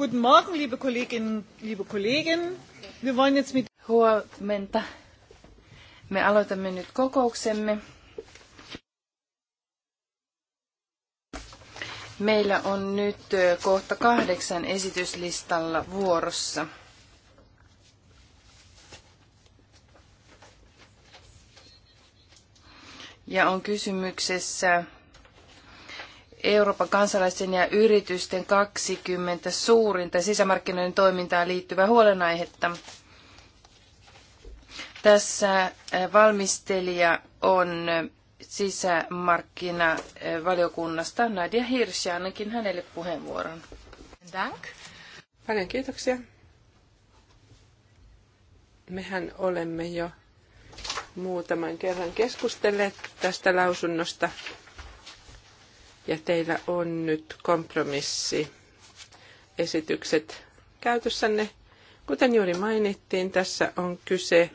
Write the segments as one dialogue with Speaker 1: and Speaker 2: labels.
Speaker 1: Guten Morgen, liebe Kolleginnen, liebe Kollegen. Wir wollen jetzt mit Huomenta. Me aloitamme nyt kokouksemme. Meillä on nyt kohta kahdeksan esityslistalla vuorossa. Ja on kysymyksessä Euroopan kansalaisten ja yritysten 20 suurinta sisämarkkinoiden toimintaan liittyvää huolenaihetta. Tässä äh, valmistelija on sisämarkkinavaliokunnasta Nadia Hirsch, ainakin hänelle puheenvuoron. Dank.
Speaker 2: Paljon kiitoksia. Mehän olemme jo muutaman kerran keskustelleet tästä lausunnosta ja teillä on nyt kompromissi esitykset käytössänne. Kuten juuri mainittiin, tässä on kyse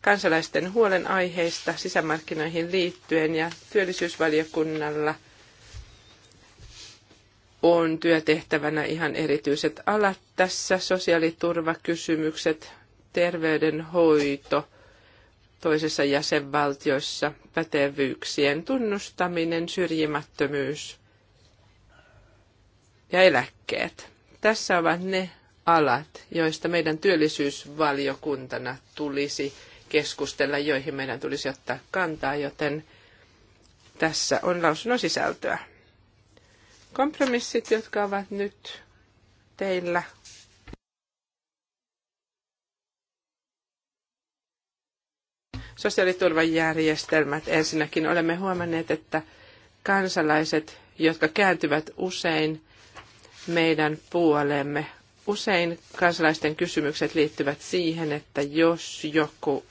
Speaker 2: kansalaisten huolenaiheista sisämarkkinoihin liittyen ja työllisyysvaliokunnalla on työtehtävänä ihan erityiset alat tässä, sosiaaliturvakysymykset, terveydenhoito, toisessa jäsenvaltioissa pätevyyksien tunnustaminen, syrjimättömyys ja eläkkeet. Tässä ovat ne alat, joista meidän työllisyysvaliokuntana tulisi keskustella, joihin meidän tulisi ottaa kantaa, joten tässä on lausunnon sisältöä. Kompromissit, jotka ovat nyt teillä sosiaaliturvajärjestelmät ensinnäkin. Olemme huomanneet, että kansalaiset, jotka kääntyvät usein meidän puolemme, usein kansalaisten kysymykset liittyvät siihen, että jos joku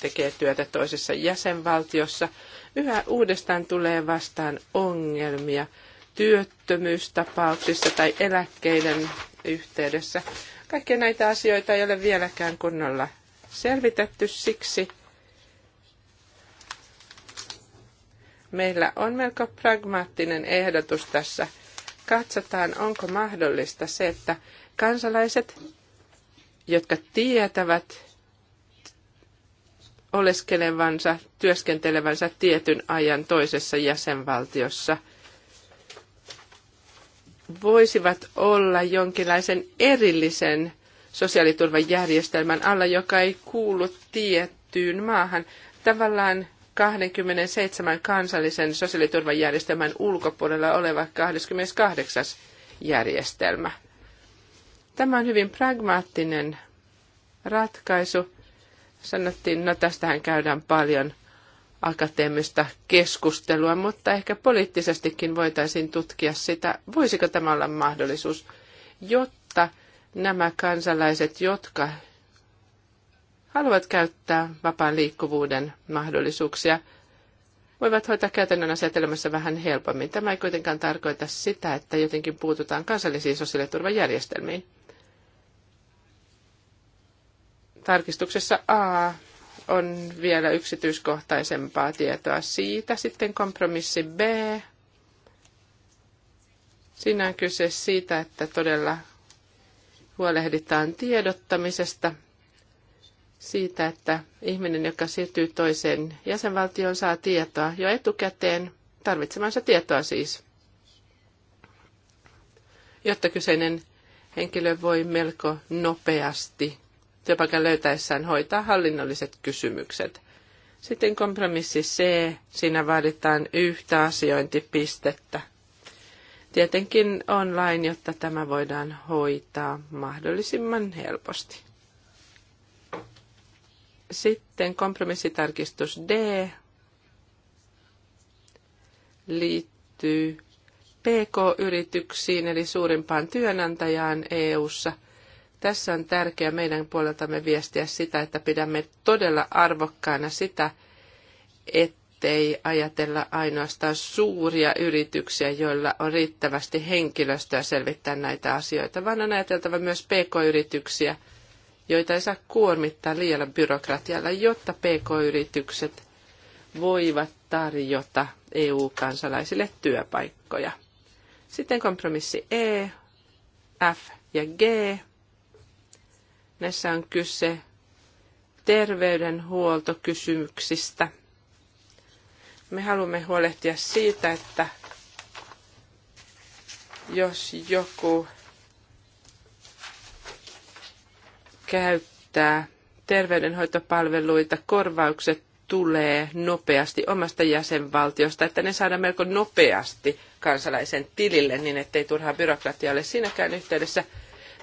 Speaker 2: tekee työtä toisessa jäsenvaltiossa, yhä uudestaan tulee vastaan ongelmia työttömyystapauksissa tai eläkkeiden yhteydessä. Kaikkia näitä asioita ei ole vieläkään kunnolla selvitetty, siksi Meillä on melko pragmaattinen ehdotus tässä. Katsotaan, onko mahdollista se, että kansalaiset, jotka tietävät oleskelevansa, työskentelevänsä tietyn ajan toisessa jäsenvaltiossa, voisivat olla jonkinlaisen erillisen sosiaaliturvajärjestelmän alla, joka ei kuulu tiettyyn maahan. Tavallaan 27 kansallisen sosiaaliturvajärjestelmän ulkopuolella oleva 28. järjestelmä. Tämä on hyvin pragmaattinen ratkaisu. Sanottiin, no tästähän käydään paljon akateemista keskustelua, mutta ehkä poliittisestikin voitaisiin tutkia sitä, voisiko tämä olla mahdollisuus, jotta nämä kansalaiset, jotka haluavat käyttää vapaan liikkuvuuden mahdollisuuksia, voivat hoitaa käytännön asiat vähän helpommin. Tämä ei kuitenkaan tarkoita sitä, että jotenkin puututaan kansallisiin sosiaaliturvajärjestelmiin. Tarkistuksessa A on vielä yksityiskohtaisempaa tietoa siitä. Sitten kompromissi B. Siinä on kyse siitä, että todella huolehditaan tiedottamisesta siitä, että ihminen, joka siirtyy toiseen jäsenvaltioon, saa tietoa jo etukäteen, tarvitsemansa tietoa siis, jotta kyseinen henkilö voi melko nopeasti työpaikan löytäessään hoitaa hallinnolliset kysymykset. Sitten kompromissi C, siinä vaaditaan yhtä asiointipistettä. Tietenkin online, jotta tämä voidaan hoitaa mahdollisimman helposti. Sitten kompromissitarkistus D liittyy PK-yrityksiin eli suurimpaan työnantajaan EU:ssa. Tässä on tärkeää meidän puoleltamme viestiä sitä, että pidämme todella arvokkaana sitä, ettei ajatella ainoastaan suuria yrityksiä, joilla on riittävästi henkilöstöä selvittää näitä asioita, vaan on ajateltava myös PK-yrityksiä – joita ei saa kuormittaa liialla byrokratialla, jotta pk-yritykset voivat tarjota EU-kansalaisille työpaikkoja. Sitten kompromissi E, F ja G. Näissä on kyse terveydenhuoltokysymyksistä. Me haluamme huolehtia siitä, että jos joku käyttää terveydenhoitopalveluita, korvaukset tulee nopeasti omasta jäsenvaltiosta, että ne saadaan melko nopeasti kansalaisen tilille, niin ettei turhaa byrokratiaa ole siinäkään yhteydessä.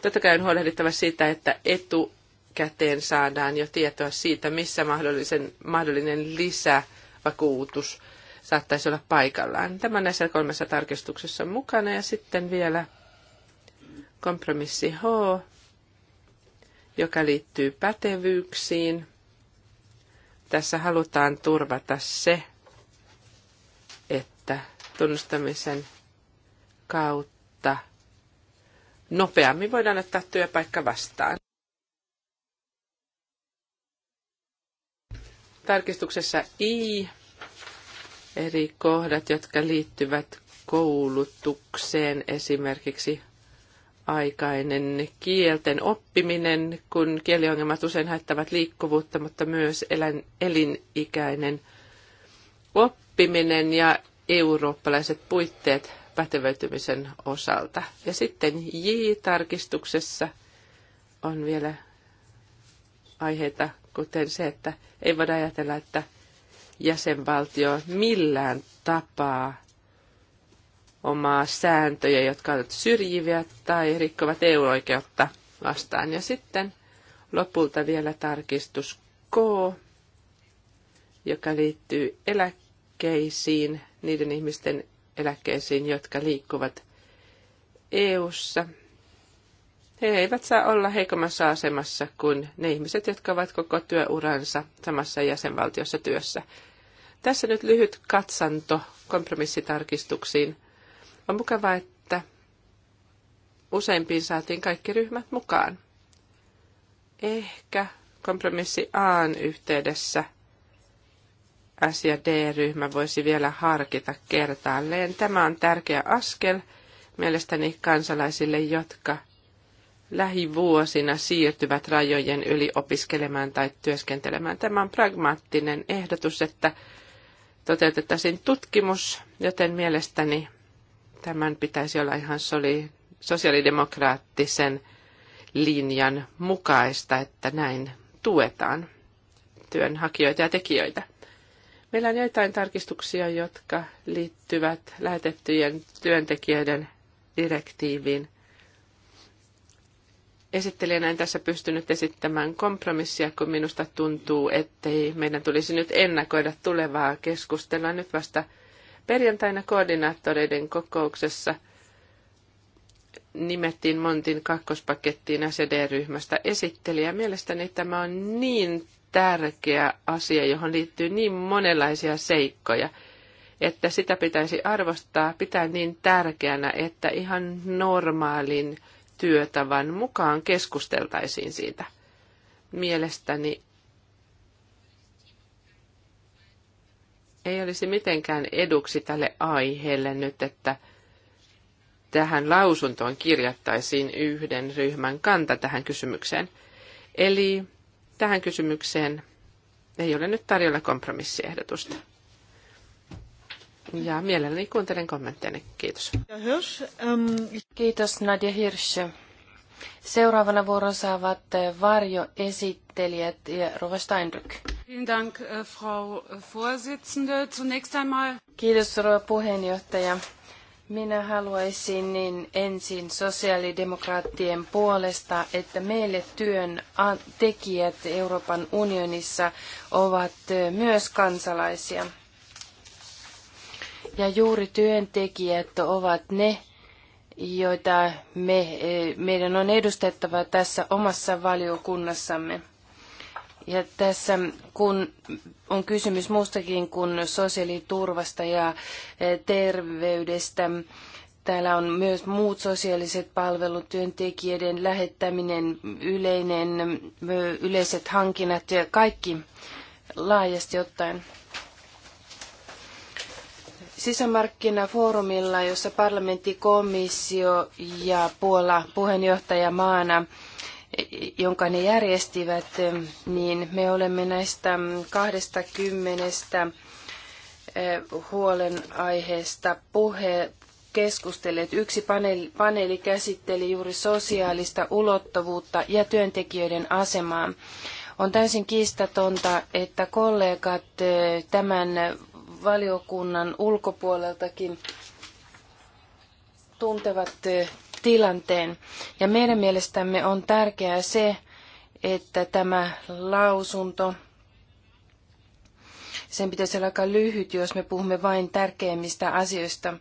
Speaker 2: Totta kai on huolehdittava siitä, että etukäteen saadaan jo tietoa siitä, missä mahdollisen, mahdollinen lisävakuutus saattaisi olla paikallaan. Tämä on näissä kolmessa tarkistuksessa mukana ja sitten vielä kompromissi H joka liittyy pätevyyksiin. Tässä halutaan turvata se, että tunnustamisen kautta nopeammin voidaan ottaa työpaikka vastaan. Tarkistuksessa I eri kohdat, jotka liittyvät koulutukseen esimerkiksi aikainen kielten oppiminen, kun kieliongelmat usein haittavat liikkuvuutta, mutta myös elän, elinikäinen oppiminen ja eurooppalaiset puitteet pätevöitymisen osalta. Ja sitten J-tarkistuksessa on vielä aiheita, kuten se, että ei voida ajatella, että jäsenvaltio millään tapaa omaa sääntöjä, jotka ovat syrjiviä tai rikkovat EU-oikeutta vastaan. Ja sitten lopulta vielä tarkistus K, joka liittyy eläkkeisiin, niiden ihmisten eläkkeisiin, jotka liikkuvat EU:ssa. He eivät saa olla heikommassa asemassa kuin ne ihmiset, jotka ovat koko työuransa samassa jäsenvaltiossa työssä. Tässä nyt lyhyt katsanto kompromissitarkistuksiin. On mukavaa, että useimpiin saatiin kaikki ryhmät mukaan. Ehkä kompromissi Aan yhteydessä asia D-ryhmä voisi vielä harkita kertaalleen. Tämä on tärkeä askel mielestäni kansalaisille, jotka lähivuosina siirtyvät rajojen yli opiskelemaan tai työskentelemään. Tämä on pragmaattinen ehdotus, että toteutettaisiin tutkimus, joten mielestäni Tämän pitäisi olla ihan soli, sosiaalidemokraattisen linjan mukaista, että näin tuetaan työnhakijoita ja tekijöitä. Meillä on joitain tarkistuksia, jotka liittyvät lähetettyjen työntekijöiden direktiiviin. Esittelijänä en tässä pystynyt esittämään kompromissia, kun minusta tuntuu, ettei meidän tulisi nyt ennakoida tulevaa keskustelua. Nyt vasta Perjantaina koordinaattoreiden kokouksessa nimettiin Montin kakkospakettiin SED-ryhmästä esittelijä. Mielestäni tämä on niin tärkeä asia, johon liittyy niin monenlaisia seikkoja, että sitä pitäisi arvostaa, pitää niin tärkeänä, että ihan normaalin työtavan mukaan keskusteltaisiin siitä. Mielestäni Ei olisi mitenkään eduksi tälle aiheelle nyt, että tähän lausuntoon kirjattaisiin yhden ryhmän kanta tähän kysymykseen. Eli tähän kysymykseen ei ole nyt tarjolla kompromissiehdotusta. Ja mielelläni kuuntelen kommentteja. Kiitos.
Speaker 1: Kiitos Nadia Hirsch. Seuraavana vuoron saavat varjoesittelijät ja Rova Steinrück.
Speaker 2: Äh,
Speaker 3: äh,
Speaker 1: Kiitos, rouva puheenjohtaja. Minä haluaisin niin ensin sosiaalidemokraattien puolesta, että meille työn tekijät Euroopan unionissa ovat myös kansalaisia. Ja juuri työntekijät ovat ne, joita me, meidän on edustettava tässä omassa valiokunnassamme. Ja tässä kun on kysymys muustakin kuin sosiaaliturvasta ja eh, terveydestä, täällä on myös muut sosiaaliset palvelut, työntekijöiden lähettäminen, yleinen, eh, yleiset hankinnat ja kaikki laajasti ottaen. Sisämarkkinafoorumilla, jossa parlamentti, komissio ja Puola puheenjohtajamaana jonka ne järjestivät, niin me olemme näistä 20 huolenaiheesta puhe, keskustelleet. Yksi paneeli, paneeli käsitteli juuri sosiaalista ulottuvuutta ja työntekijöiden asemaa. On täysin kiistatonta, että kollegat tämän valiokunnan ulkopuoleltakin tuntevat tilanteen. Ja meidän mielestämme on tärkeää se, että tämä lausunto, sen pitäisi olla aika lyhyt, jos me puhumme vain tärkeimmistä asioista.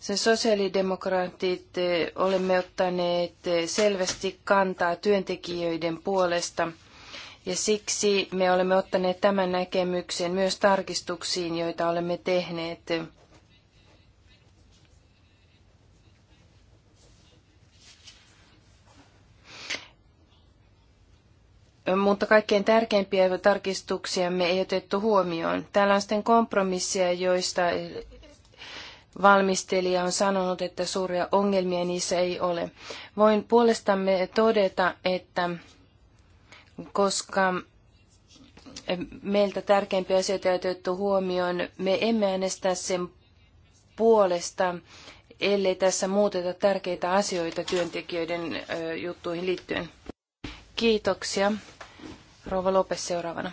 Speaker 1: Sen sosiaalidemokraatit eh, olemme ottaneet eh, selvästi kantaa työntekijöiden puolesta. Ja siksi me olemme ottaneet tämän näkemyksen myös tarkistuksiin, joita olemme tehneet mutta kaikkein tärkeimpiä tarkistuksiamme ei otettu huomioon. Täällä on sitten kompromisseja, joista valmistelija on sanonut, että suuria ongelmia niissä ei ole. Voin puolestamme todeta, että koska meiltä tärkeimpiä asioita ei otettu huomioon, me emme äänestä sen puolesta, ellei tässä muuteta tärkeitä asioita työntekijöiden juttuihin liittyen. Kiitoksia. Rouva Lopes seuraavana.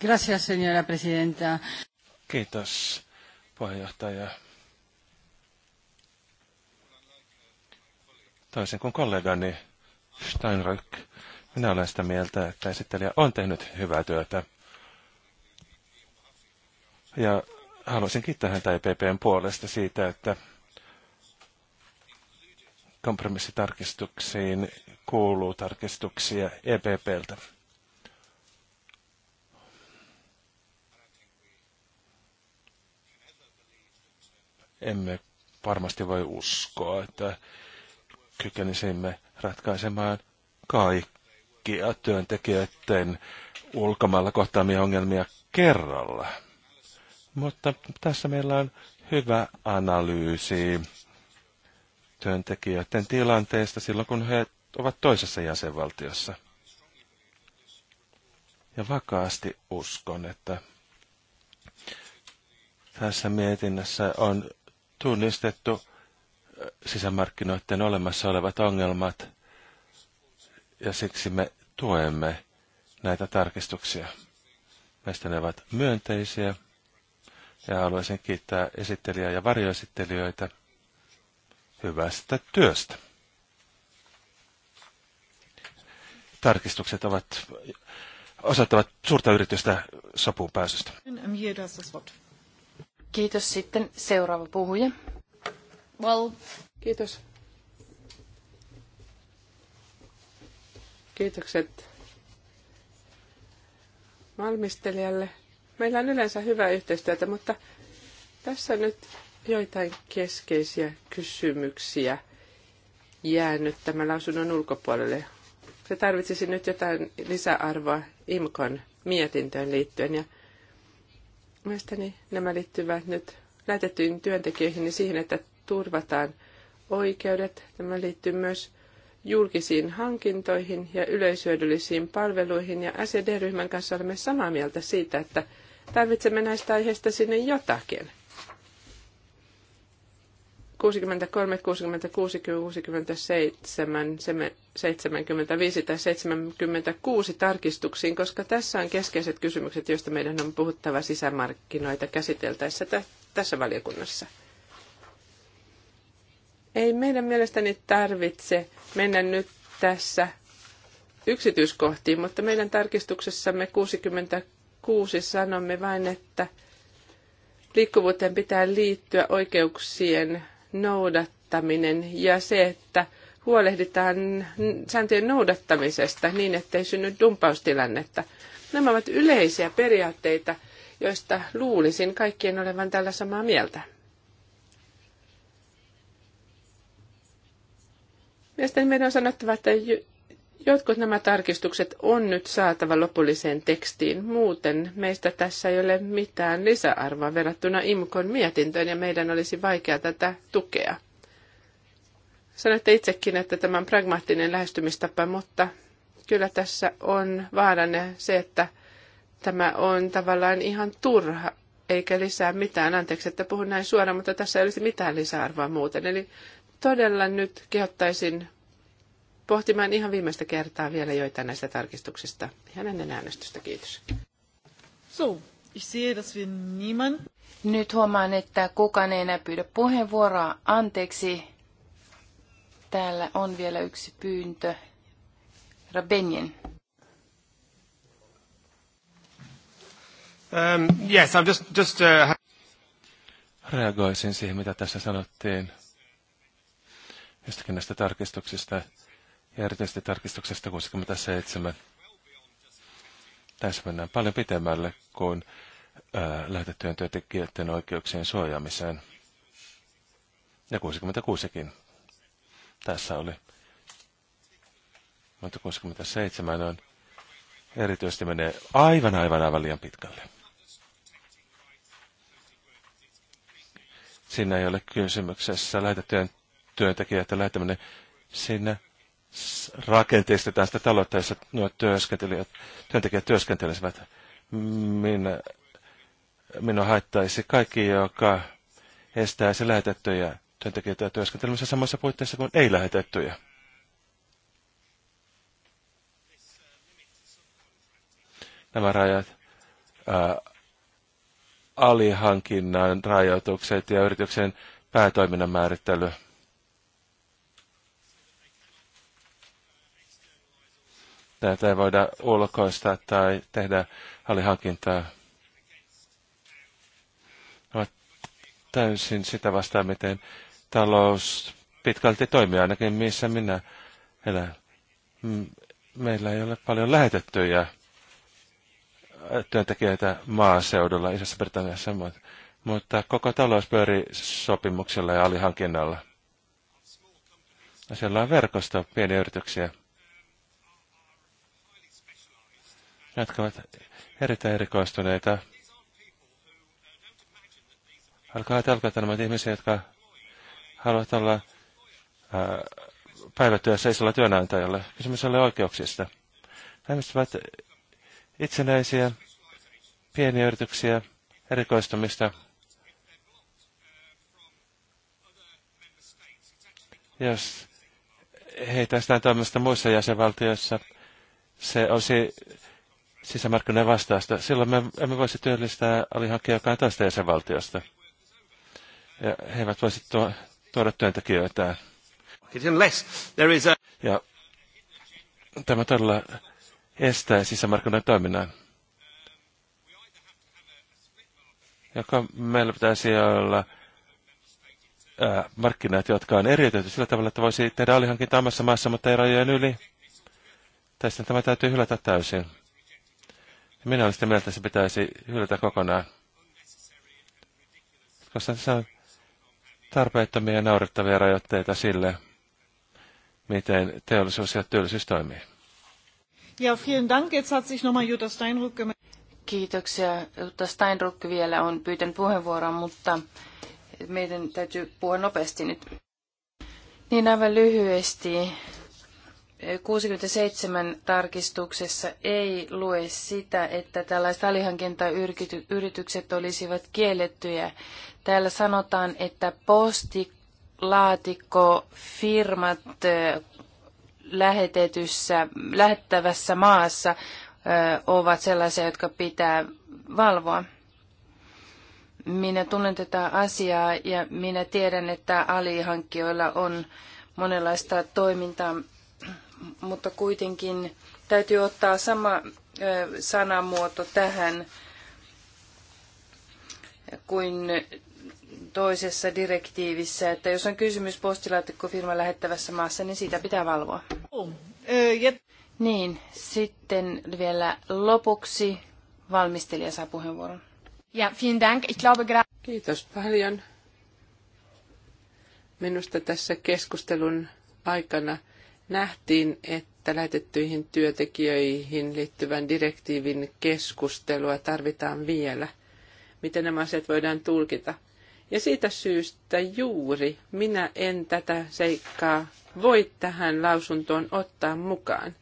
Speaker 2: Gracias, señora
Speaker 4: presidenta. Kiitos, puheenjohtaja. Toisin kuin kollegani Steinrück, minä olen sitä mieltä, että esittelijä on tehnyt hyvää työtä. Ja haluaisin kiittää häntä EPPn puolesta siitä, että kompromissitarkistuksiin kuuluu tarkistuksia EPPltä. emme varmasti voi uskoa, että kykenisimme ratkaisemaan kaikkia työntekijöiden ulkomailla kohtaamia ongelmia kerralla. Mutta tässä meillä on hyvä analyysi työntekijöiden tilanteesta silloin, kun he ovat toisessa jäsenvaltiossa. Ja vakaasti uskon, että tässä mietinnässä on tunnistettu äh, sisämarkkinoiden olemassa olevat ongelmat, ja siksi me tuemme näitä tarkistuksia. Meistä ne ovat myönteisiä, ja haluaisin kiittää esittelijää ja varjoesittelijöitä hyvästä työstä. Tarkistukset ovat osoittavat suurta yritystä sopuun pääsystä.
Speaker 1: Kiitos sitten. Seuraava puhuja.
Speaker 2: Well. Kiitos. Kiitokset valmistelijalle. Meillä on yleensä hyvää yhteistyötä, mutta tässä nyt joitain keskeisiä kysymyksiä jäänyt tämän lausunnon ulkopuolelle. Se tarvitsisi nyt jotain lisäarvoa IMKON mietintöön liittyen ja Mielestäni nämä liittyvät nyt lähetettyihin työntekijöihin niin siihen, että turvataan oikeudet. Tämä liittyy myös julkisiin hankintoihin ja yleishyödyllisiin palveluihin. Ja SED-ryhmän kanssa olemme samaa mieltä siitä, että tarvitsemme näistä aiheista sinne jotakin – 63, 66, 67, 75 tai 76 tarkistuksiin, koska tässä on keskeiset kysymykset, joista meidän on puhuttava sisämarkkinoita käsiteltäessä tässä valiokunnassa. Ei meidän mielestäni tarvitse mennä nyt tässä yksityiskohtiin, mutta meidän tarkistuksessamme 66 sanomme vain, että liikkuvuuteen pitää liittyä oikeuksien noudattaminen ja se, että huolehditaan sääntöjen noudattamisesta niin, ettei synny dumpaustilannetta. Nämä ovat yleisiä periaatteita, joista luulisin kaikkien olevan tällä samaa mieltä. Mielestäni meidän on sanottava, että Jotkut nämä tarkistukset on nyt saatava lopulliseen tekstiin, muuten meistä tässä ei ole mitään lisäarvoa verrattuna IMKon mietintöön ja meidän olisi vaikea tätä tukea. Sanoitte itsekin, että tämä on pragmaattinen lähestymistapa, mutta kyllä tässä on vaarana se, että tämä on tavallaan ihan turha eikä lisää mitään. Anteeksi, että puhun näin suoraan, mutta tässä ei olisi mitään lisäarvoa muuten. Eli todella nyt kehottaisin pohtimaan ihan viimeistä kertaa vielä joitain näistä tarkistuksista. ja ennen äänestystä, kiitos. So,
Speaker 1: ich sehe, dass wir niemand... Nyt huomaan, että kukaan ei enää pyydä puheenvuoroa. Anteeksi, täällä on vielä yksi pyyntö. Rabenjen.
Speaker 4: Um, yes, I'm just, just, uh... Reagoisin siihen, mitä tässä sanottiin jostakin näistä tarkistuksista ja erityisesti tarkistuksesta 67. Tässä paljon pitemmälle kuin lähetettyjen työntekijöiden oikeuksien suojaamiseen. Ja 66kin tässä oli. Mutta 67 on erityisesti menee aivan, aivan, aivan liian pitkälle. Siinä ei ole kysymyksessä lähetettyjen työntekijöiden lähettäminen. Siinä Rakenteista tästä taloutta, jossa nuo työskentelijät, työntekijät työskentelisivät. Minä, minua haittaisi kaikki, joka estäisi lähetettyjä työntekijöitä työskentelemässä samassa puitteissa kuin ei-lähetettyjä. Nämä rajat, ää, alihankinnan rajoitukset ja yrityksen päätoiminnan määrittely – Näitä ei voida ulkoistaa tai tehdä alihankintaa. Ovat täysin sitä vastaan, miten talous pitkälti toimii, ainakin missä minä elän. Meillä ei ole paljon lähetettyjä äh, työntekijöitä maaseudulla, Isossa Britanniassa, mutta koko talous pyörii sopimuksella ja alihankinnalla. Siellä on verkosto pieniä yrityksiä. jotka ovat erittäin erikoistuneita. Alkaa ajatella, että nämä ihmisiä, jotka haluavat olla ää, päivätyössä isolla työnantajalle. Kysymys oli oikeuksista. Ihmiset ovat itsenäisiä, pieniä yrityksiä, erikoistumista. Jos heitä sitä tämmöistä muissa jäsenvaltioissa, se olisi sisämarkkinoiden vastausta. Silloin me emme voisi työllistää alihankkija joka toista jäsenvaltiosta. Ja he eivät voisi tuo, tuoda työntekijöitä. Ja tämä todella estää sisämarkkinoiden toiminnan. Joka meillä pitäisi olla markkinat, jotka on eriytetty sillä tavalla, että voisi tehdä alihankinta omassa maassa, mutta ei rajojen yli. Tästä tämä täytyy hylätä täysin. Ja minä olen sitä mieltä, että se pitäisi hylätä kokonaan. Koska se on tarpeettomia ja naurettavia rajoitteita sille, miten teollisuus ja työllisyys toimii.
Speaker 1: Ja, vielen Dank. Jetzt hat sich nochmal Jutta Steinruck Kiitoksia. Jutta Steinruck vielä on pyytänyt puheenvuoron, mutta meidän täytyy puhua nopeasti nyt. Niin aivan lyhyesti 67 tarkistuksessa ei lue sitä, että tällaiset alihankintayritykset olisivat kiellettyjä. Täällä sanotaan, että postilaatikkofirmat lähetetyssä, lähettävässä maassa ovat sellaisia, jotka pitää valvoa. Minä tunnen tätä asiaa ja minä tiedän, että alihankkijoilla on monenlaista toimintaa mutta kuitenkin täytyy ottaa sama sanamuoto tähän kuin toisessa direktiivissä, että jos on kysymys postilaatikkofirma lähettävässä maassa, niin sitä pitää valvoa. Oh, niin, sitten vielä lopuksi valmistelija saa puheenvuoron.
Speaker 2: Ja, vielen dank. Ich glaube gra- Kiitos paljon. Minusta tässä keskustelun aikana nähtiin, että lähetettyihin työntekijöihin liittyvän direktiivin keskustelua tarvitaan vielä. Miten nämä asiat voidaan tulkita? Ja siitä syystä juuri minä en tätä seikkaa voi tähän lausuntoon ottaa mukaan.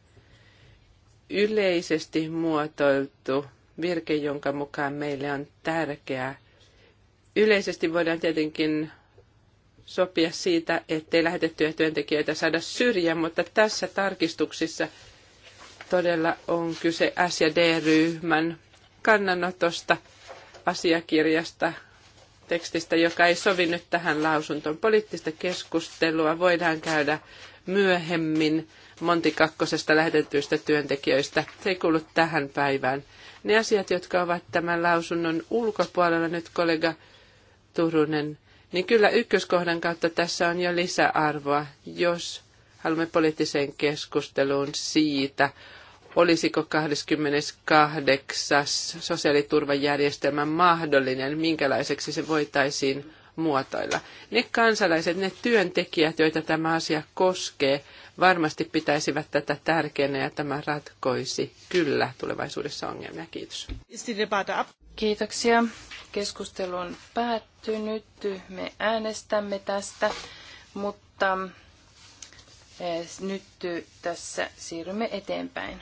Speaker 2: Yleisesti muotoiltu virke, jonka mukaan meille on tärkeää. Yleisesti voidaan tietenkin sopia siitä, ettei lähetettyjä työntekijöitä saada syrjään, mutta tässä tarkistuksissa todella on kyse S- ja D-ryhmän kannanotosta, asiakirjasta, tekstistä, joka ei sovi nyt tähän lausuntoon. Poliittista keskustelua voidaan käydä myöhemmin Monti Kakkosesta lähetetyistä työntekijöistä. Se ei kuulu tähän päivään. Ne asiat, jotka ovat tämän lausunnon ulkopuolella nyt kollega Turunen niin kyllä ykköskohdan kautta tässä on jo lisäarvoa, jos haluamme poliittiseen keskusteluun siitä, olisiko 28. sosiaaliturvajärjestelmä mahdollinen, minkälaiseksi se voitaisiin muotoilla. Ne kansalaiset, ne työntekijät, joita tämä asia koskee, varmasti pitäisivät tätä tärkeänä ja tämä ratkoisi kyllä tulevaisuudessa ongelmia. Kiitos.
Speaker 1: Kiitoksia. Keskustelu on päättynyt. Me äänestämme tästä, mutta eh, nyt tässä siirrymme eteenpäin.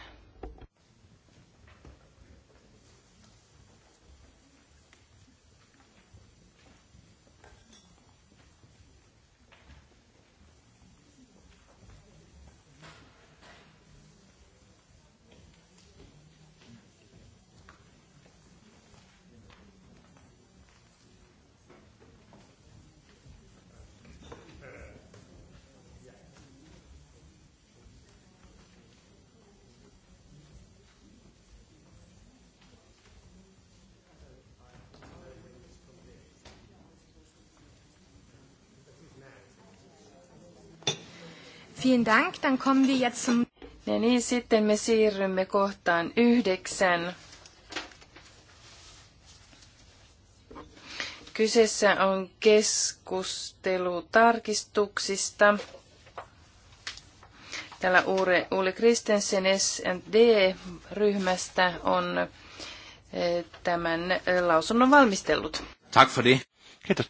Speaker 1: Vielen Dank. Dann kommen wir jetzt zum... Ja no niin, sitten me siirrymme kohtaan yhdeksän. Kyseessä on keskustelu tarkistuksista. Täällä Uure, Ulle Kristensen S&D-ryhmästä on eh, tämän eh, lausunnon valmistellut.
Speaker 4: Tack för det. Kiitos.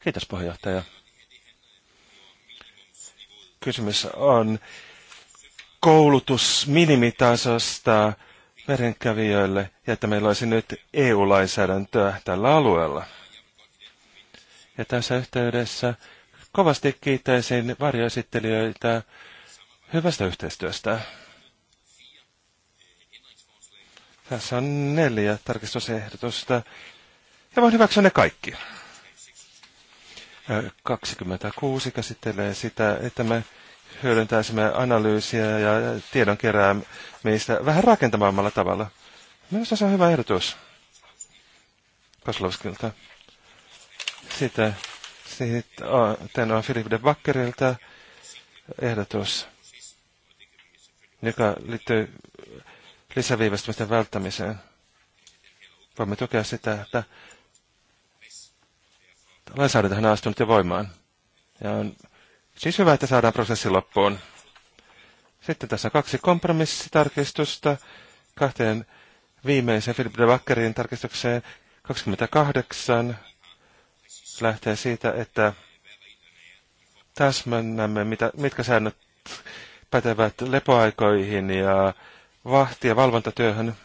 Speaker 4: Kiitos puheenjohtaja kysymys on koulutusminimitasosta merenkävijöille ja että meillä olisi nyt EU-lainsäädäntöä tällä alueella. Ja tässä yhteydessä kovasti kiittäisin varjoesittelijöitä hyvästä yhteistyöstä. Tässä on neljä tarkistusehdotusta ja voin hyväksyä ne kaikki. 26 käsittelee sitä, että me hyödyntäisimme analyysiä ja tiedon keräämistä vähän rakentamalla tavalla. Minusta se on hyvä ehdotus Koslovskilta. Sitä, sitten on, on Philip de Backerilta ehdotus, joka liittyy lisäviivästymisten välttämiseen. Voimme tukea sitä, että lainsäädäntö on astunut jo voimaan. Ja on siis hyvä, että saadaan prosessi loppuun. Sitten tässä on kaksi kompromissitarkistusta kahteen viimeiseen Philip de Wackerin tarkistukseen 28 lähtee siitä, että täsmennämme, mitä, mitkä säännöt pätevät lepoaikoihin ja vahti- ja valvontatyöhön.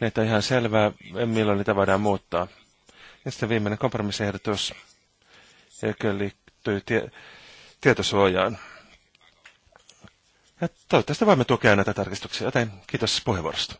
Speaker 4: Näitä on ihan selvää, milloin niitä voidaan muuttaa. Ja sitten viimeinen kompromissiehdotus, joka liittyy tie- tietosuojaan. Ja toivottavasti voimme tukea näitä tarkistuksia, joten kiitos puheenvuorosta.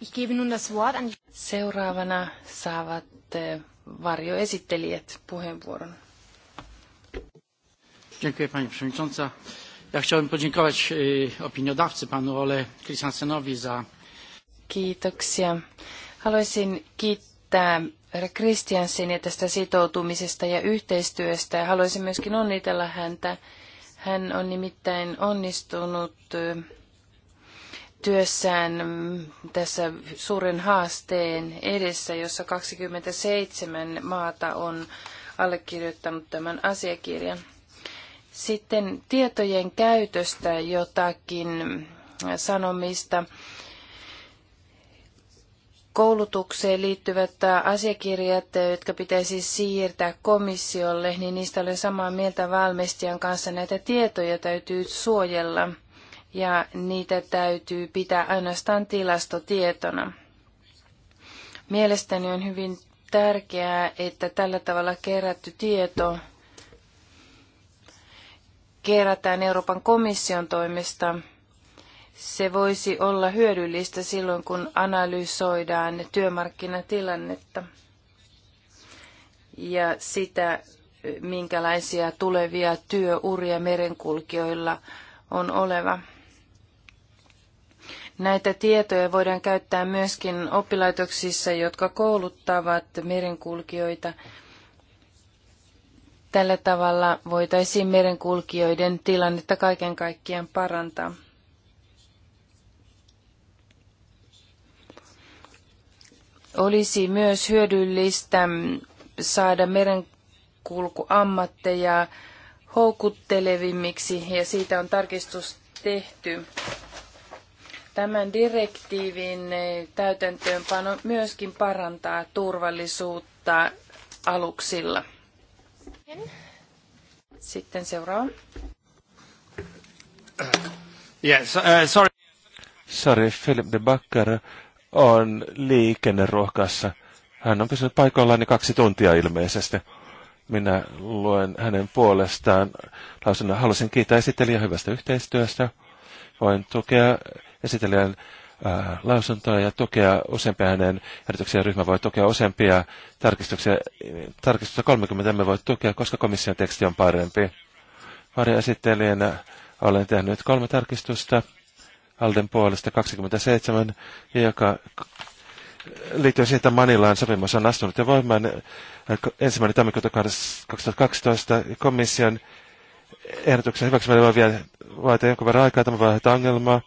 Speaker 1: Ich gebe nun das Wort an... Seuraavana saavat eh, varjoesittelijät puheenvuoron.
Speaker 2: Dziękuję Pani Przewodnicząca. Ja chciałbym podziękować e, opiniodawcy panu Ole Krisansenowi za...
Speaker 1: Kiitoksia. Haluaisin kiittää Kristiansen ja tästä sitoutumisesta ja yhteistyöstä. Haluaisin myöskin onnitella häntä. Hän on nimittäin onnistunut eh, työssään tässä suuren haasteen edessä, jossa 27 maata on allekirjoittanut tämän asiakirjan. Sitten tietojen käytöstä jotakin sanomista. Koulutukseen liittyvät asiakirjat, jotka pitäisi siirtää komissiolle, niin niistä olen samaa mieltä valmistajan kanssa. Näitä tietoja täytyy suojella ja niitä täytyy pitää ainoastaan tilastotietona. Mielestäni on hyvin tärkeää, että tällä tavalla kerätty tieto kerätään Euroopan komission toimesta. Se voisi olla hyödyllistä silloin, kun analysoidaan työmarkkinatilannetta ja sitä, minkälaisia tulevia työuria merenkulkijoilla on oleva. Näitä tietoja voidaan käyttää myöskin oppilaitoksissa, jotka kouluttavat merenkulkijoita. Tällä tavalla voitaisiin merenkulkijoiden tilannetta kaiken kaikkiaan parantaa. Olisi myös hyödyllistä saada merenkulkuammatteja houkuttelevimmiksi ja siitä on tarkistus tehty. Tämän direktiivin täytäntöönpano myöskin parantaa turvallisuutta aluksilla. Sitten seuraava.
Speaker 4: Yeah, so, uh, sorry. Sorry, Philip de Bakker on liikenneruokassa. Hän on pysynyt paikoillaan kaksi tuntia ilmeisesti. Minä luen hänen puolestaan lausunnon. Haluaisin kiittää esittelijä hyvästä yhteistyöstä. Voin tukea esittelijän ää, lausuntoa ja tukea useampia hänen ehdotuksia. Ryhmä voi tukea useampia tarkistuksia. Tarkistusta 30 emme voi tukea, koska komission teksti on parempi. esittelijänä olen tehnyt kolme tarkistusta. Alden puolesta 27, joka liittyy siihen, että Manilaan sopimus on astunut ja voimaan ensimmäinen tammikuuta 2012 komission ehdotuksen hyväksymällä voi vielä vaatia jonkun verran aikaa. Tämä voi ongelmaa.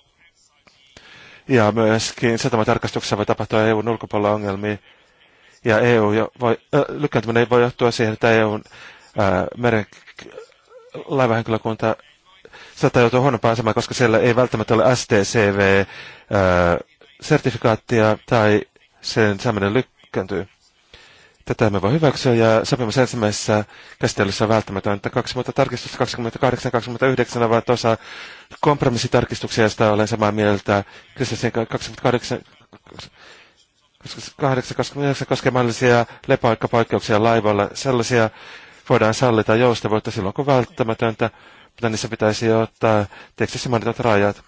Speaker 4: Ja myöskin satamatarkastuksessa voi tapahtua EUn ulkopuolella ongelmia. Ja EU jo voi, äh, lykkääntyminen voi johtua siihen, että EUn äh, meren laivahenkilökunta saattaa joutua huonompaan asemaan, koska siellä ei välttämättä ole STCV-sertifikaattia äh, tai sen saaminen lykkääntyy. Tätä me voi hyväksyä ja sopimus ensimmäisessä käsittelyssä on välttämätöntä. Kaksi muuta tarkistusta 28 29 ovat osa kompromissitarkistuksia, josta olen samaa mieltä. Kristallisen 28 29 koskee mahdollisia lepaikkapoikkeuksia laivalla. Sellaisia voidaan sallita joustavuutta silloin, kun välttämätöntä, mutta niissä pitäisi ottaa tekstissä mainitut rajat.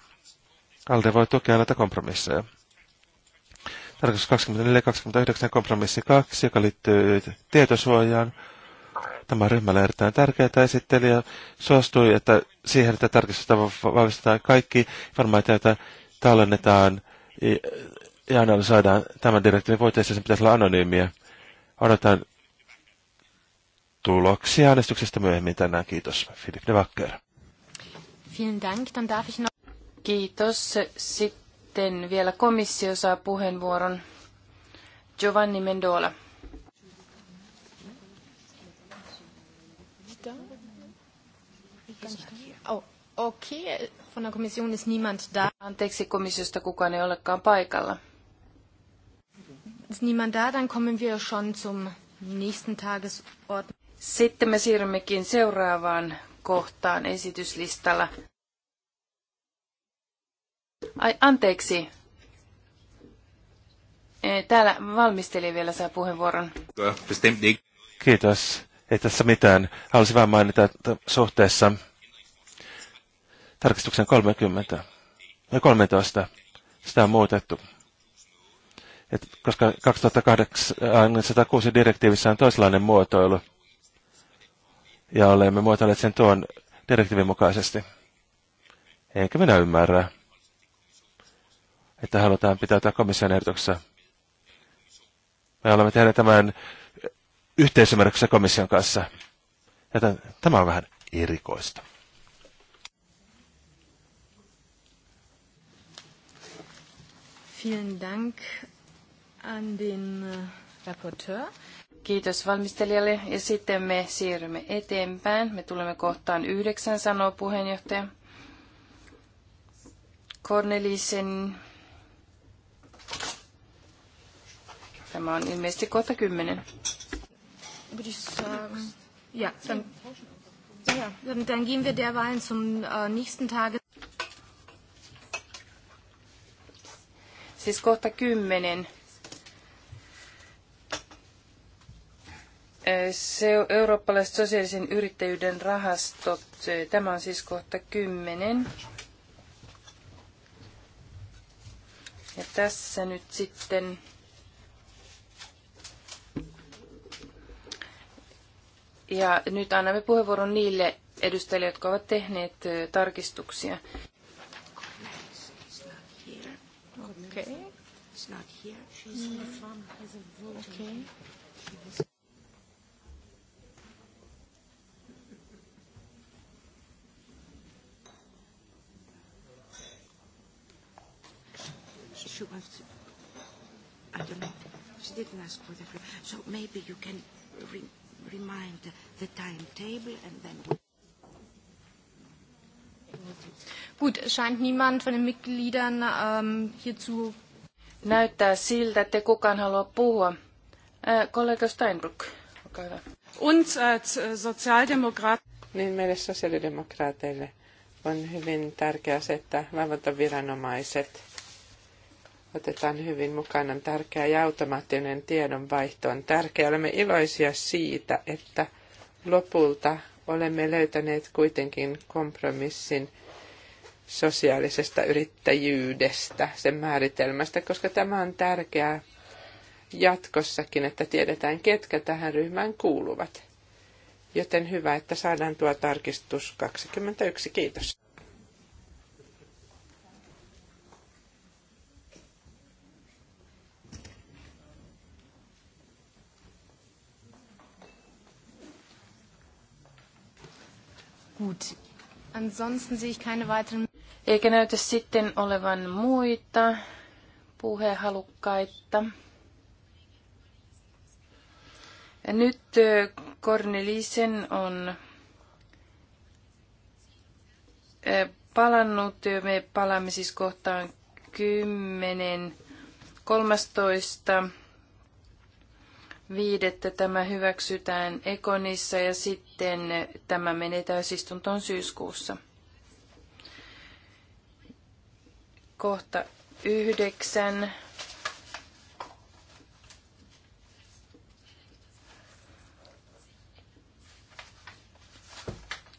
Speaker 4: Alde voi tukea näitä kompromisseja tarkoitus 2429 kompromissi 2, joka liittyy tietosuojaan. Tämä on erittäin tärkeää. Esittelijä suostui, että siihen, että tarkistusta vahvistetaan kaikki informaatioita tallennetaan ja analysoidaan tämän direktiivin voiteessa, sen pitäisi olla anonyymiä. Odotan tuloksia äänestyksestä myöhemmin tänään. Kiitos, Filip Nevakker.
Speaker 1: Kiitos. Sitten sitten vielä komissio saa puheenvuoron. Giovanni Mendola. Oh, Okei, Anteeksi komissiosta kukaan ei olekaan paikalla. Sitten me siirrymmekin seuraavaan kohtaan esityslistalla. Ai, anteeksi. E, täällä valmistelija vielä saa puheenvuoron.
Speaker 4: Kiitos. Ei tässä mitään. Haluaisin vain mainita, että suhteessa tarkistuksen 30 ja 13 sitä on muutettu. Et koska 2008 direktiivissä on toisenlainen muotoilu, ja olemme muotoilleet sen tuon direktiivin mukaisesti. Enkä minä ymmärrä, että halutaan pitäytyä komission ehdotuksessa. Me olemme tehneet tämän yhteisymmärryksessä komission kanssa. Joten tämä on vähän erikoista.
Speaker 3: Vielen Dank
Speaker 1: an den äh, Rapporteur. Kiitos valmistelijalle ja sitten me siirrymme eteenpäin. Me tulemme kohtaan yhdeksän, sanoo puheenjohtaja. Cornelisen Tämä on ilmeisesti kohta kymmenen. Um, äh, siis kohta kymmenen. Se eurooppalaiset sosiaalisen yrittäjyyden rahastot. Tämä on siis kohta kymmenen. Ja tässä nyt sitten Ja nyt annamme puheenvuoron niille edustajille, jotka ovat tehneet tarkistuksia. Hmm.
Speaker 2: she wants to.
Speaker 3: I don't know. She didn't ask for the So maybe you can remind the timetable and then we Gut, scheint niemand von den Mitgliedern ähm, hierzu. Näyttää
Speaker 1: siltä, että kukaan haluaa puhua. Äh, kollega Steinbrück, olkaa hyvä.
Speaker 2: Uns äh, äh, Sozialdemokrat... Niin meille sosiaalidemokraateille on hyvin tärkeää se, että valvontaviranomaiset otetaan hyvin mukaan on tärkeää ja automaattinen tiedonvaihto on tärkeää. Olemme iloisia siitä, että lopulta olemme löytäneet kuitenkin kompromissin sosiaalisesta yrittäjyydestä, sen määritelmästä, koska tämä on tärkeää jatkossakin, että tiedetään, ketkä tähän ryhmään kuuluvat. Joten hyvä, että saadaan tuo tarkistus 21. Kiitos.
Speaker 1: Gut. Ansonsten sehe ich keine weiteren... Eikä näytä sitten olevan muita puhehalukkaita. Ja nyt Cornelisen on palannut. Me palaamme siis kohtaan 10.13 viidettä tämä hyväksytään Ekonissa ja sitten tämä menee täysistuntoon syyskuussa. Kohta yhdeksän.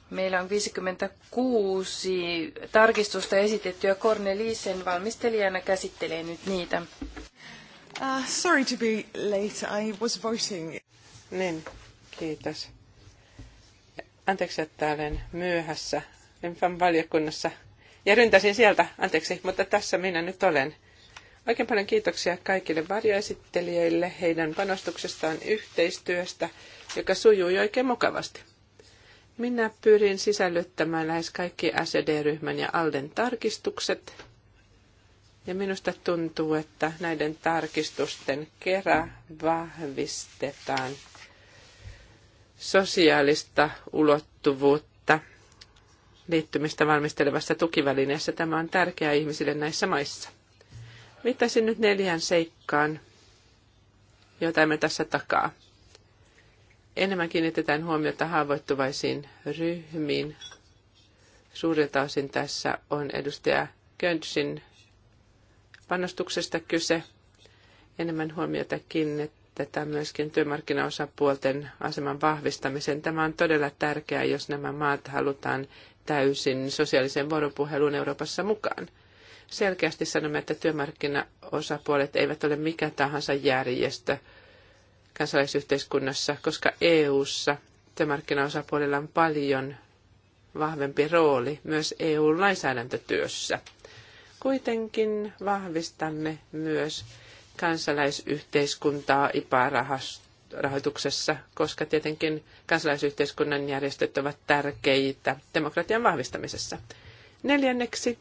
Speaker 1: Meillä on 56 tarkistusta esitettyä Korneliisen valmistelijana käsittelee nyt niitä.
Speaker 2: Uh, sorry to be late. I was voting. Niin, kiitos. Anteeksi, että olen myöhässä. Lymfan valiokunnassa. Ja ryntäsin sieltä, anteeksi, mutta tässä minä nyt olen. Oikein paljon kiitoksia kaikille varjoesittelijöille heidän panostuksestaan yhteistyöstä, joka sujuu oikein mukavasti. Minä pyrin sisällyttämään lähes kaikki SED-ryhmän ja Alden tarkistukset ja minusta tuntuu, että näiden tarkistusten kerä vahvistetaan sosiaalista ulottuvuutta liittymistä valmistelevassa tukivälineessä. Tämä on tärkeää ihmisille näissä maissa. Viittaisin nyt neljään seikkaan, jota me tässä takaa. Enemmän kiinnitetään huomiota haavoittuvaisiin ryhmiin. Suurilta osin tässä on edustaja Köntsin panostuksesta kyse. Enemmän huomiota kiinnitetään myöskin työmarkkinaosapuolten aseman vahvistamiseen. Tämä on todella tärkeää, jos nämä maat halutaan täysin sosiaaliseen vuoropuheluun Euroopassa mukaan. Selkeästi sanomme, että työmarkkinaosapuolet eivät ole mikä tahansa järjestö kansalaisyhteiskunnassa, koska EU:ssa työmarkkinaosapuolilla on paljon vahvempi rooli myös EU-lainsäädäntötyössä – kuitenkin vahvistamme myös kansalaisyhteiskuntaa IPA-rahoituksessa, koska tietenkin kansalaisyhteiskunnan järjestöt ovat tärkeitä demokratian vahvistamisessa. Neljänneksi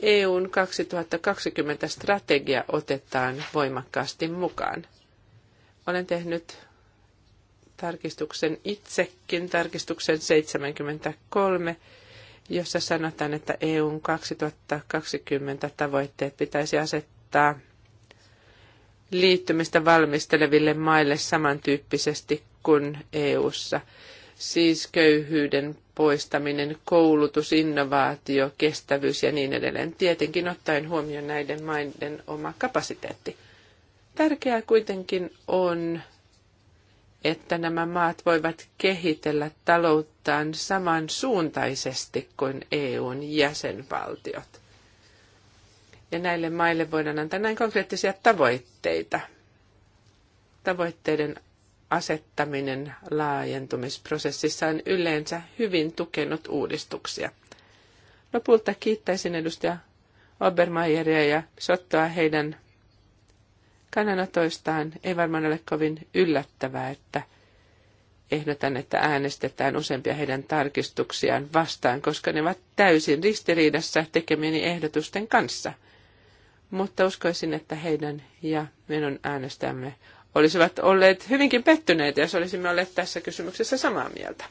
Speaker 2: EUn 2020 strategia otetaan voimakkaasti mukaan. Olen tehnyt tarkistuksen itsekin, tarkistuksen 73, jossa sanotaan, että EUn 2020 tavoitteet pitäisi asettaa liittymistä valmisteleville maille samantyyppisesti kuin EUssa. Siis köyhyyden poistaminen, koulutus, innovaatio, kestävyys ja niin edelleen. Tietenkin ottaen huomioon näiden maiden oma kapasiteetti. Tärkeää kuitenkin on että nämä maat voivat kehitellä talouttaan samansuuntaisesti kuin EUn jäsenvaltiot. Ja näille maille voidaan antaa näin konkreettisia tavoitteita. Tavoitteiden asettaminen laajentumisprosessissa on yleensä hyvin tukenut uudistuksia. Lopulta kiittäisin edustaja Obermeieria ja Sottoa heidän kannanotoistaan ei varmaan ole kovin yllättävää, että ehdotan, että äänestetään useampia heidän tarkistuksiaan vastaan, koska ne ovat täysin ristiriidassa tekemieni ehdotusten kanssa. Mutta uskoisin, että heidän ja minun äänestämme olisivat olleet hyvinkin pettyneitä, jos olisimme olleet tässä kysymyksessä samaa mieltä.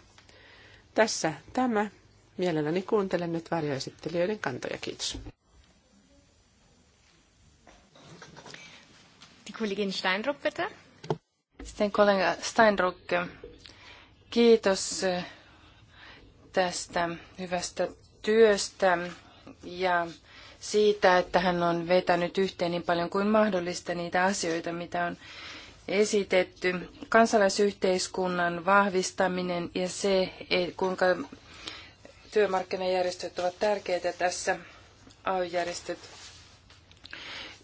Speaker 2: Tässä tämä. Mielelläni kuuntelen nyt varjoesittelijöiden kantoja. Kiitos.
Speaker 1: Kollegin Steinruck, bitte. Sitten kollega Steinruck, kiitos eh, tästä hyvästä työstä ja siitä, että hän on vetänyt yhteen niin paljon kuin mahdollista niitä asioita, mitä on esitetty. Kansalaisyhteiskunnan vahvistaminen ja se, e, kuinka työmarkkinajärjestöt ovat tärkeitä tässä, AY-järjestöt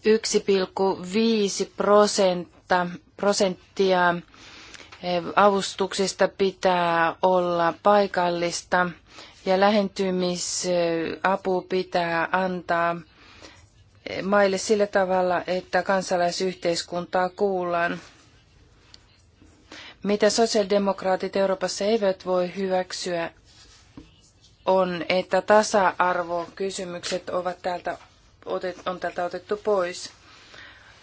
Speaker 1: 1,5 prosenttia, prosenttia eh, avustuksista pitää olla paikallista ja lähentymisapu pitää antaa eh, maille sillä tavalla, että kansalaisyhteiskuntaa kuullaan. Mitä sosiaalidemokraatit Euroopassa eivät voi hyväksyä, on, että tasa-arvokysymykset ovat täältä otet, on tältä otettu pois.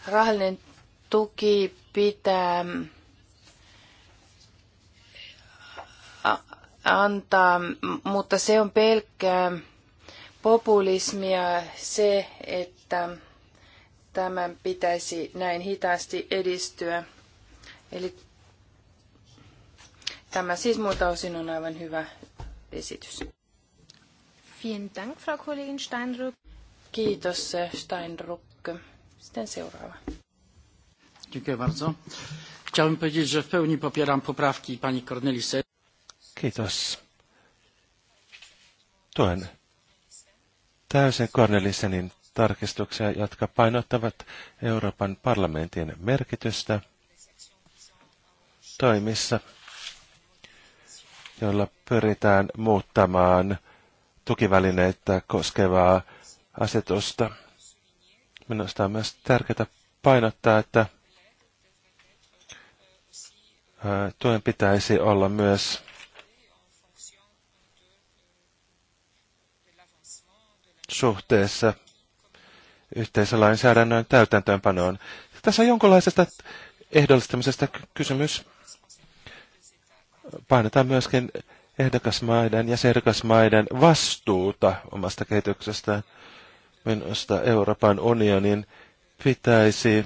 Speaker 1: Rahallinen tuki pitää antaa, mutta se on pelkkää populismia se, että tämän pitäisi näin hitaasti edistyä. Eli tämä siis muuta osin on aivan hyvä esitys. Vielen Dank, Frau Kollegin Steinrück. Kiitos eh, Steinruck. Sitten seuraava.
Speaker 2: Dziękuję bardzo. Chciałbym powiedzieć, że w pełni popieram poprawki pani Cornelisen.
Speaker 4: Kiitos. Tuen täysin Cornelisenin tarkistuksia, jotka painottavat Euroopan parlamentin merkitystä toimissa, joilla pyritään muuttamaan tukivälineitä koskevaa asetusta. Minusta on myös tärkeää painottaa, että tuen pitäisi olla myös suhteessa yhteisölainsäädännön täytäntöönpanoon. Tässä on jonkinlaisesta ehdollistamisesta kysymys. painetaan myöskin ehdokasmaiden ja serkasmaiden vastuuta omasta kehityksestään. Minusta Euroopan unionin pitäisi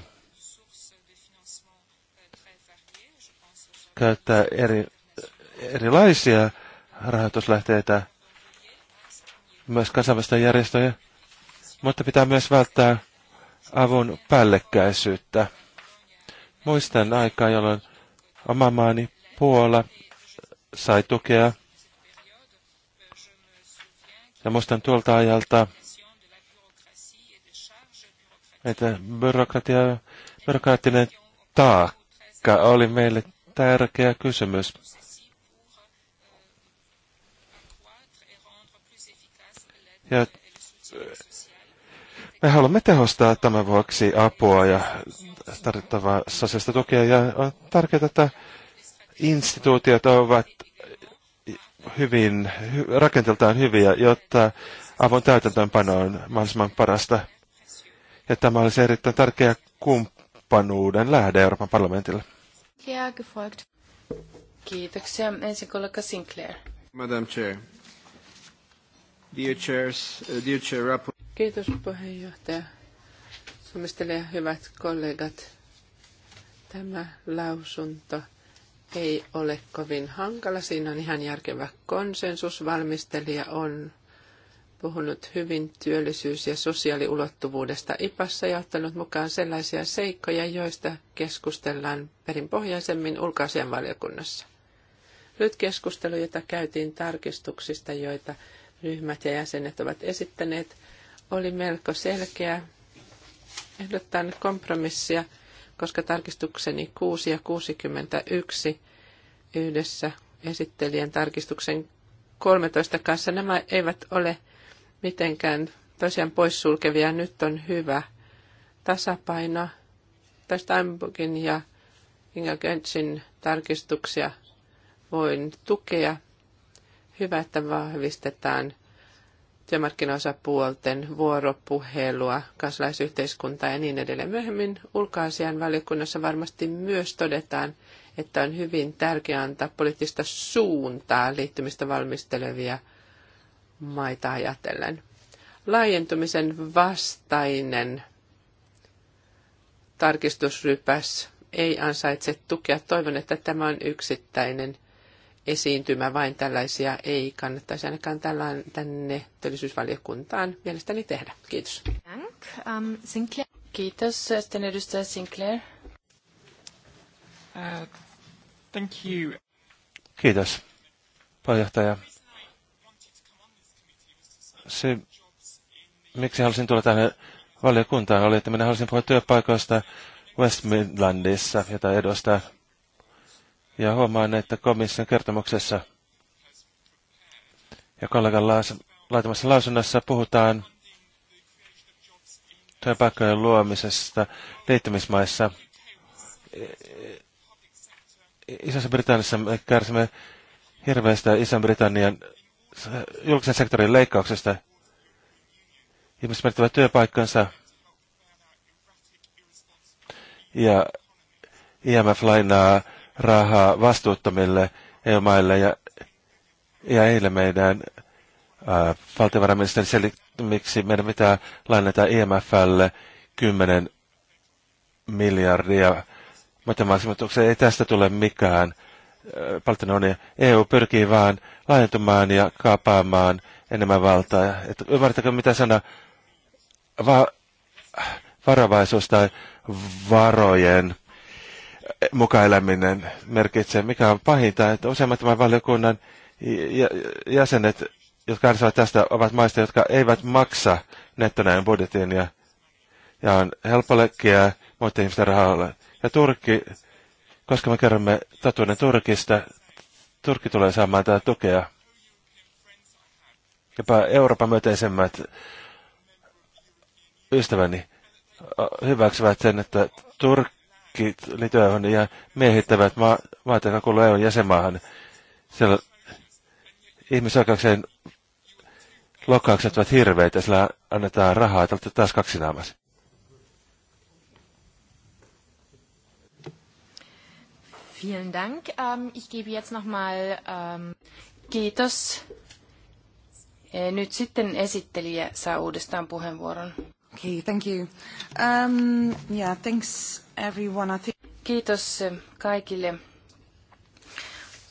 Speaker 4: käyttää eri, erilaisia rahoituslähteitä, myös kansainvälisten järjestöjä, mutta pitää myös välttää avun päällekkäisyyttä. Muistan aikaa, jolloin oma maani Puola sai tukea. Ja muistan tuolta ajalta että byrokratia, byrokraattinen taakka oli meille tärkeä kysymys. Ja eh, me haluamme tehostaa tämän vuoksi apua ja tarvittavaa sosiaalista tukea. Ja on tärkeää, että instituutiot ovat hyvin, rakenteltaan hyviä, jotta avun täytäntöönpano on mahdollisimman parasta ja tämä olisi erittäin tärkeä kumppanuuden lähde Euroopan parlamentille.
Speaker 1: Kiitoksia.
Speaker 2: Ensin kollega Sinclair. Madam Chair. Dear chairs, uh, dear chair, Kiitos puheenjohtaja. ja hyvät kollegat. Tämä lausunto ei ole kovin hankala. Siinä on ihan järkevä konsensus. Valmistelija on puhunut hyvin työllisyys- ja sosiaaliulottuvuudesta IPassa ja ottanut mukaan sellaisia seikkoja, joista keskustellaan perinpohjaisemmin ulkoasianvaliokunnassa. Nyt keskustelu, jota käytiin tarkistuksista, joita ryhmät ja jäsenet ovat esittäneet, oli melko selkeä. Ehdotan kompromissia, koska tarkistukseni 6 ja 61 yhdessä esittelijän tarkistuksen 13 kanssa nämä eivät ole mitenkään tosiaan poissulkevia. Nyt on hyvä tasapaino. Tästä Ambukin ja Inga Götzin tarkistuksia voin tukea. Hyvä, että vahvistetaan työmarkkinaosapuolten vuoropuhelua, kansalaisyhteiskuntaa ja niin edelleen. Myöhemmin ulkoasian valiokunnassa varmasti myös todetaan, että on hyvin tärkeää antaa poliittista suuntaa liittymistä valmistelevia maita ajatellen. Laajentumisen vastainen tarkistusrypäs ei ansaitse tukea. Toivon, että tämä on yksittäinen esiintymä, vain tällaisia ei kannattaisi ainakaan tällään, tänne työllisyysvaliokuntaan mielestäni tehdä. Kiitos. Ähm, Kiitos. Sitten edustaja Sinclair. Uh, thank you.
Speaker 4: Kiitos, puheenjohtaja se, miksi halusin tulla tähän valiokuntaan, oli, että minä halusin puhua työpaikoista West Midlandissa, jota edustaa. Ja huomaan, että komission kertomuksessa ja kollegan laas, laitamassa lausunnassa puhutaan työpaikkojen luomisesta liittymismaissa. Isossa Britanniassa me kärsimme hirveästä iso britannian julkisen sektorin leikkauksesta. Ihmiset menettävät työpaikkansa. Ja IMF lainaa rahaa vastuuttomille EU-maille ja, ja eilen meidän valtiovarainministeri selitti, miksi meidän pitää lainata IMFlle 10 miljardia matemaattisen ei tästä tule mikään – Paltinonia. EU pyrkii vaan laajentumaan ja kaapaamaan enemmän valtaa. Et ymmärtäkö mitä sana va- varovaisuus tai varojen mukaileminen merkitsee, mikä on pahinta, että useimmat tämän valiokunnan jäsenet, jotka kärsivät tästä, ovat maista, jotka eivät maksa nettonäin budjetin ja, ja on helppo leikkiä muiden ihmisten rahoilla. Ja Turkki koska me kerromme tatuinen Turkista, Turkki tulee saamaan tätä tukea. Jopa Euroopan myöteisemmät ystäväni hyväksyvät sen, että Turkki liittyy ja miehittävät maat, jotka kuuluu EUn jäsenmaahan. Siellä ihmisoikeuksien lokaukset ovat hirveitä, sillä annetaan rahaa, että taas kaksinaamassa.
Speaker 3: Vielen Dank. Ähm, ich gebe jetzt nochmal...
Speaker 1: Ähm... Kiitos. Äh, nyt sitten esittelijä saa uudestaan puheenvuoron. Okay, thank you. Um, yeah, thanks everyone. I think... Kiitos äh, kaikille.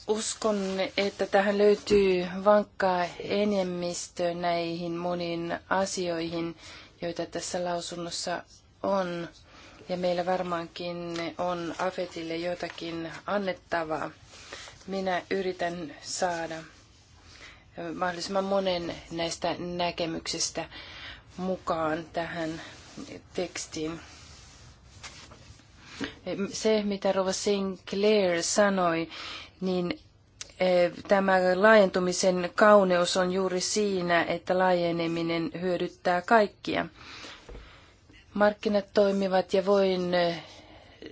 Speaker 1: Uskon, että tähän löytyy vankkaa enemmistö näihin moniin asioihin, joita tässä lausunnossa on ja meillä varmaankin on Afetille jotakin annettavaa. Minä yritän saada mahdollisimman monen näistä näkemyksistä mukaan tähän tekstiin. Se, mitä Rova Sinclair sanoi, niin eh, tämä laajentumisen kauneus on juuri siinä, että laajeneminen hyödyttää kaikkia markkinat toimivat ja voin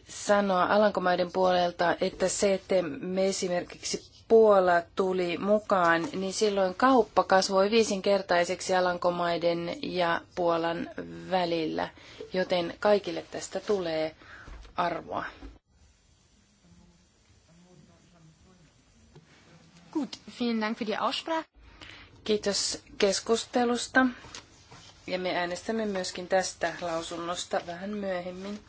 Speaker 1: sanoa Alankomaiden puolelta, että se, että me esimerkiksi Puola tuli mukaan, niin silloin kauppa kasvoi viisinkertaiseksi Alankomaiden ja Puolan välillä, joten kaikille tästä tulee arvoa. Gut, vielen Dank für die Aussprache. Kiitos keskustelusta. Ja me äänestämme myöskin tästä lausunnosta vähän myöhemmin.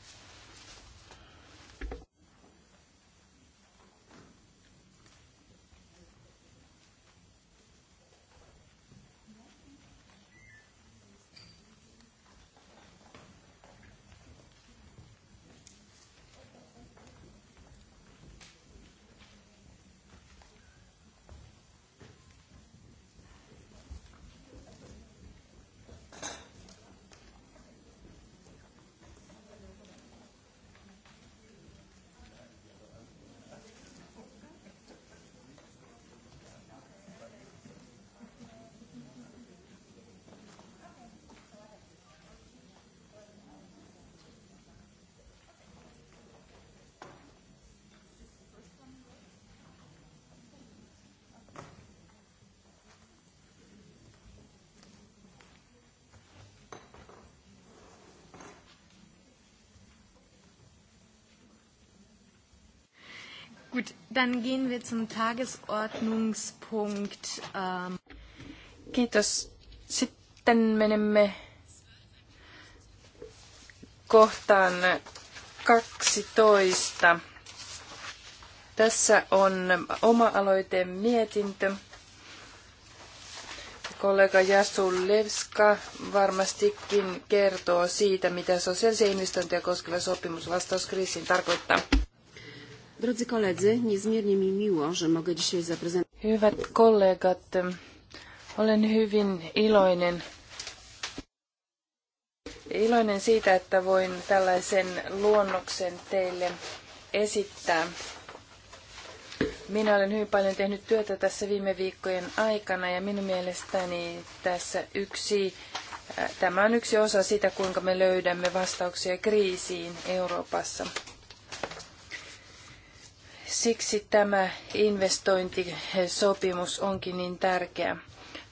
Speaker 3: Gut, dann gehen wir zum
Speaker 1: Tagesordnungspunkt. Ähm Kiitos. Sitten menemme kohtaan 12. Tässä on oma aloite mietintö. Kollega Jasu Levska varmastikin kertoo siitä, mitä sosiaalisia investointeja koskeva sopimus vastauskriisiin tarkoittaa. Drodzy koledzy, niezmiernie mi miło, że mogę dzisiaj zaprezentować. Hyvät kollegat, olen hyvin iloinen iloinen siitä, että voin tällaisen luonnoksen teille esittää. Minä olen hyvin paljon tehnyt työtä tässä viime viikkojen aikana ja minun mielestäni tässä yksi, tämä on yksi osa sitä, kuinka me löydämme vastauksia kriisiin Euroopassa. Siksi tämä investointisopimus onkin niin tärkeä.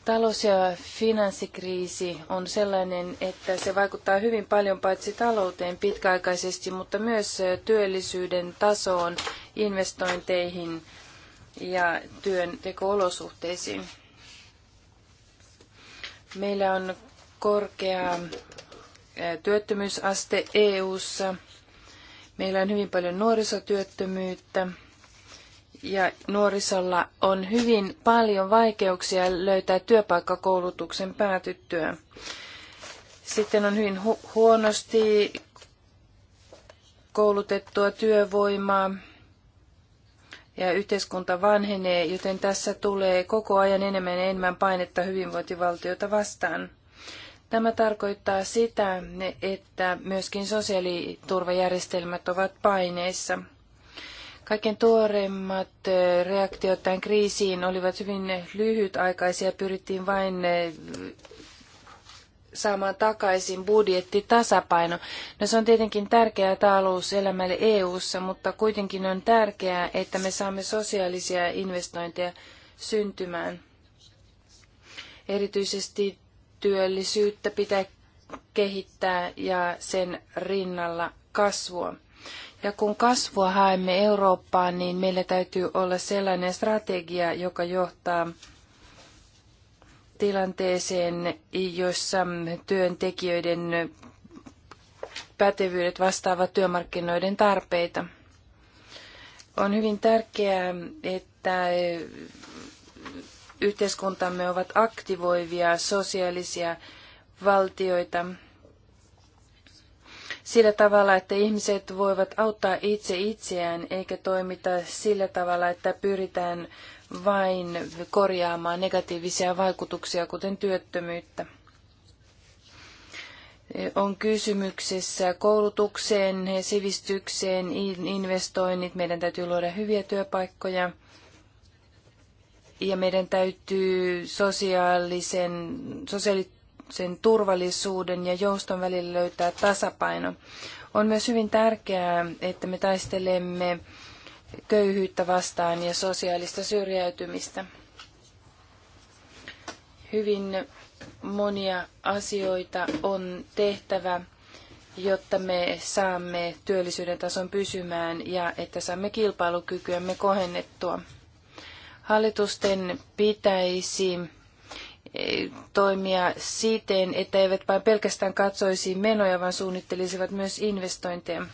Speaker 1: Talous- ja finanssikriisi on sellainen, että se vaikuttaa hyvin paljon paitsi talouteen pitkäaikaisesti, mutta myös työllisyyden tasoon, investointeihin ja työntekoolosuhteisiin. Meillä on korkea työttömyysaste EU:ssa. Meillä on hyvin paljon nuorisotyöttömyyttä ja nuorisolla on hyvin paljon vaikeuksia löytää työpaikkakoulutuksen päätyttyä. Sitten on hyvin hu- huonosti koulutettua työvoimaa ja yhteiskunta vanhenee, joten tässä tulee koko ajan enemmän ja enemmän painetta hyvinvointivaltiota vastaan. Tämä tarkoittaa sitä, että myöskin sosiaaliturvajärjestelmät ovat paineissa – Kaiken tuoreimmat eh, reaktiot tämän kriisiin olivat hyvin lyhytaikaisia. Pyrittiin vain eh, saamaan takaisin budjettitasapaino. No se on tietenkin tärkeää talouselämälle EU:ssa, mutta kuitenkin on tärkeää, että me saamme sosiaalisia investointeja syntymään. Erityisesti työllisyyttä pitää kehittää ja sen rinnalla kasvua. Ja kun kasvua haemme Eurooppaan, niin meillä täytyy olla sellainen strategia, joka johtaa tilanteeseen, jossa työntekijöiden pätevyydet vastaavat työmarkkinoiden tarpeita. On hyvin tärkeää, että yhteiskuntamme ovat aktivoivia sosiaalisia valtioita sillä tavalla, että ihmiset voivat auttaa itse itseään, eikä toimita sillä tavalla, että pyritään vain korjaamaan negatiivisia vaikutuksia, kuten työttömyyttä. On kysymyksessä koulutukseen, sivistykseen, investoinnit. Meidän täytyy luoda hyviä työpaikkoja ja meidän täytyy sosiaalisen, sosiaali- sen turvallisuuden ja jouston välillä löytää tasapaino. On myös hyvin tärkeää, että me taistelemme köyhyyttä vastaan ja sosiaalista syrjäytymistä. Hyvin monia asioita on tehtävä, jotta me saamme työllisyyden tason pysymään ja että saamme kilpailukykyämme kohennettua. Hallitusten pitäisi toimia siten, että eivät vain pelkästään katsoisi menoja, vaan suunnittelisivat myös investointeja.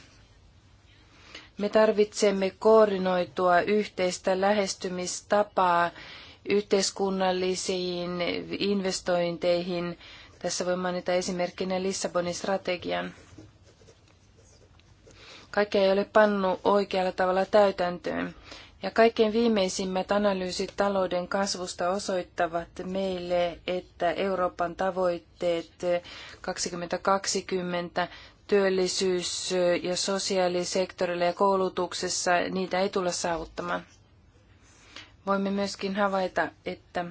Speaker 1: Me tarvitsemme koordinoitua yhteistä lähestymistapaa yhteiskunnallisiin investointeihin. Tässä voi mainita esimerkkinä Lissabonin strategian. Kaikkea ei ole pannu oikealla tavalla täytäntöön. Ja kaikkein viimeisimmät analyysit talouden kasvusta osoittavat meille, että Euroopan tavoitteet 2020 työllisyys- ja sosiaalisektorilla ja koulutuksessa, niitä ei tulla saavuttamaan. Voimme myöskin havaita, että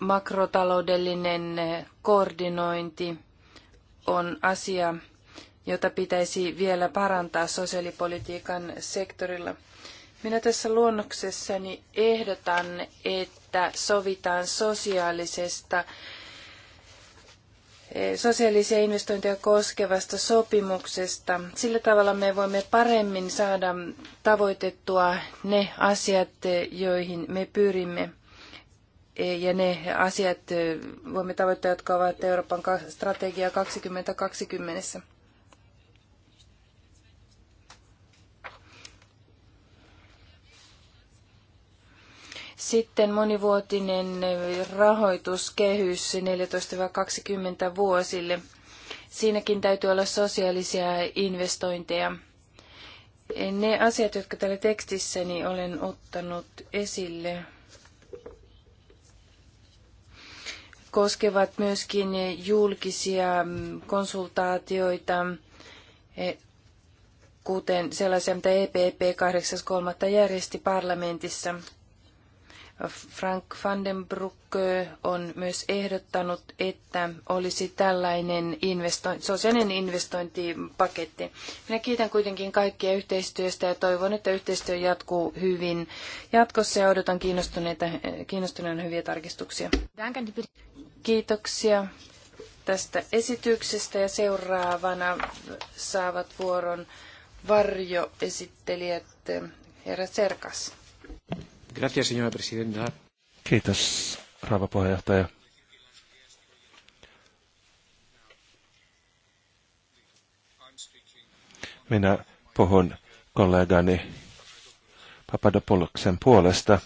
Speaker 1: makrotaloudellinen koordinointi on asia, jota pitäisi vielä parantaa sosiaalipolitiikan sektorilla. Minä tässä luonnoksessani ehdotan, että sovitaan sosiaalisesta eh, sosiaalisia investointeja koskevasta sopimuksesta. Sillä tavalla me voimme paremmin saada tavoitettua ne asiat, joihin me pyrimme. Eh, ja ne asiat eh, voimme tavoittaa, jotka ovat Euroopan strategia 2020. Sitten monivuotinen rahoituskehys 14-20 vuosille. Siinäkin täytyy olla sosiaalisia investointeja. Ne asiat, jotka täällä tekstissäni olen ottanut esille, koskevat myöskin julkisia konsultaatioita, kuten sellaisia, mitä EPP 8.3. järjesti parlamentissa. Frank van den Broek on myös ehdottanut, että olisi tällainen investointi, sosiaalinen investointipaketti. Minä kiitän kuitenkin kaikkia yhteistyöstä ja toivon, että yhteistyö jatkuu hyvin jatkossa ja odotan kiinnostuneita, kiinnostuneena hyviä tarkistuksia. Kiitoksia tästä esityksestä ja seuraavana saavat vuoron varjoesittelijät herra Serkas.
Speaker 4: Gracias, señora presidenta. Kiitos, rouva puheenjohtaja. Minä puhun kollegani Papadopouloksen puolesta,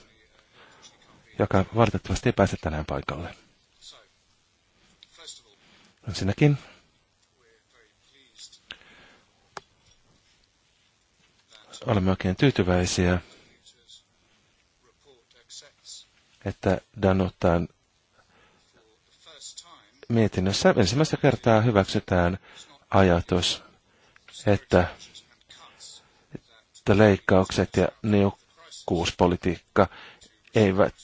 Speaker 4: joka valitettavasti ei pääse tänään paikalle. Ensinnäkin olemme oikein tyytyväisiä että Danutan mietinnössä ensimmäistä kertaa hyväksytään ajatus, että, että leikkaukset ja niukkuuspolitiikka eivät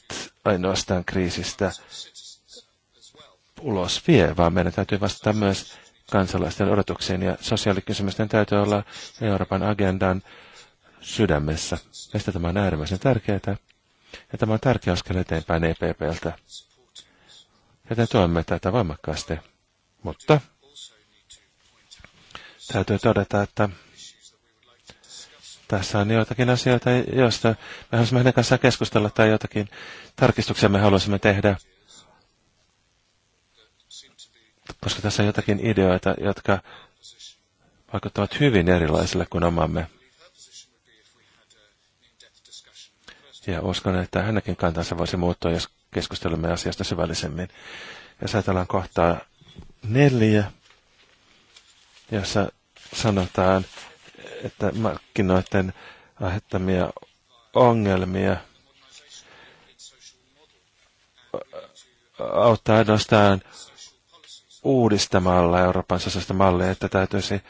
Speaker 4: ainoastaan kriisistä ulos vie, vaan meidän täytyy vastata myös kansalaisten odotuksiin ja sosiaalikysymysten täytyy olla Euroopan agendan sydämessä. Meistä tämä on äärimmäisen tärkeää. Ja tämä on tärkeä askel eteenpäin EPPltä. Joten toimme tätä voimakkaasti. Mutta täytyy todeta, että tässä on joitakin asioita, joista me haluaisimme hänen kanssaan keskustella tai jotakin tarkistuksia me haluaisimme tehdä. Koska tässä on jotakin ideoita, jotka vaikuttavat hyvin erilaisille kuin omamme. Ja uskon, että hänenkin kantansa voisi muuttua, jos keskustelemme asiasta syvällisemmin. Ja ajatellaan kohtaa neljä, jossa sanotaan, että markkinoiden aiheuttamia ongelmia auttaa ainoastaan uudistamalla Euroopan sosiaalista mallia, että täytyisi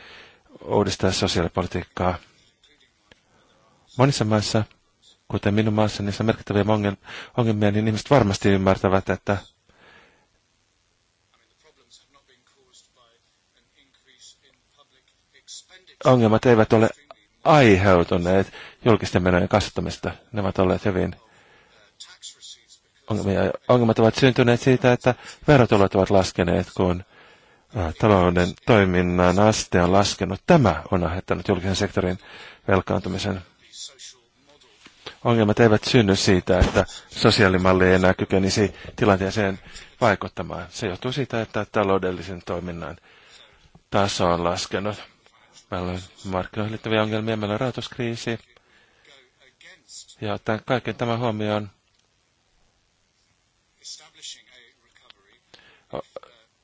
Speaker 4: uudistaa sosiaalipolitiikkaa. Monissa maissa – kuten minun maassa niissä merkittäviä ongelmia, niin ihmiset varmasti ymmärtävät, että ongelmat eivät ole aiheutuneet julkisten menojen kasvattamista. Ne ovat olleet hyvin ongelmia. Ongelmat ovat syntyneet siitä, että verotulot ovat laskeneet, kun talouden toiminnan aste on laskenut. Tämä on aiheuttanut julkisen sektorin velkaantumisen ongelmat eivät synny siitä, että sosiaalimalli ei enää kykenisi tilanteeseen vaikuttamaan. Se johtuu siitä, että taloudellisen toiminnan taso on laskenut. Meillä on markkinoihin liittyviä ongelmia, meillä on rahoituskriisi. Ja ottaen kaiken tämän huomioon,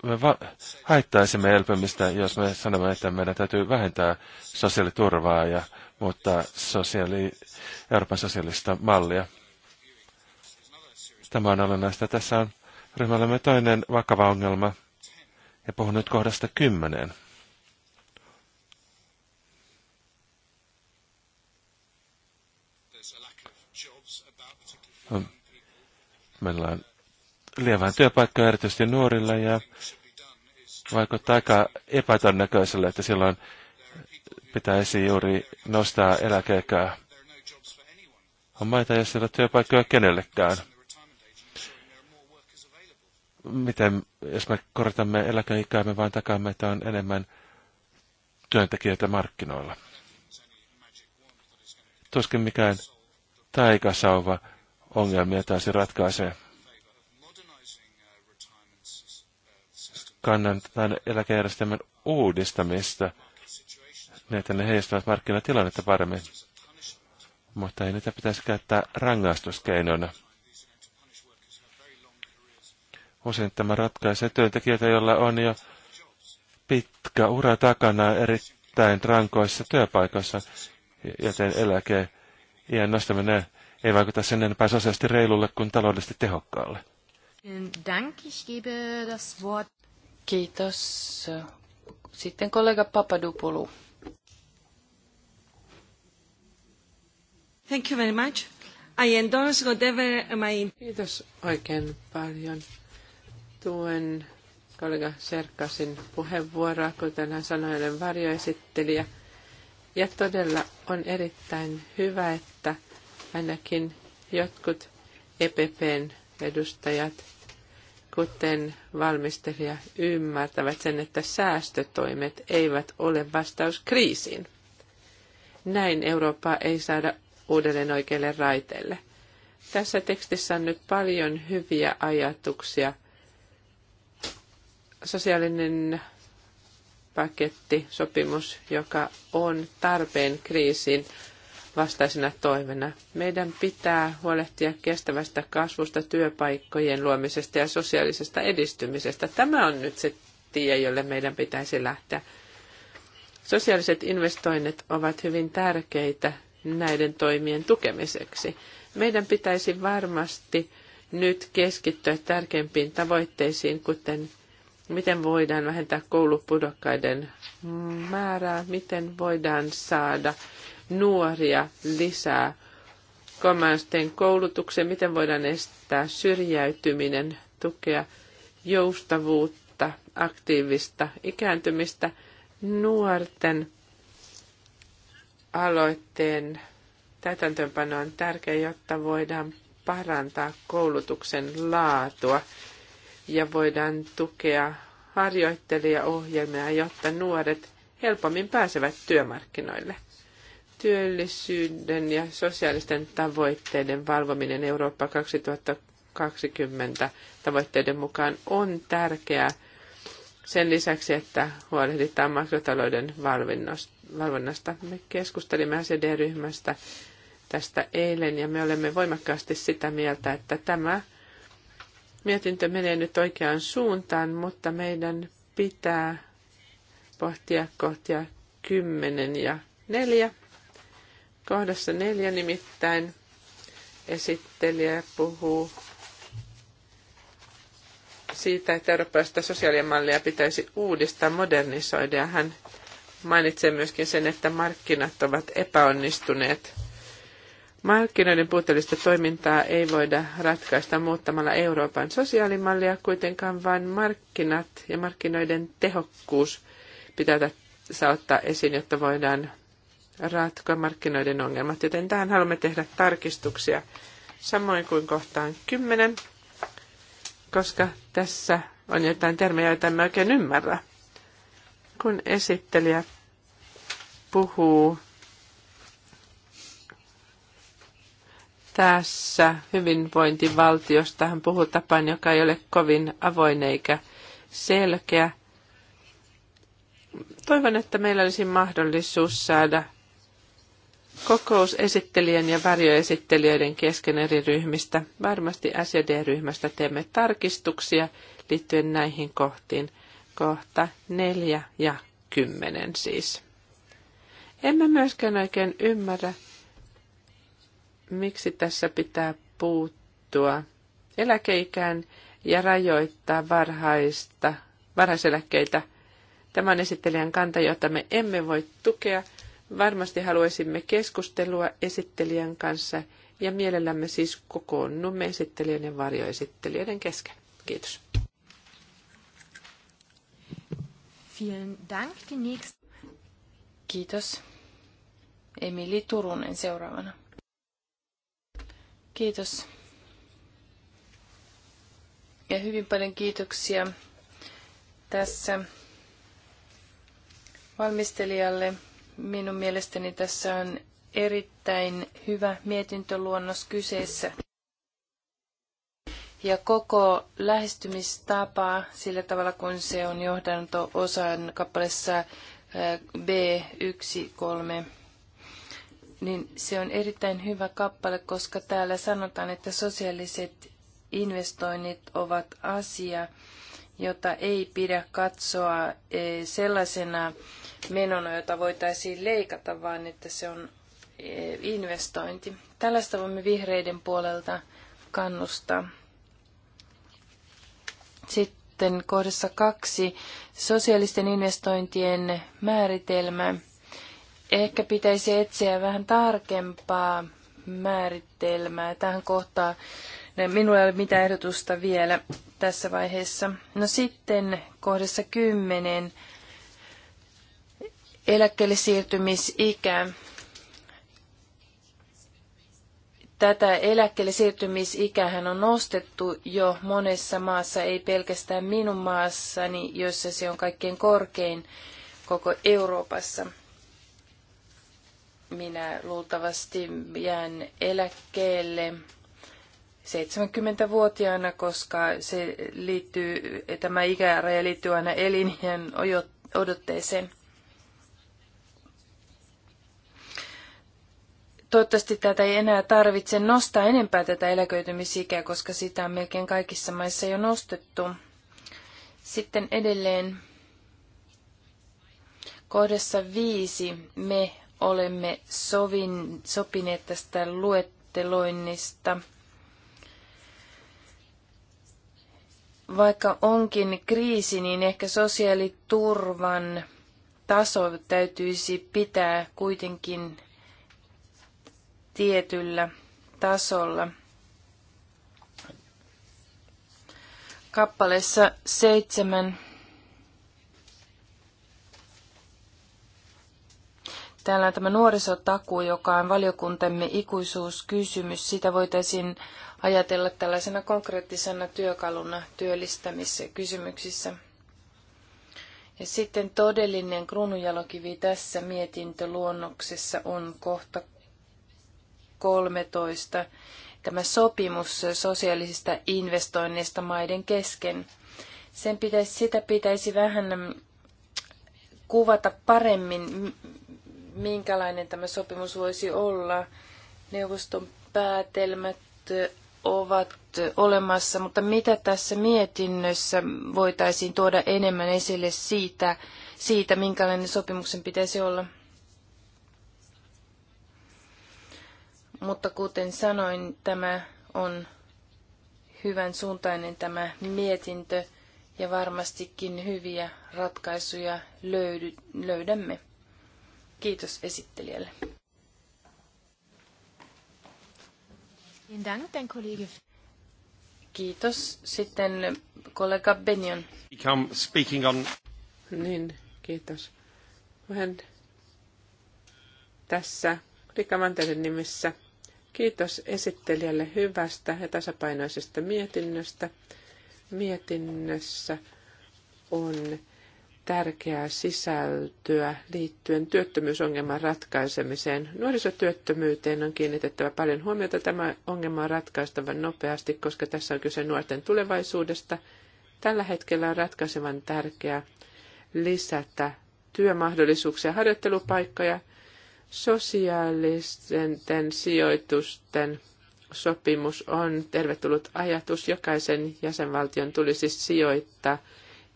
Speaker 4: me va- haittaisimme elpymistä, jos me sanomme, että meidän täytyy vähentää sosiaaliturvaa ja muuttaa sosiaali- Euroopan sosiaalista mallia. Tämä on olennaista. Tässä on ryhmällämme toinen vakava ongelma, ja puhun nyt kohdasta kymmeneen. meillä on lievään työpaikkaa erityisesti nuorilla ja vaikuttaa aika epätodennäköiselle, että silloin pitäisi juuri nostaa eläkeikää. On maita, joissa ei ole työpaikkoja kenellekään. Miten, jos me korotamme eläkeikää, me vain takaamme, että on enemmän työntekijöitä markkinoilla. Tuskin mikään taikasauva ongelmia taisi ratkaisee. Kannan tämän eläkejärjestelmän uudistamista, niin että ne heijastavat markkinatilannetta paremmin mutta ei niitä pitäisi käyttää rangaistuskeinona. Usein tämä ratkaisee työntekijöitä, joilla on jo pitkä ura takana erittäin rankoissa työpaikoissa, joten eläke iän nostaminen ei vaikuta sen enempää sosiaalisesti reilulle kuin taloudellisesti tehokkaalle.
Speaker 1: Kiitos. Sitten kollega Papadopoulou.
Speaker 2: Thank you very much. I endorse whatever my... Kiitos oikein paljon. Tuen kollega Serkasin puheenvuoroa, kuten hän sanoi, olen varjoesittelijä. Ja todella on erittäin hyvä, että ainakin jotkut EPPn edustajat, kuten valmistelija, ymmärtävät sen, että säästötoimet eivät ole vastaus kriisiin. Näin Eurooppaa ei saada uudelleen oikeille raiteelle. Tässä tekstissä on nyt paljon hyviä ajatuksia. Sosiaalinen paketti, sopimus, joka on tarpeen kriisin vastaisena toimena. Meidän pitää huolehtia kestävästä kasvusta, työpaikkojen luomisesta ja sosiaalisesta edistymisestä. Tämä on nyt se tie, jolle meidän pitäisi lähteä. Sosiaaliset investoinnit ovat hyvin tärkeitä näiden toimien tukemiseksi. Meidän pitäisi varmasti nyt keskittyä tärkeimpiin tavoitteisiin, kuten miten voidaan vähentää koulupudokkaiden määrää, miten voidaan saada nuoria lisää kolmansien koulutukseen, miten voidaan estää syrjäytyminen, tukea joustavuutta, aktiivista ikääntymistä, nuorten aloitteen täytäntöönpano on tärkeä, jotta voidaan parantaa koulutuksen laatua ja voidaan tukea harjoittelijaohjelmia, jotta nuoret helpommin pääsevät työmarkkinoille. Työllisyyden ja sosiaalisten tavoitteiden valvominen Eurooppa 2020 tavoitteiden mukaan on tärkeää sen lisäksi, että huolehditaan makrotalouden valvonnasta. Me keskustelimme acd ryhmästä tästä eilen ja me olemme voimakkaasti sitä mieltä, että tämä mietintö menee nyt oikeaan suuntaan, mutta meidän pitää pohtia kohtia 10 ja 4. Kohdassa 4 nimittäin esittelijä puhuu siitä, että eurooppalaista sosiaalimallia pitäisi uudistaa, modernisoida ja hän mainitsee myöskin sen, että markkinat ovat epäonnistuneet. Markkinoiden puutteellista toimintaa ei voida ratkaista muuttamalla Euroopan sosiaalimallia, kuitenkaan vain markkinat ja markkinoiden tehokkuus pitää saattaa esiin, jotta voidaan ratkoa markkinoiden ongelmat. Joten tähän haluamme tehdä tarkistuksia samoin kuin kohtaan 10, koska tässä on jotain termejä, joita emme oikein ymmärrä kun esittelijä puhuu tässä hyvinvointivaltiosta, hän puhuu tapaan, joka ei ole kovin avoin eikä selkeä. Toivon, että meillä olisi mahdollisuus saada kokous esittelijän ja varjoesittelijöiden kesken eri ryhmistä. Varmasti SED-ryhmästä teemme tarkistuksia liittyen näihin kohtiin – kohta neljä ja kymmenen siis. Emme myöskään oikein ymmärrä, miksi tässä pitää puuttua eläkeikään ja rajoittaa varhaista, varhaiseläkkeitä. Tämä on esittelijän kanta, jota me emme voi tukea. Varmasti haluaisimme keskustelua esittelijän kanssa ja mielellämme siis kokoonnumme esittelijän ja varjoesittelijöiden kesken. Kiitos.
Speaker 1: Vielen Dank. Die nächste... Kiitos. Emili Turunen seuraavana. Kiitos. Ja hyvin paljon kiitoksia tässä valmistelijalle. Minun mielestäni tässä on erittäin hyvä mietintöluonnos kyseessä ja koko lähestymistapa sillä tavalla, kun se on johdanto osan kappaleessa eh, B13, niin se on erittäin hyvä kappale, koska täällä sanotaan, että sosiaaliset investoinnit ovat asia, jota ei pidä katsoa eh, sellaisena menona, jota voitaisiin leikata, vaan että se on eh, investointi. Tällaista voimme vihreiden puolelta kannustaa. Sitten kohdassa kaksi, sosiaalisten investointien määritelmä. Ehkä pitäisi etsiä vähän tarkempaa määritelmää tähän kohtaan. Minulla ei ole mitään ehdotusta vielä tässä vaiheessa. No sitten kohdassa kymmenen Eläkkeelle siirtymisikä. tätä eläkkeelle siirtymisikähän on nostettu jo monessa maassa, ei pelkästään minun maassani, jossa se on kaikkein korkein koko Euroopassa. Minä luultavasti jään eläkkeelle 70-vuotiaana, koska se liittyy, tämä ikäraja liittyy aina elinjään odotteeseen. Toivottavasti tätä ei enää tarvitse nostaa enempää tätä eläköitymisikää, koska sitä on melkein kaikissa maissa jo nostettu. Sitten edelleen kohdassa viisi me olemme sovin, sopineet tästä luetteloinnista. Vaikka onkin kriisi, niin ehkä sosiaaliturvan taso täytyisi pitää kuitenkin tietyllä tasolla. Kappaleessa seitsemän Täällä on tämä nuorisotaku, joka on valiokuntamme ikuisuuskysymys. Sitä voitaisiin ajatella tällaisena konkreettisena työkaluna työllistämiskysymyksissä. Ja sitten todellinen kruununjalokivi tässä mietintöluonnoksessa on kohta 2013 tämä sopimus sosiaalisista investoinneista maiden kesken. Sen pitäisi, sitä pitäisi vähän mm, kuvata paremmin, minkälainen tämä sopimus voisi olla. Neuvoston päätelmät ovat olemassa, mutta mitä tässä mietinnössä voitaisiin tuoda enemmän esille siitä, siitä minkälainen sopimuksen pitäisi olla? Mutta kuten sanoin, tämä on hyvän suuntainen tämä mietintö ja varmastikin hyviä ratkaisuja löydy, löydämme. Kiitos esittelijälle. Kiitos. Sitten kollega Benion.
Speaker 4: Speaking on...
Speaker 2: Niin, kiitos. Vähän tässä rikamantelen nimissä Kiitos esittelijälle hyvästä ja tasapainoisesta mietinnöstä. Mietinnössä on tärkeää sisältöä liittyen työttömyysongelman ratkaisemiseen. Nuorisotyöttömyyteen on kiinnitettävä paljon huomiota. Tämä ongelma on ratkaistava nopeasti, koska tässä on kyse nuorten tulevaisuudesta. Tällä hetkellä on ratkaisevan tärkeää lisätä työmahdollisuuksia, harjoittelupaikkoja – Sosiaalisten sijoitusten sopimus on tervetullut ajatus. Jokaisen jäsenvaltion tulisi sijoittaa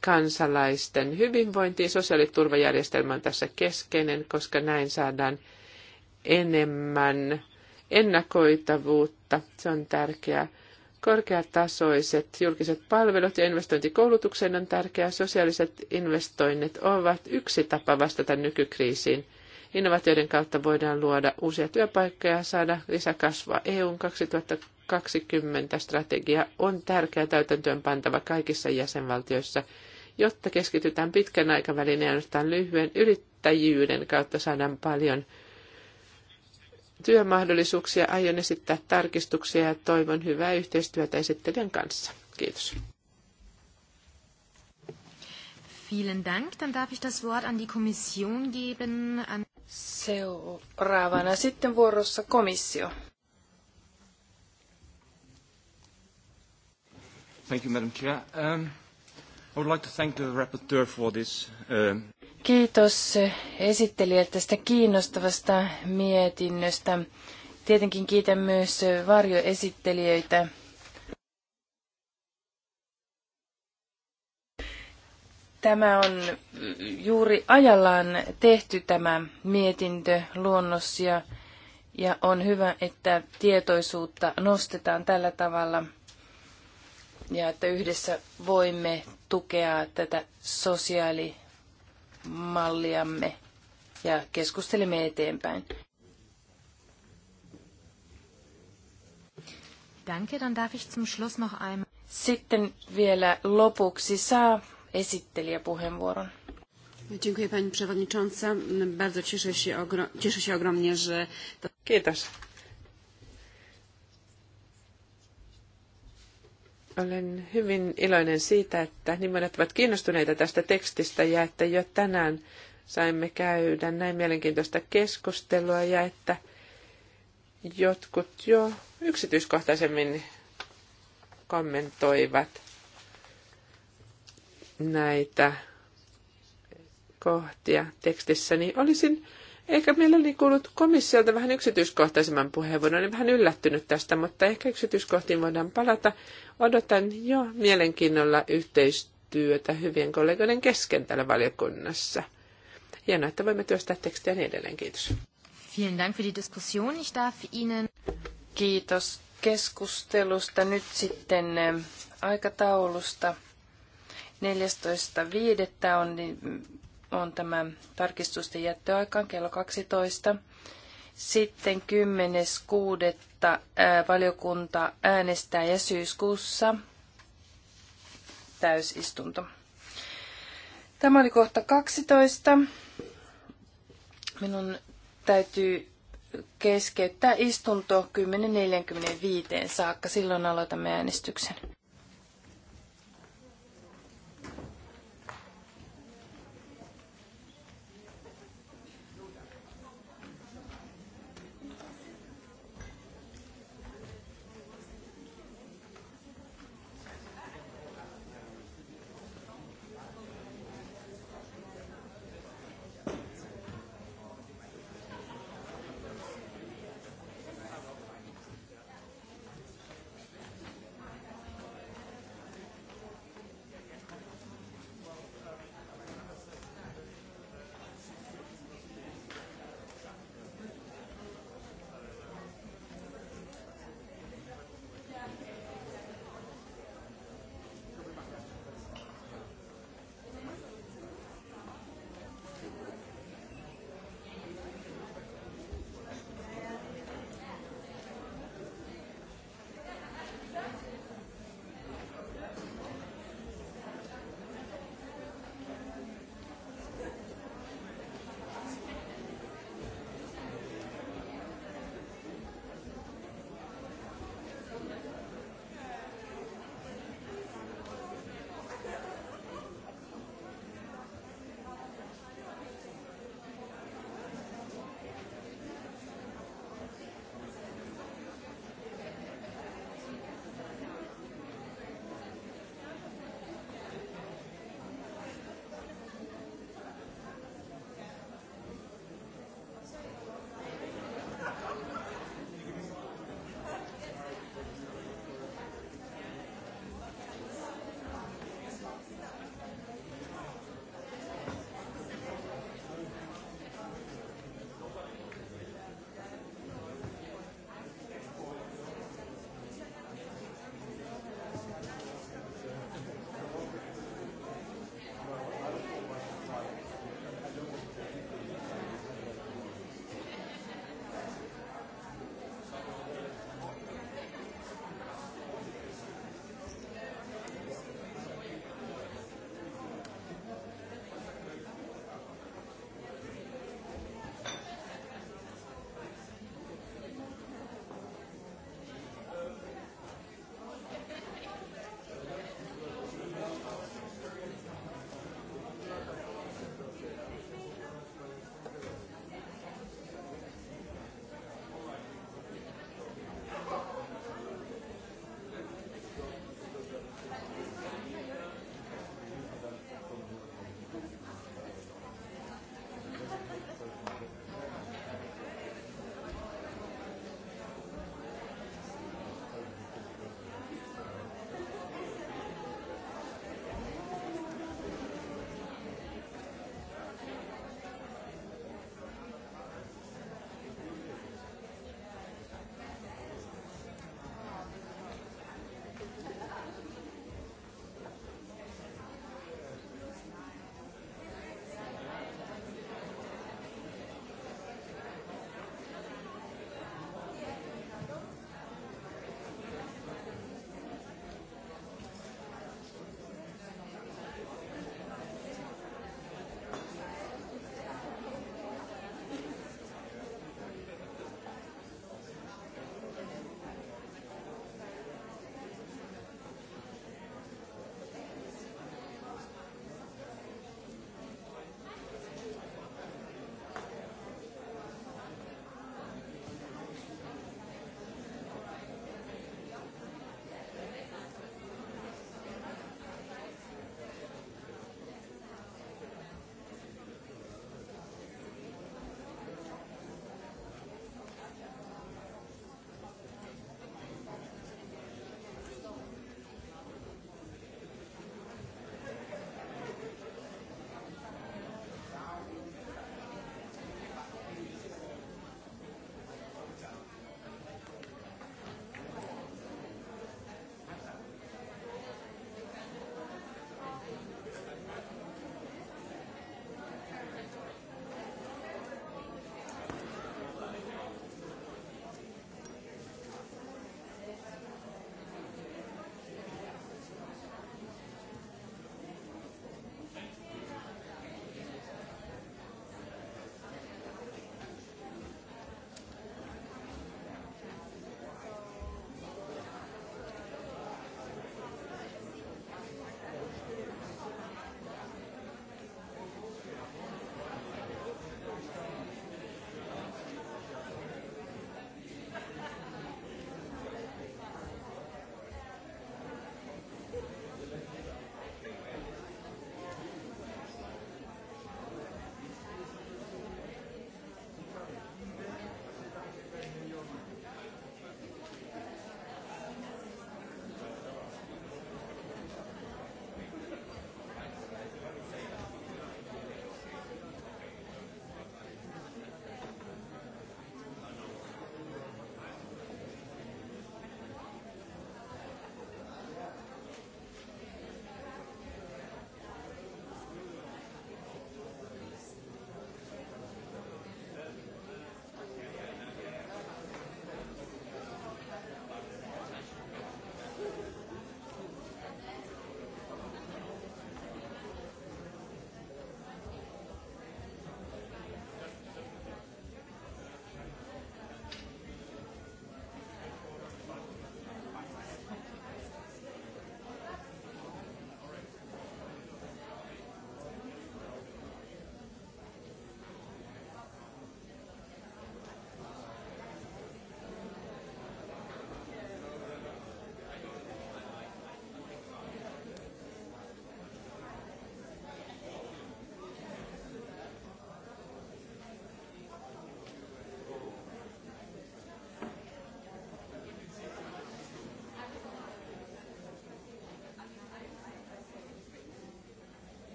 Speaker 2: kansalaisten hyvinvointiin. Sosiaaliturvajärjestelmä on tässä keskeinen, koska näin saadaan enemmän ennakoitavuutta. Se on tärkeää. Korkeatasoiset julkiset palvelut ja investointikoulutukseen on tärkeää. Sosiaaliset investoinnit ovat yksi tapa vastata nykykriisiin. Innovaatioiden kautta voidaan luoda uusia työpaikkoja ja saada lisäkasvua. EUn 2020 strategia on tärkeä täytäntöön pantava kaikissa jäsenvaltioissa, jotta keskitytään pitkän aikavälin ja ainoastaan lyhyen yrittäjyyden kautta saadaan paljon työmahdollisuuksia. Aion esittää tarkistuksia ja toivon hyvää yhteistyötä esittelijän kanssa. Kiitos.
Speaker 3: Vielen Dank. Dann darf ich das Wort an die Kommission geben.
Speaker 1: An Seuraavana sitten vuorossa komissio.
Speaker 4: Thank you, Madam Chair. Um, I would like to thank the rapporteur for this. Um...
Speaker 1: Kiitos esittelijät tästä kiinnostavasta mietinnöstä. Tietenkin kiitän myös varjoesittelijöitä Tämä on juuri ajallaan tehty tämä mietintö, luonnos ja, ja on hyvä, että tietoisuutta nostetaan tällä tavalla ja että yhdessä voimme tukea tätä sosiaalimalliamme ja keskustelemme eteenpäin.
Speaker 3: Danke, dann darf ich zum Schluss noch einmal.
Speaker 1: Sitten vielä lopuksi saa esittelijäpuheenvuoron. Dziękuję pani przewodnicząca. Bardzo
Speaker 2: cieszę się, cieszę się ogromnie, że... Kiitos. Olen hyvin iloinen siitä, että niin monet ovat kiinnostuneita tästä tekstistä ja että jo tänään saimme käydä näin mielenkiintoista keskustelua ja että jotkut jo yksityiskohtaisemmin kommentoivat näitä kohtia tekstissä, niin olisin ehkä mielelläni kuullut komissiolta vähän yksityiskohtaisemman puheenvuoron. Olen vähän yllättynyt tästä, mutta ehkä yksityiskohtiin voidaan palata. Odotan jo mielenkiinnolla yhteistyötä hyvien kollegoiden kesken täällä valiokunnassa. Hienoa, että voimme työstää tekstiä niin edelleen. Kiitos.
Speaker 3: Vielen
Speaker 1: Dank für die Diskussion. Ich darf Ihnen... Kiitos keskustelusta. Nyt sitten ähm, aikataulusta. 14.5. On, on tämä tarkistusten jättöaika kello 12. Sitten 10.6. valiokunta äänestää ja syyskuussa täysistunto. Tämä oli kohta 12. Minun täytyy keskeyttää istunto 10.45 saakka. Silloin aloitamme äänestyksen.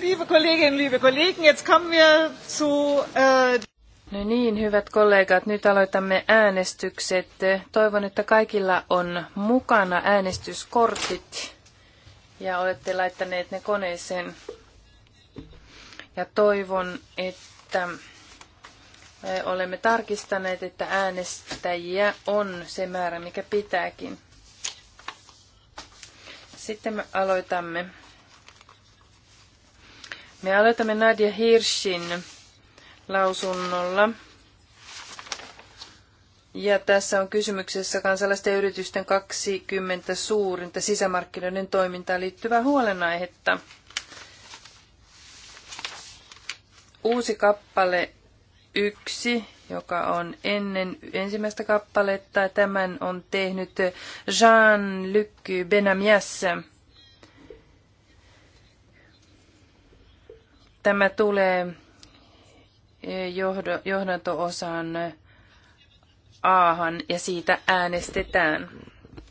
Speaker 1: liebe Kolleginnen, liebe Kollegen, jetzt kommen wir zu... Äh No niin, hyvät kollegat, nyt aloitamme äänestykset. Toivon, että kaikilla on mukana äänestyskortit ja olette laittaneet ne koneeseen. Ja toivon, että äh, olemme tarkistaneet, että äänestäjiä on se määrä, mikä pitääkin. Sitten me aloitamme. Me aloitamme Nadia Hirschin lausunnolla. Ja tässä on kysymyksessä kansalaisten yritysten 20 suurinta sisämarkkinoiden toimintaan liittyvää huolenaihetta. Uusi kappale yksi joka on ennen ensimmäistä kappaletta. Tämän on tehnyt Jean-Luc Benamias. Tämä tulee johdanto-osan Ahan ja siitä äänestetään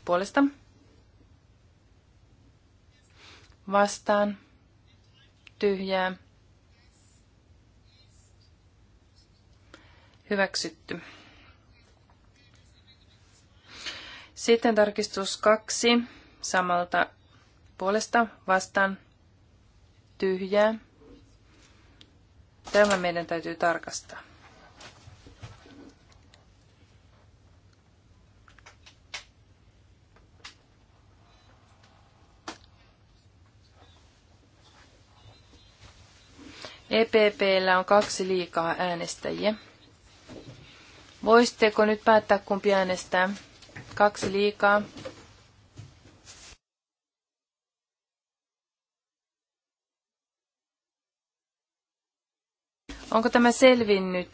Speaker 1: puolesta. Vastaan. Tyhjää. Hyväksytty. Sitten tarkistus kaksi samalta puolesta vastaan tyhjää. Tämä meidän täytyy tarkastaa. EPPllä on kaksi liikaa äänestäjiä. Voisitteko nyt päättää, kumpi äänestää? Kaksi liikaa. Onko tämä selvinnyt?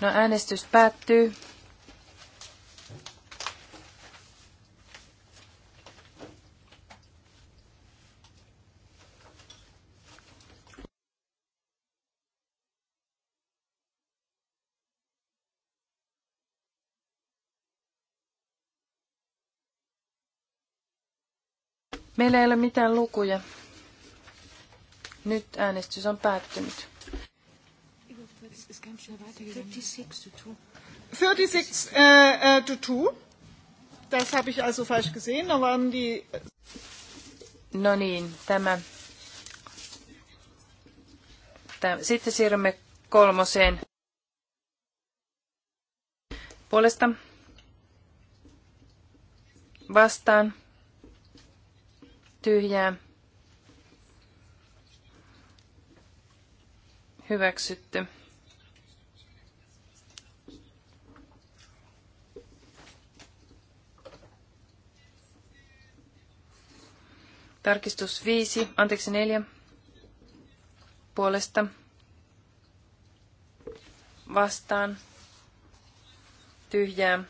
Speaker 1: No äänestys päättyy. Meillä ei ole mitään lukuja. Nyt äänestys on päättynyt. 36 äh, äh, to 2. Das habe ich also falsch gesehen. Da waren die... Äh, no niin, tämä. Sitten siirrymme kolmoseen. Puolesta. Vastaan tyhjää. Hyväksytty. Tarkistus 5, anteeksi 4, puolesta vastaan tyhjää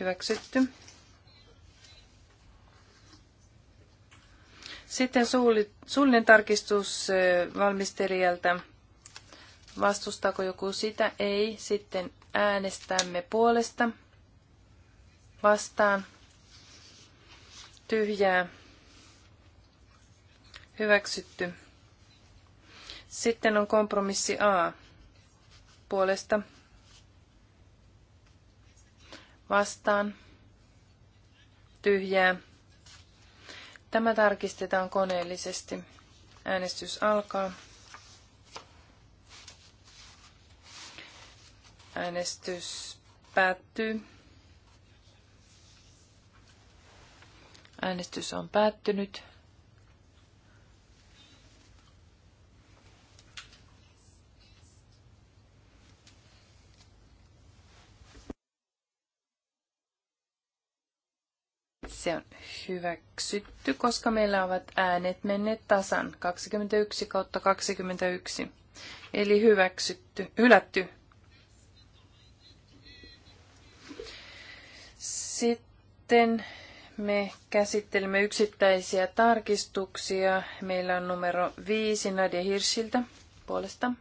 Speaker 1: hyväksytty. Sitten suuli, suullinen tarkistus valmistelijalta. Vastustaako joku sitä? Ei. Sitten äänestämme puolesta. Vastaan. Tyhjää. Hyväksytty. Sitten on kompromissi A. Puolesta. Vastaan. Tyhjää Tämä tarkistetaan koneellisesti. Äänestys alkaa. Äänestys päättyy. Äänestys on päättynyt. Se on hyväksytty, koska meillä ovat äänet menneet tasan 21 kautta 21. Eli hyväksytty, hylätty. Sitten me käsittelemme yksittäisiä tarkistuksia. Meillä on numero 5 Nadia Hirschiltä puolesta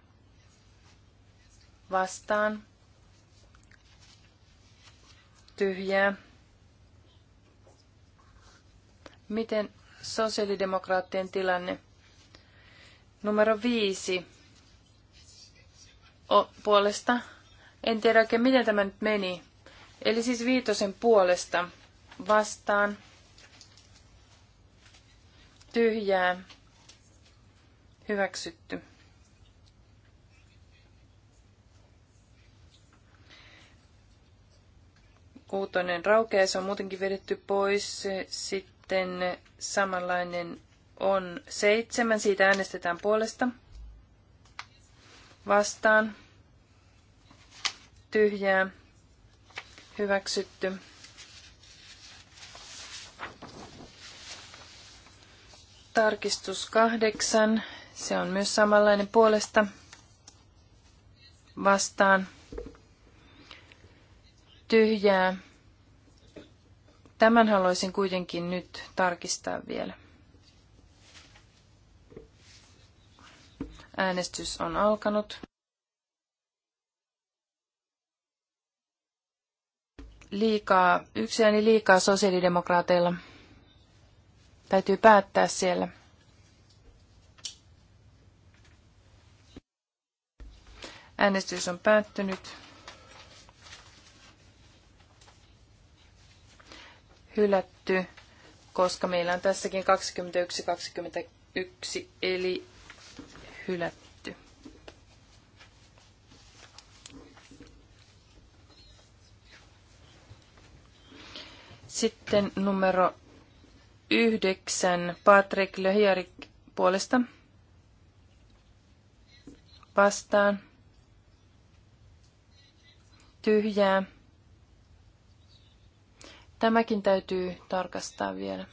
Speaker 1: vastaan tyhjää Miten sosiaalidemokraattien tilanne? Numero viisi o, puolesta. En tiedä oikein, miten tämä nyt meni. Eli siis viitosen puolesta vastaan. Tyhjää. Hyväksytty. Kuutonen raukeaa, se on muutenkin vedetty pois. Sitten sitten samanlainen on seitsemän. Siitä äänestetään puolesta. Vastaan. Tyhjää. Hyväksytty. Tarkistus kahdeksan. Se on myös samanlainen puolesta. Vastaan. Tyhjää Tämän haluaisin kuitenkin nyt tarkistaa vielä. Äänestys on alkanut. Liikaa, yksi ääni liikaa sosiaalidemokraateilla. Täytyy päättää siellä. Äänestys on päättynyt. hylätty, koska meillä on tässäkin 21-21, eli hylätty. Sitten numero yhdeksän, Patrick Lehiarik puolesta. Vastaan. Tyhjää. Tämäkin täytyy tarkastaa vielä.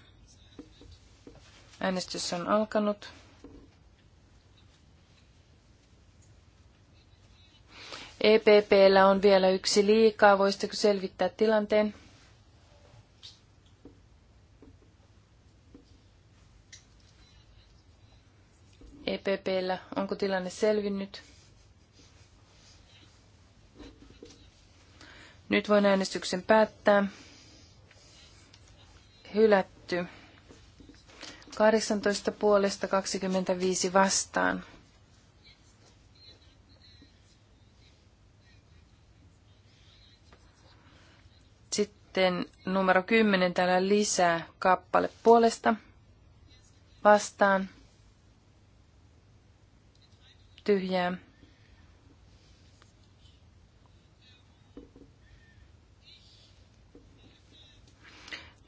Speaker 1: Äänestys on alkanut. EPPllä on vielä yksi liikaa. Voisitteko selvittää tilanteen? EPPllä. Onko tilanne selvinnyt? Nyt voin äänestyksen päättää hylätty. 18 puolesta 25 vastaan. Sitten numero 10 täällä lisää kappale puolesta vastaan. Tyhjää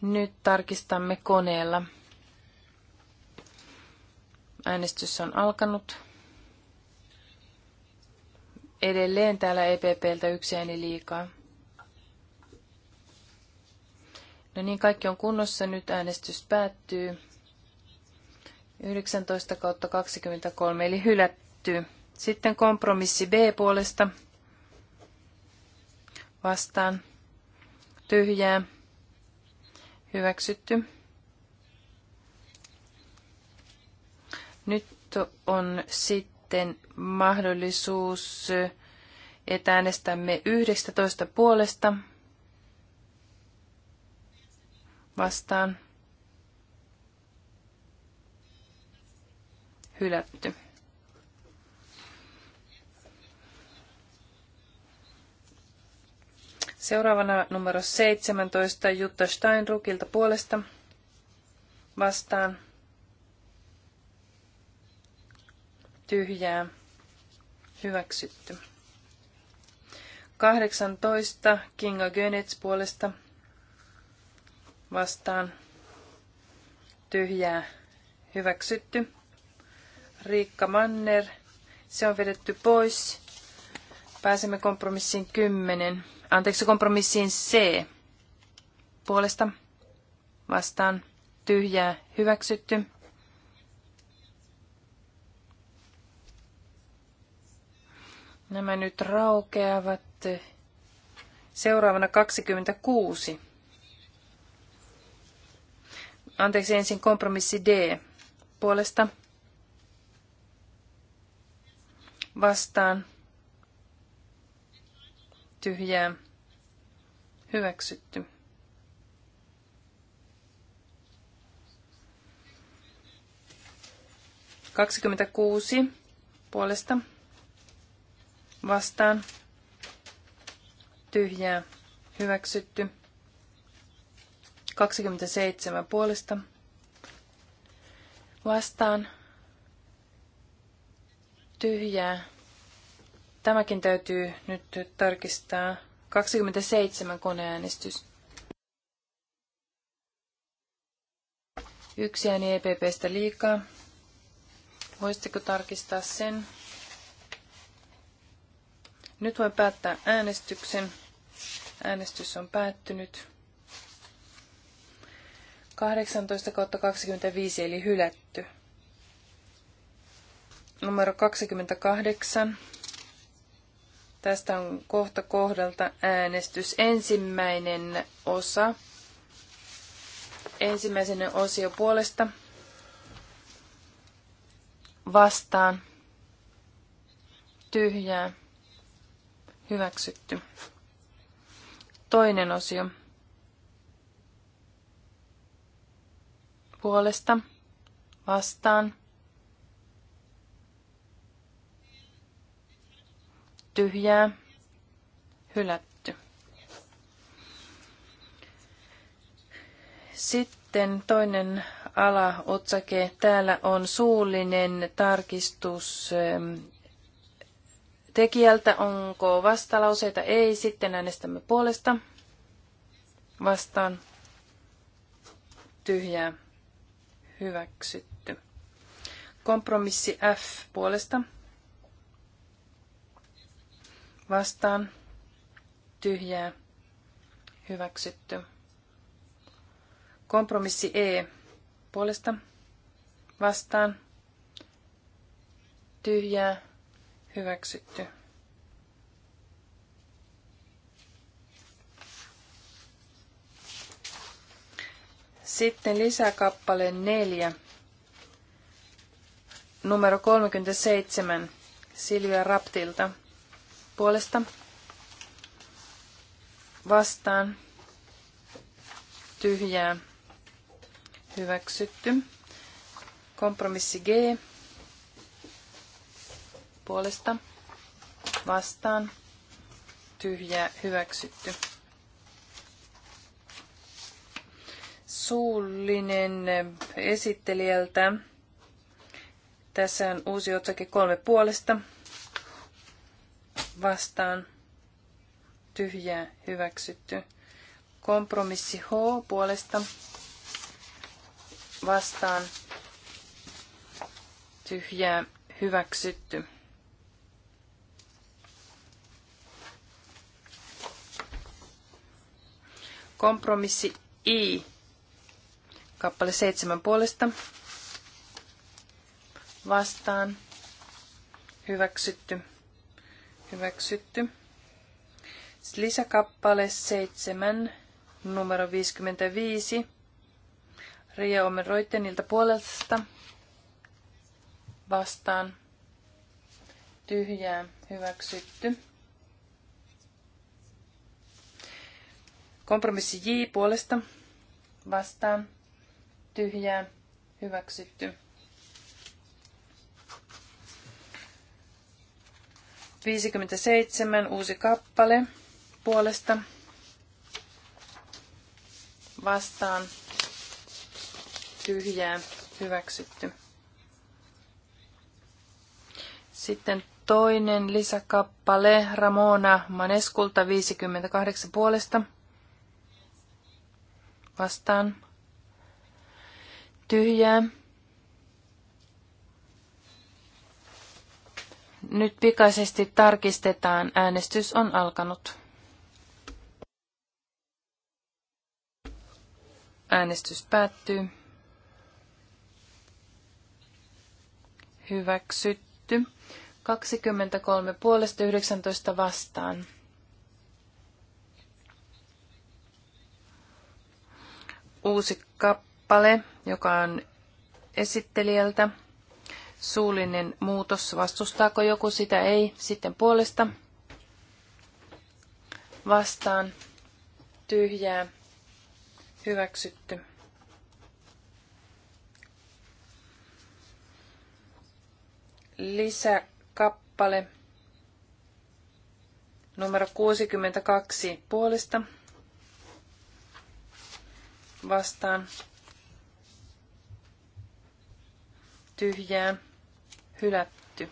Speaker 1: Nyt tarkistamme koneella. Äänestys on alkanut. Edelleen täällä EPPltä yksi ääni liikaa. No niin, kaikki on kunnossa. Nyt äänestys päättyy. 19 kautta 23, eli hylätty. Sitten kompromissi B puolesta. Vastaan. Tyhjää. Hyväksytty. Nyt on sitten mahdollisuus, että äänestämme toista puolesta vastaan. Hylätty. Seuraavana numero 17 Jutta Steinrukilta puolesta vastaan tyhjää hyväksytty. 18 Kinga Gönitz puolesta vastaan tyhjää hyväksytty. Riikka Manner, se on vedetty pois. Pääsemme kompromissiin 10 anteeksi, kompromissiin C puolesta vastaan tyhjää hyväksytty. Nämä nyt raukeavat. Seuraavana 26. Anteeksi, ensin kompromissi D puolesta vastaan tyhjää hyväksytty. Kaksikymmentäkuusi puolesta vastaan tyhjää hyväksytty. 27 puolesta vastaan tyhjää Tämäkin täytyy nyt tarkistaa. 27 koneäänestys. Yksi ääni EPPstä liikaa. Voisitteko tarkistaa sen? Nyt voin päättää äänestyksen. Äänestys on päättynyt. 18 kautta 25 eli hylätty. Numero 28 Tästä on kohta kohdalta äänestys. Ensimmäinen osa. Ensimmäisen osio puolesta. Vastaan. Tyhjää. Hyväksytty. Toinen osio. Puolesta. Vastaan tyhjää, hylätty. Sitten toinen alaotsake. Täällä on suullinen tarkistus ähm, tekijältä. Onko vastalauseita? Ei. Sitten äänestämme puolesta. Vastaan. Tyhjää. Hyväksytty. Kompromissi F puolesta vastaan tyhjää hyväksytty. Kompromissi E puolesta vastaan tyhjää hyväksytty. Sitten lisäkappale 4, numero 37, Silvia Raptilta puolesta vastaan tyhjää hyväksytty. Kompromissi G puolesta vastaan tyhjää hyväksytty. Suullinen esittelijältä. Tässä on uusi otsake kolme puolesta vastaan tyhjää hyväksytty. Kompromissi H puolesta vastaan tyhjää hyväksytty. Kompromissi I. Kappale seitsemän puolesta. Vastaan. Hyväksytty. Hyväksytty. Lisäkappale 7, numero 55. Ria Omen Roittenilta puolesta vastaan tyhjää hyväksytty. Kompromissi J puolesta vastaan tyhjää hyväksytty. 57, uusi kappale puolesta vastaan tyhjää hyväksytty. Sitten toinen lisäkappale Ramona Maneskulta 58 puolesta vastaan tyhjää Nyt pikaisesti tarkistetaan. Äänestys on alkanut. Äänestys päättyy. Hyväksytty. 23 puolesta 19 vastaan. Uusi kappale, joka on esittelijältä. Suullinen muutos. Vastustaako joku sitä? Ei. Sitten puolesta. Vastaan. Tyhjää. Hyväksytty. Lisäkappale numero 62 puolesta vastaan tyhjää hylätty.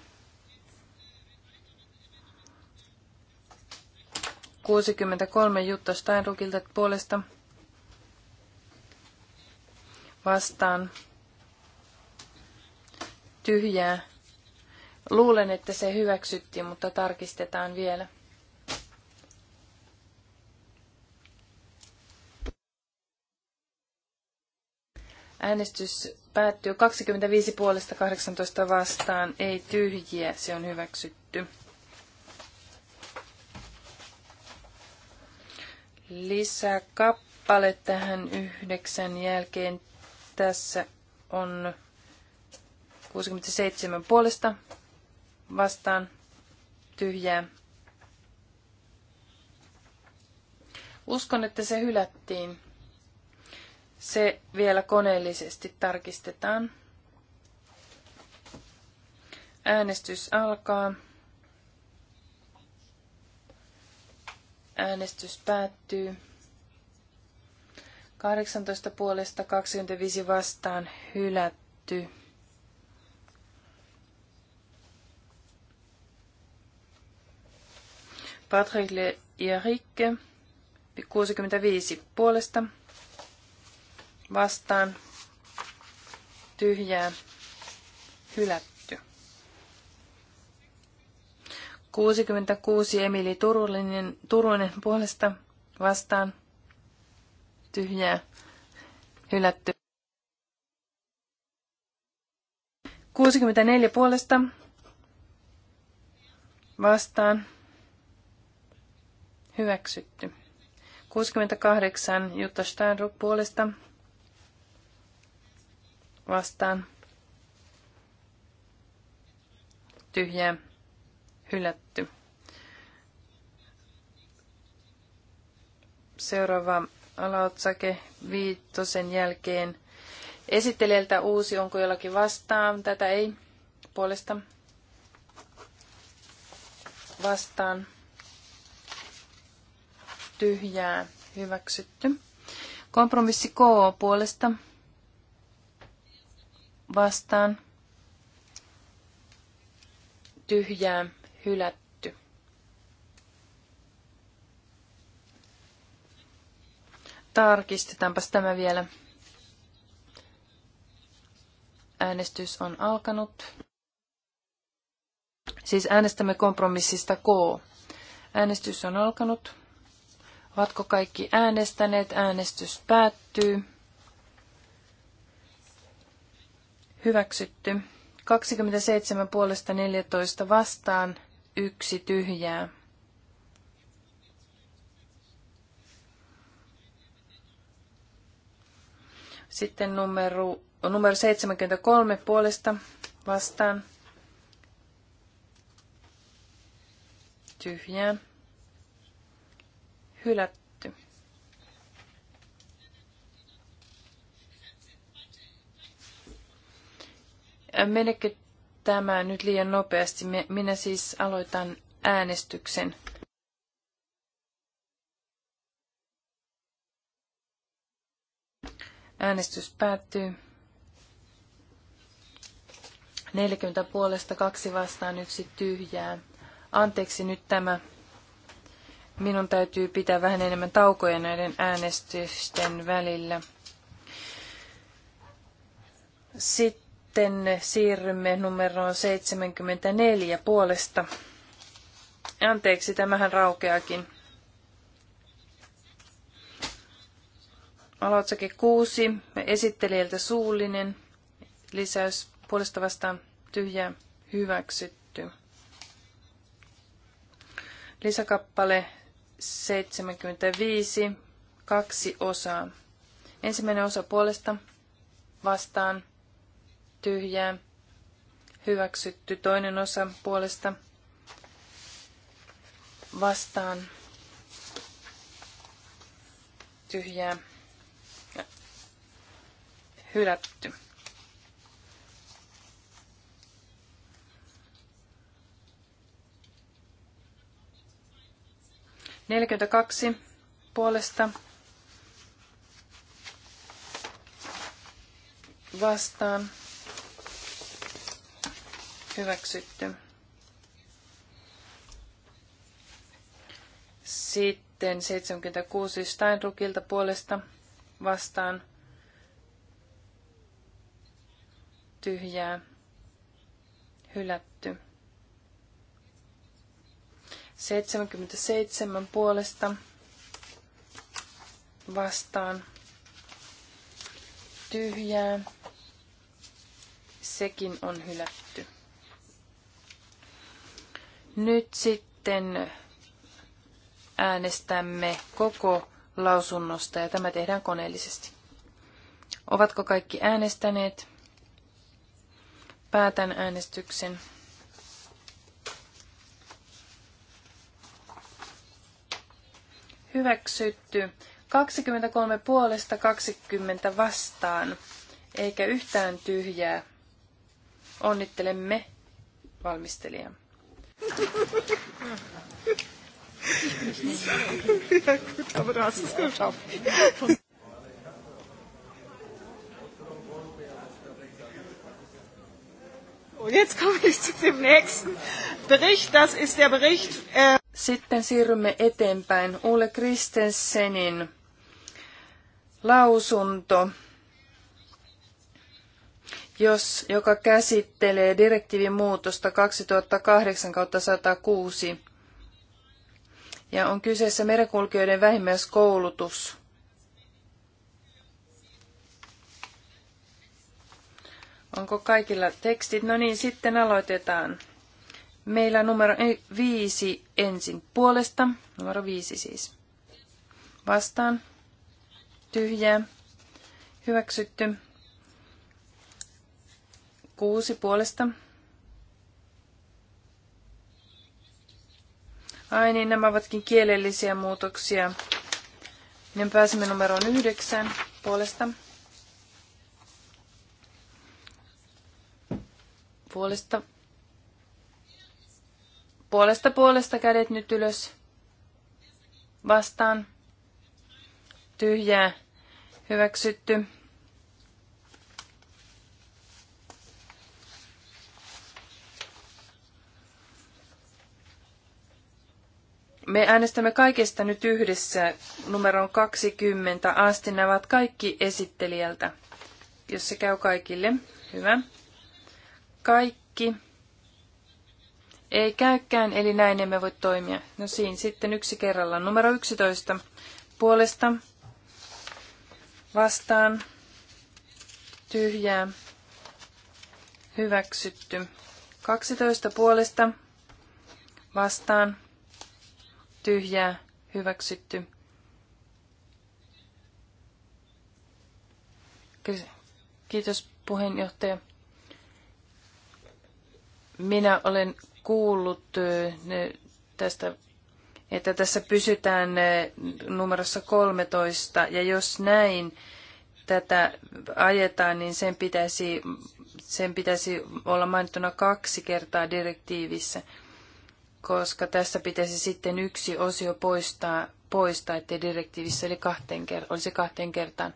Speaker 1: 63 Jutta Steinrukilta puolesta vastaan tyhjää. Luulen, että se hyväksyttiin, mutta tarkistetaan vielä. Äänestys päättyy 25 puolesta 18 vastaan, ei tyhjiä, se on hyväksytty. Lisää kappale tähän yhdeksän jälkeen. Tässä on 67 puolesta vastaan tyhjää. Uskon, että se hylättiin. Se vielä koneellisesti tarkistetaan. Äänestys alkaa. Äänestys päättyy. 18 puolesta 25 vastaan hylätty. Patrick Le Jarikke 65 puolesta vastaan tyhjää hylätty. 66 Emili Turunen, Turunen puolesta vastaan tyhjää hylätty. 64 puolesta vastaan hyväksytty. 68 Jutta Steinruck puolesta vastaan tyhjä hylätty. Seuraava alaotsake viittosen jälkeen. Esittelijältä uusi, onko jollakin vastaan? Tätä ei puolesta vastaan tyhjää hyväksytty. Kompromissi K puolesta vastaan tyhjää hylätty. Tarkistetaanpas tämä vielä. Äänestys on alkanut. Siis äänestämme kompromissista K. Äänestys on alkanut. Ovatko kaikki äänestäneet? Äänestys päättyy. Hyväksytty. 27 puolesta 14 vastaan, yksi tyhjää. Sitten numero, numero 73 puolesta vastaan. Tyhjää. Hylätty. menekö tämä nyt liian nopeasti? Minä siis aloitan äänestyksen. Äänestys päättyy. 40 puolesta, kaksi vastaan, yksi tyhjää. Anteeksi nyt tämä. Minun täytyy pitää vähän enemmän taukoja näiden äänestysten välillä. Sitten sitten siirrymme numeroon 74 puolesta. Anteeksi, tämähän raukeakin. Aloitsake 6, esittelijältä suullinen, lisäys puolesta vastaan tyhjää hyväksytty. Lisäkappale 75, kaksi osaa. Ensimmäinen osa puolesta vastaan tyhjää, hyväksytty toinen osa puolesta vastaan tyhjää, hylätty. kaksi puolesta vastaan Hyväksytty. Sitten 76 Steinrukilta puolesta vastaan tyhjää, hylätty. 77 puolesta vastaan tyhjää, sekin on hylätty. Nyt sitten äänestämme koko lausunnosta ja tämä tehdään koneellisesti. Ovatko kaikki äänestäneet? Päätän äänestyksen. Hyväksytty. 23 puolesta 20 vastaan, eikä yhtään tyhjää. Onnittelemme valmistelijaa
Speaker 4: ja gut, aber du hast es geschafft.
Speaker 3: Und jetzt komme ich zu dem nächsten Bericht. Das ist der Bericht.
Speaker 1: Äh Sitten siirrymme eteenpäin Ole Christensenin lausunto jos, joka käsittelee direktiivin muutosta 2008-106. Ja on kyseessä merenkulkijoiden vähimmäiskoulutus. Onko kaikilla tekstit? No niin, sitten aloitetaan. Meillä numero viisi ensin puolesta. Numero viisi siis. Vastaan. Tyhjää. Hyväksytty. Kuusi puolesta. Ai niin, nämä ovatkin kielellisiä muutoksia. Niin pääsemme numeroon yhdeksän puolesta. Puolesta. Puolesta puolesta kädet nyt ylös. Vastaan. Tyhjää. Hyväksytty. Me äänestämme kaikesta nyt yhdessä numeroon 20 asti. Nämä ovat kaikki esittelijältä, jos se käy kaikille. Hyvä. Kaikki. Ei käykään, eli näin emme voi toimia. No siinä sitten yksi kerrallaan. Numero 11 puolesta vastaan tyhjää hyväksytty. 12 puolesta vastaan tyhjää, hyväksytty. Kiitos puheenjohtaja. Minä olen kuullut tästä, että tässä pysytään numerossa 13, ja jos näin tätä ajetaan, niin sen pitäisi, sen pitäisi olla mainittuna kaksi kertaa direktiivissä – koska tässä pitäisi sitten yksi osio poistaa, poistaa ettei direktiivissä oli kahteen ker- olisi kahteen kertaan.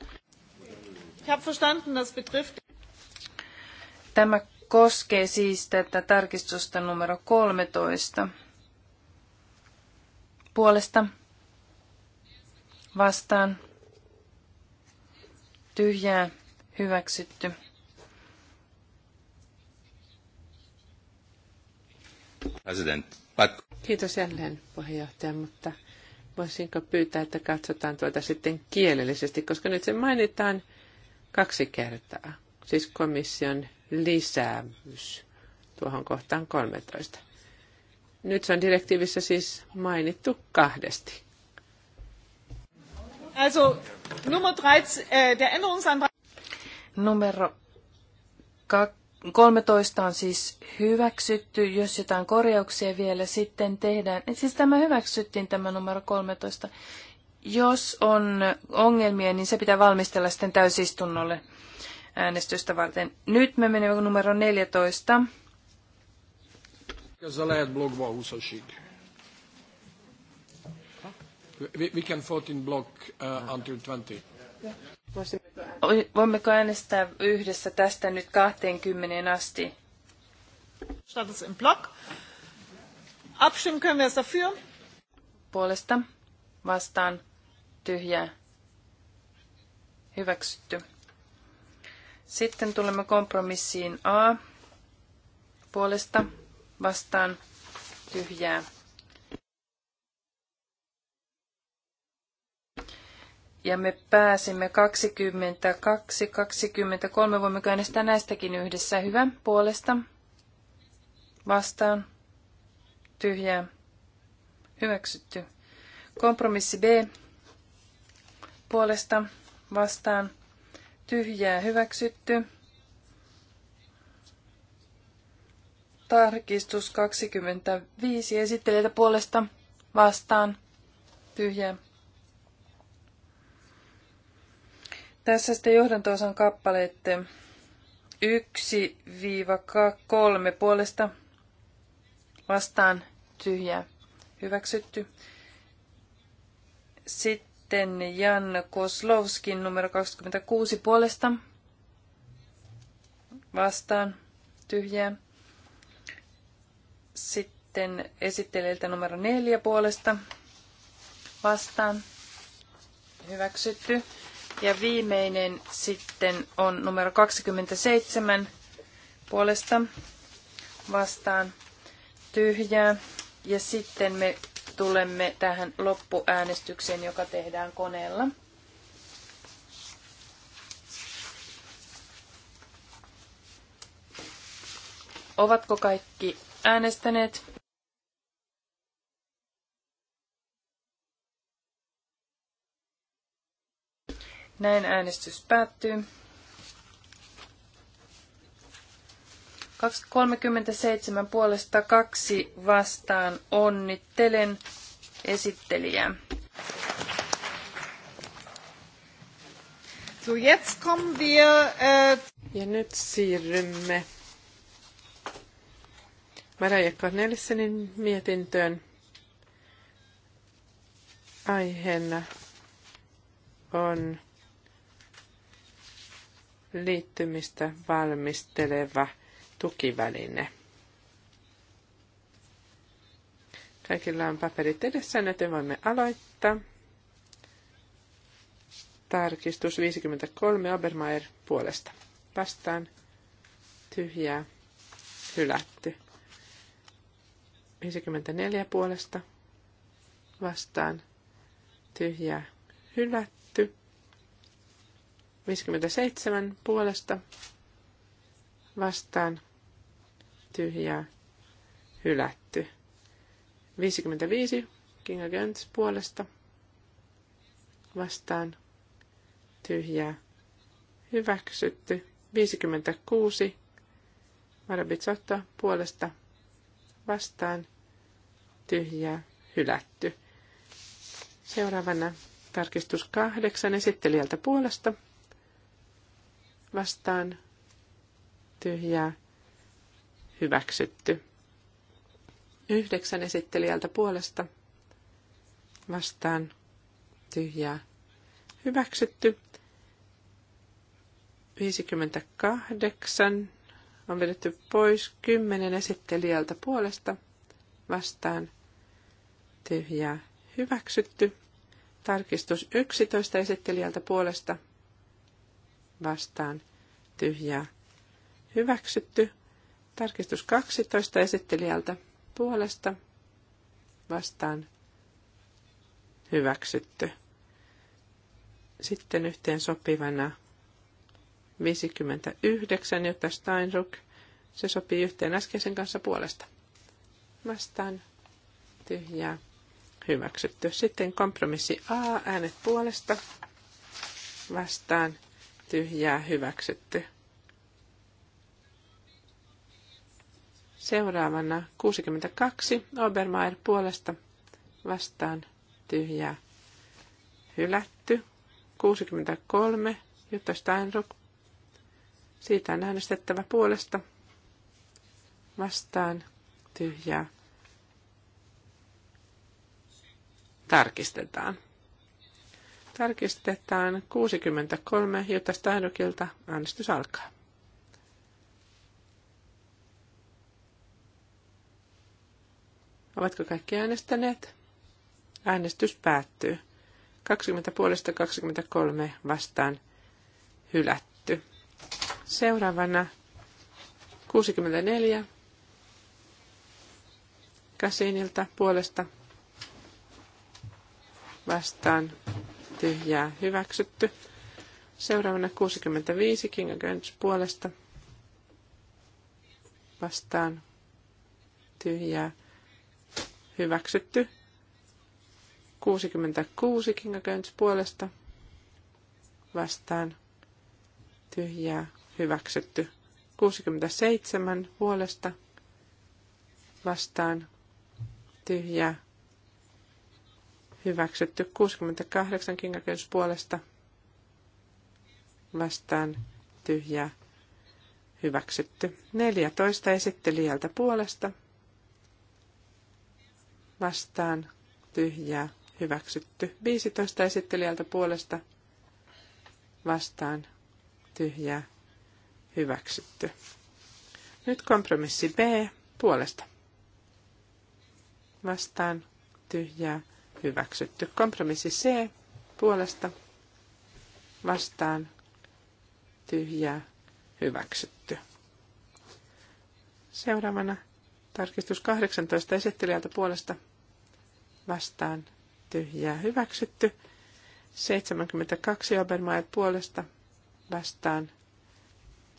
Speaker 1: Tämä koskee siis tätä tarkistusta numero 13. Puolesta vastaan tyhjää hyväksytty.
Speaker 4: President. But...
Speaker 2: Kiitos jälleen puheenjohtaja, mutta voisinko pyytää, että katsotaan tuota sitten kielellisesti, koska nyt se mainitaan kaksi kertaa, siis komission lisäys tuohon kohtaan 13. Nyt se on direktiivissä siis mainittu kahdesti.
Speaker 3: Also, numero 13,
Speaker 1: äh, der Änderungsantrag... Numero 13 on siis hyväksytty, jos jotain korjauksia vielä sitten tehdään. Siis tämä hyväksyttiin, tämä numero 13. Jos on ongelmia, niin se pitää valmistella sitten täysistunnolle äänestystä varten. Nyt me menemme numero 14. Mikä
Speaker 2: lehet lähet a 20-asig. We, we can vote in block uh, until 20.
Speaker 1: Voimmeko äänestää yhdessä tästä nyt 20 asti? Status im Block.
Speaker 3: Abstimmen können wir dafür.
Speaker 1: Puolesta, vastaan, tyhjää, hyväksytty. Sitten tulemme kompromissiin A. Puolesta, vastaan, tyhjää, ja me pääsimme 22, 23. Voimme äänestää näistäkin yhdessä. Hyvä. Puolesta. Vastaan. Tyhjää. Hyväksytty. Kompromissi B. Puolesta. Vastaan. Tyhjää. Hyväksytty. Tarkistus 25. Esittelijätä puolesta. Vastaan. Tyhjää Tässä sitten johdantoosan kappaleet 1-3 puolesta vastaan tyhjää hyväksytty. Sitten Jan Koslovskin numero 26 puolesta vastaan tyhjää. Sitten esittelijältä numero 4 puolesta vastaan hyväksytty. Ja viimeinen sitten on numero 27 puolesta vastaan tyhjää. Ja sitten me tulemme tähän loppuäänestykseen, joka tehdään koneella. Ovatko kaikki äänestäneet? Näin äänestys päättyy. 37 puolesta kaksi vastaan onnittelen esittelijää.
Speaker 2: So jetzt kommen wir, äh... Ja nyt siirrymme Maraja Cornelissenin mietintöön. Aiheena on liittymistä valmisteleva tukiväline. Kaikilla on paperit edessä, joten voimme aloittaa. Tarkistus 53 Obermeier puolesta. Vastaan tyhjää, hylätty. 54 puolesta vastaan tyhjää, hylätty. 57 puolesta vastaan tyhjää hylätty. 55 King Against puolesta vastaan tyhjää hyväksytty. 56 Marabitsotto puolesta vastaan tyhjää hylätty. Seuraavana tarkistus kahdeksan esittelijältä puolesta vastaan tyhjää hyväksytty. Yhdeksän esittelijältä puolesta vastaan tyhjää hyväksytty. 58 on vedetty pois kymmenen esittelijältä puolesta vastaan tyhjää hyväksytty. Tarkistus 11 esittelijältä puolesta vastaan tyhjää hyväksytty. Tarkistus 12 esittelijältä puolesta vastaan hyväksytty. Sitten yhteen sopivana 59, jota Steinruck, se sopii yhteen äskeisen kanssa puolesta. Vastaan tyhjää hyväksytty. Sitten kompromissi A, äänet puolesta vastaan tyhjää hyväksytty. Seuraavana 62 Obermeier puolesta vastaan tyhjää hylätty. 63 Jutta Steinrock. Siitä on äänestettävä puolesta vastaan tyhjää. Tarkistetaan. Tarkistetaan 63, jotta Stahdokilta äänestys alkaa. Ovatko kaikki äänestäneet? Äänestys päättyy. 20 puolesta 23 vastaan hylätty. Seuraavana 64 Kasinilta puolesta vastaan tyhjää hyväksytty. Seuraavana 65 King Guns puolesta vastaan tyhjää hyväksytty. 66 King Guns puolesta vastaan tyhjää hyväksytty. 67 puolesta vastaan tyhjää Hyväksytty 68 kingaköys puolesta vastaan tyhjää. Hyväksytty 14 esittelijältä puolesta vastaan tyhjää. Hyväksytty 15 esittelijältä puolesta vastaan tyhjää. Hyväksytty. Nyt kompromissi B puolesta vastaan tyhjää hyväksytty. Kompromissi C puolesta vastaan tyhjää hyväksytty. Seuraavana tarkistus 18 esittelijältä puolesta vastaan tyhjää hyväksytty. 72 Obermaet puolesta vastaan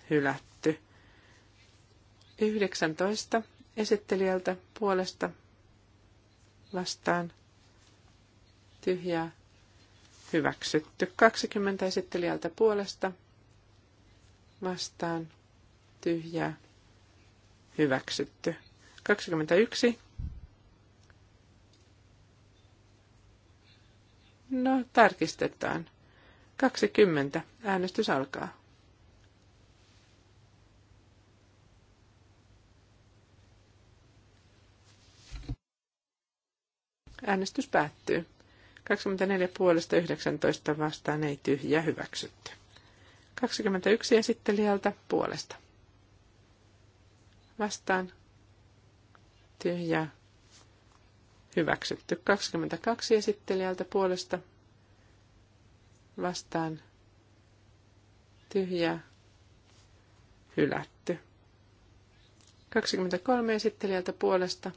Speaker 2: hylätty. 19 esittelijältä puolesta vastaan tyhjää hyväksytty. 20 esittelijältä puolesta vastaan tyhjää hyväksytty. 21. No, tarkistetaan. 20. Äänestys alkaa. Äänestys päättyy. 24 puolesta 19 vastaan ei tyhjä hyväksytty. 21 esittelijältä puolesta. Vastaan tyhjä hyväksytty. 22 esittelijältä puolesta. Vastaan tyhjä hylätty. 23 esittelijältä puolesta.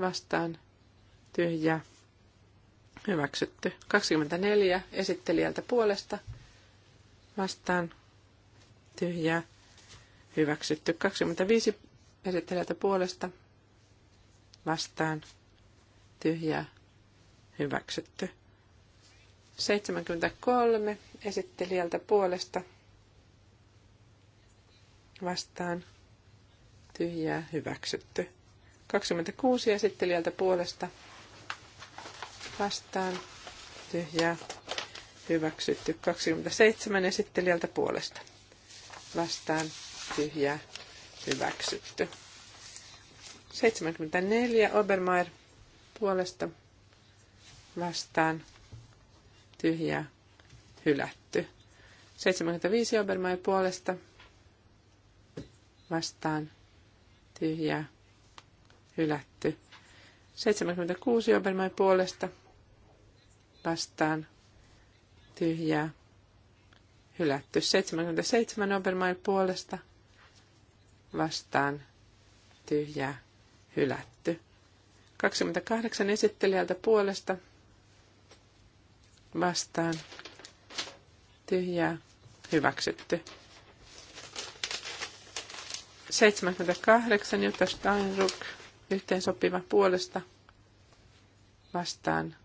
Speaker 2: Vastaan tyhjä hyväksytty. 24 esittelijältä puolesta vastaan tyhjä hyväksytty. 25 esittelijältä puolesta vastaan tyhjä hyväksytty. 73 esittelijältä puolesta vastaan tyhjää hyväksytty. 26 esittelijältä puolesta vastaan tyhjää hyväksytty. 27 esittelijältä puolesta vastaan tyhjää hyväksytty. 74 Obermeier puolesta vastaan tyhjää hylätty. 75 Obermeier puolesta vastaan tyhjää hylätty. 76 Obermeier puolesta vastaan tyhjää hylätty. 77 Obermail puolesta vastaan tyhjää hylätty. 28 esittelijältä puolesta vastaan tyhjää hyväksytty. 78 Jutta Steinruck yhteensopiva puolesta vastaan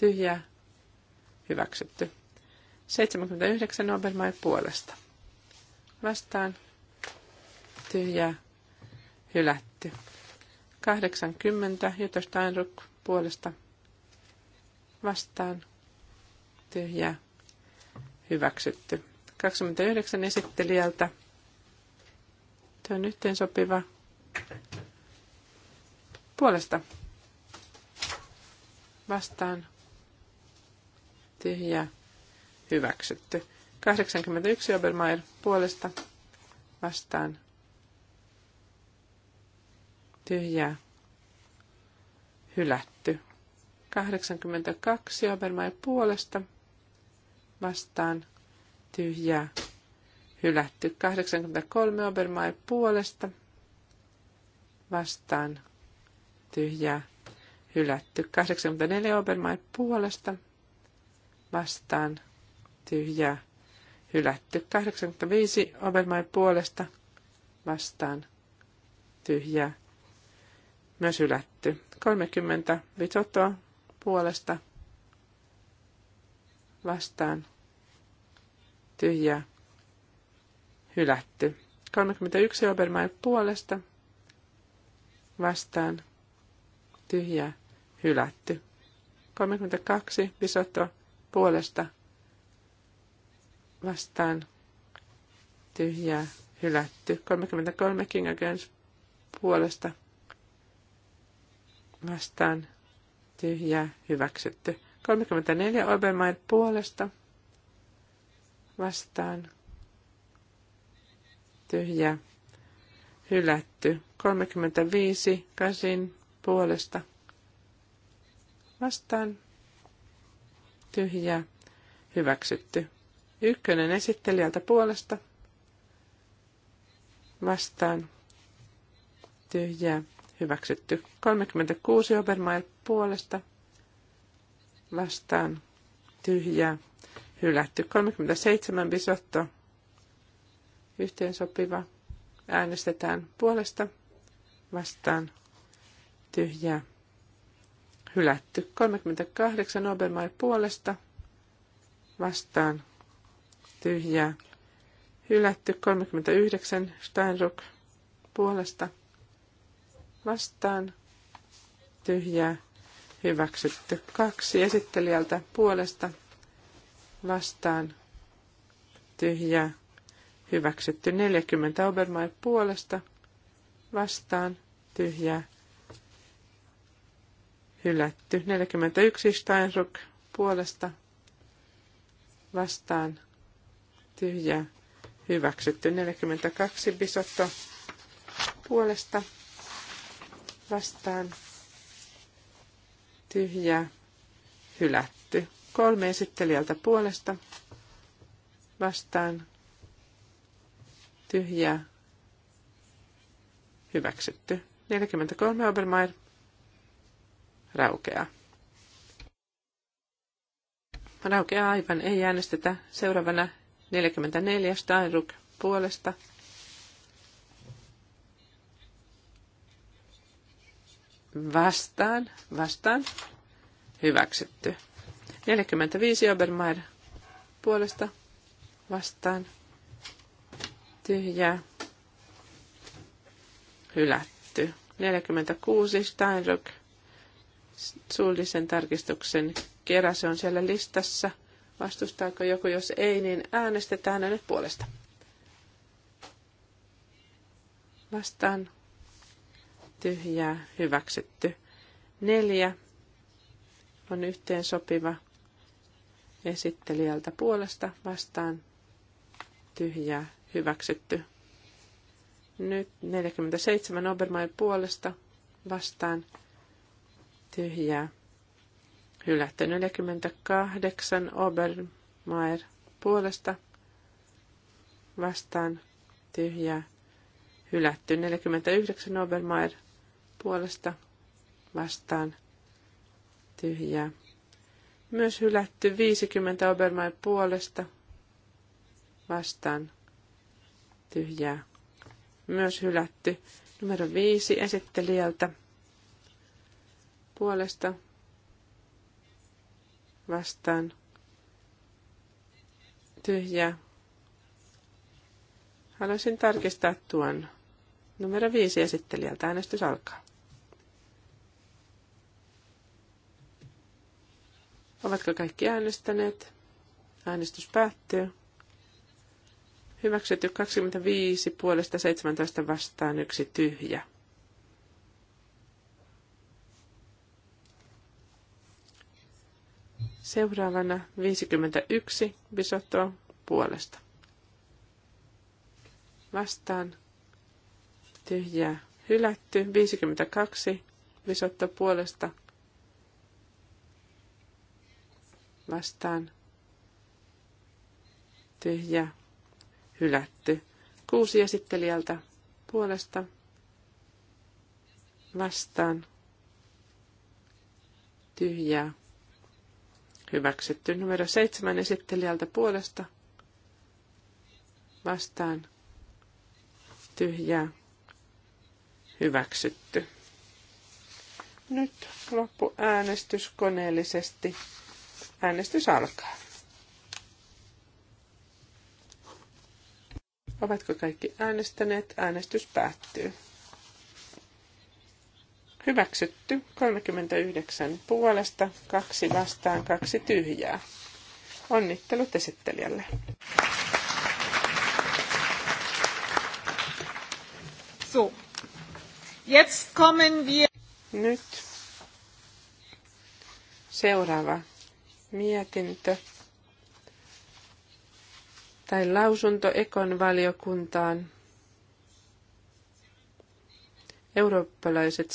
Speaker 2: tyhjä, hyväksytty. 79 Obermaier puolesta. Vastaan, tyhjä, hylätty. 80 Jutta Steinruck puolesta. Vastaan, tyhjä, hyväksytty. 29 esittelijältä. Tuo on yhteensopiva puolesta vastaan tyhjä, hyväksytty. 81 Obermeier puolesta vastaan tyhjä, hylätty. 82 Obermeier puolesta vastaan tyhjä, hylätty. 83 Obermeier puolesta vastaan tyhjä, hylätty. 84 Obermeier puolesta vastaan, vastaan tyhjää hylätty. 85 Obermain puolesta vastaan tyhjää myös hylätty. 30 Vitoto puolesta vastaan tyhjää hylätty. 31 Obermain puolesta vastaan tyhjää hylätty. 32 Visotto puolesta vastaan tyhjää hylätty. 33 King Against puolesta vastaan tyhjää hyväksytty. 34 Obermain puolesta vastaan tyhjää hylätty. 35 Kasin puolesta vastaan tyhjää, hyväksytty. Ykkönen esittelijältä puolesta, vastaan, tyhjää, hyväksytty. 36 Obermail puolesta, vastaan, tyhjää, hylätty. 37 Bisotto, yhteensopiva, äänestetään puolesta, vastaan, tyhjää, hylätty. 38 Obermaier puolesta vastaan tyhjää. Hylätty 39 Steinruck puolesta vastaan tyhjää. Hyväksytty kaksi esittelijältä puolesta vastaan tyhjää. Hyväksytty 40 Obermaier puolesta vastaan tyhjää hylätty. 41 Steinruck puolesta vastaan tyhjää hyväksytty. 42 Bisotto puolesta vastaan tyhjää hylätty. Kolme esittelijältä puolesta vastaan tyhjää hyväksytty. 43 Obermeier raukeaa. Raukeaa aivan, ei äänestetä. Seuraavana 44 Steinruck puolesta. Vastaan, vastaan. Hyväksytty. 45 Obermeier puolesta vastaan. Tyhjää. Hylätty. 46 Steinruck suullisen tarkistuksen kerran. Se on siellä listassa. Vastustaako joku? Jos ei, niin äänestetään hänet puolesta. Vastaan tyhjää hyväksytty. Neljä on yhteen sopiva esittelijältä puolesta vastaan tyhjää hyväksytty. Nyt 47 Obermain puolesta vastaan tyhjää. Hylätty 48 Obermeier puolesta vastaan tyhjää. Hylätty 49 Obermeier puolesta vastaan tyhjää. Myös hylätty 50 Obermeier puolesta vastaan tyhjää. Myös hylätty numero 5 esittelijältä puolesta vastaan tyhjä. Haluaisin tarkistaa tuon numero viisi esittelijältä. Äänestys alkaa. Ovatko kaikki äänestäneet? Äänestys päättyy. Hyväksytty 25 puolesta 17 vastaan yksi tyhjä. Seuraavana 51 Bisotto puolesta. Vastaan tyhjää hylätty. 52 Bisotto puolesta. Vastaan tyhjää hylätty. Kuusi esittelijältä puolesta vastaan tyhjää Hyväksytty numero seitsemän esittelijältä puolesta. Vastaan. Tyhjää. Hyväksytty. Nyt loppu äänestys koneellisesti. Äänestys alkaa. Ovatko kaikki äänestäneet? Äänestys päättyy. Hyväksytty 39 puolesta, kaksi vastaan, kaksi tyhjää. Onnittelut esittelijälle. So. Jetzt kommen wir. Nyt seuraava mietintö tai lausunto ekonvaliokuntaan. valiokuntaan. Eurooppalaiset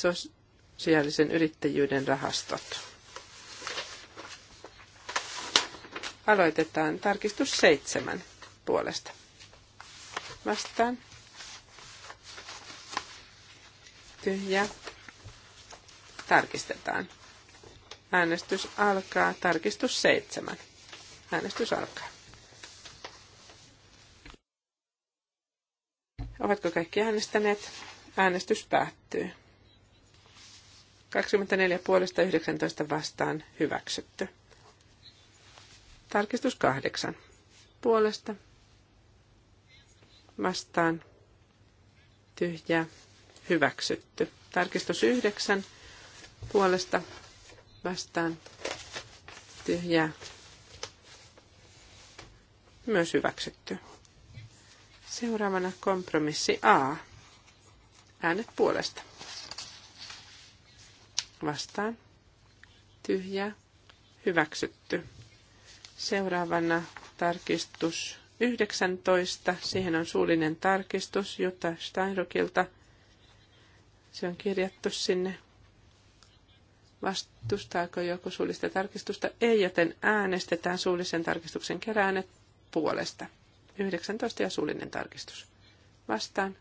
Speaker 2: sosiaalisen yrittäjyyden rahastot. Aloitetaan tarkistus seitsemän puolesta. Vastaan. Tyhjä. Tarkistetaan. Äänestys alkaa. Tarkistus seitsemän. Äänestys alkaa. Ovatko kaikki äänestäneet? Äänestys päättyy. 24 puolesta 19 vastaan hyväksytty. Tarkistus 8. Puolesta vastaan tyhjä hyväksytty. Tarkistus 9. Puolesta vastaan tyhjä myös hyväksytty. Seuraavana kompromissi A Äänet puolesta. Vastaan. Tyhjä. Hyväksytty. Seuraavana tarkistus 19. Siihen on suullinen tarkistus Jutta Steinrukilta. Se on kirjattu sinne. Vastustaako joku suullista tarkistusta? Ei, joten äänestetään suullisen tarkistuksen keräänet puolesta. 19 ja suullinen tarkistus. Vastaan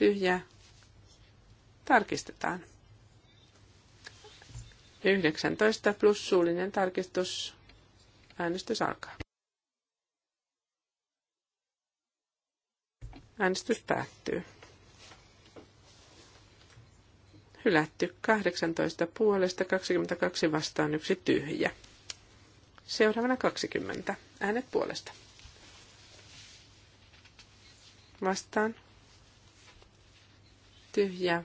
Speaker 2: tyhjää. Tarkistetaan. 19 plus suullinen tarkistus. Äänestys alkaa. Äänestys päättyy. Hylätty 18 puolesta, 22 vastaan, yksi tyhjä. Seuraavana 20. Äänet puolesta. Vastaan tyhjää.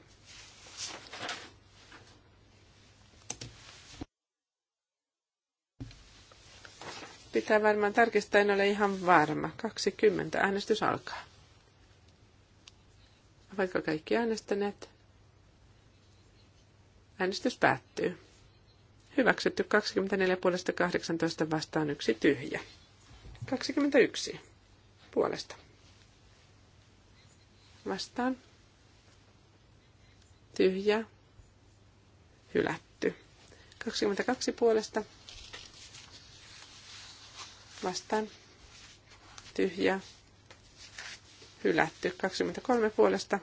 Speaker 2: Pitää varmaan tarkistaa, en ole ihan varma. 20. Äänestys alkaa. Vaikka kaikki äänestäneet. Äänestys päättyy. Hyväksytty 24 puolesta 18 vastaan yksi tyhjä. 21 puolesta. Vastaan tyhjä, hylätty. 22 puolesta vastaan, tyhjä, hylätty. 23 puolesta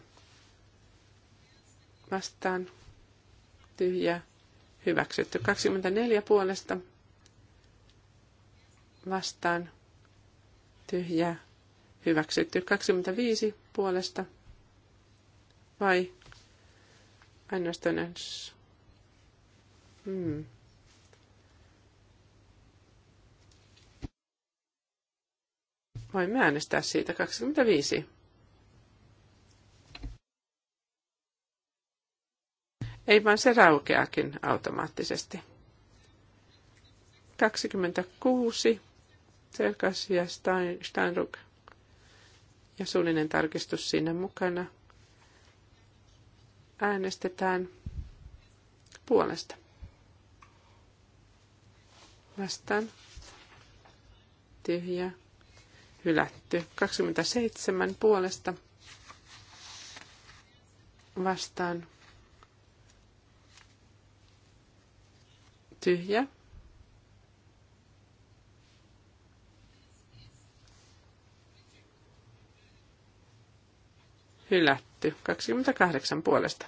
Speaker 2: vastaan, tyhjä, hyväksytty. 24 puolesta vastaan, tyhjä, hyväksytty. 25 puolesta vai Ainoastaan äänestys. Hmm. Voimme äänestää siitä 25. Ei vaan se raukeakin automaattisesti. 26. Selkas ja Steinruck. Ja suullinen tarkistus sinne mukana äänestetään puolesta. Vastaan. Tyhjä. Hylätty. 27 puolesta. Vastaan. Tyhjä. Hylätty hylätty. 28 puolesta.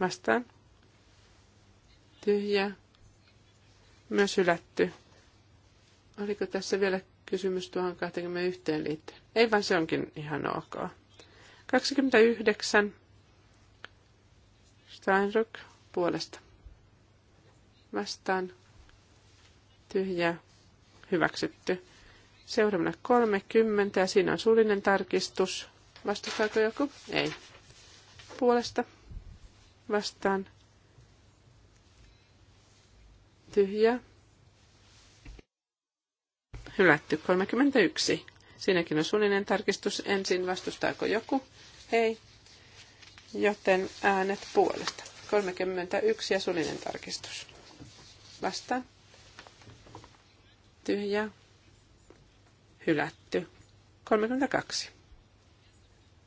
Speaker 2: Vastaan. Tyhjä. Myös hylätty. Oliko tässä vielä kysymys tuohon 21 liittyen? Ei vaan se onkin ihan ok. 29. Steinruck puolesta. Vastaan. Tyhjä. Hyväksytty. Seuraavana 30 ja siinä on suullinen tarkistus. Vastustaako joku? Ei. Puolesta vastaan. Tyhjä. Hylätty 31. Siinäkin on suullinen tarkistus. Ensin vastustaako joku? Ei. Joten äänet puolesta. 31 ja suullinen tarkistus. Vastaan. Tyhjä hylätty. 32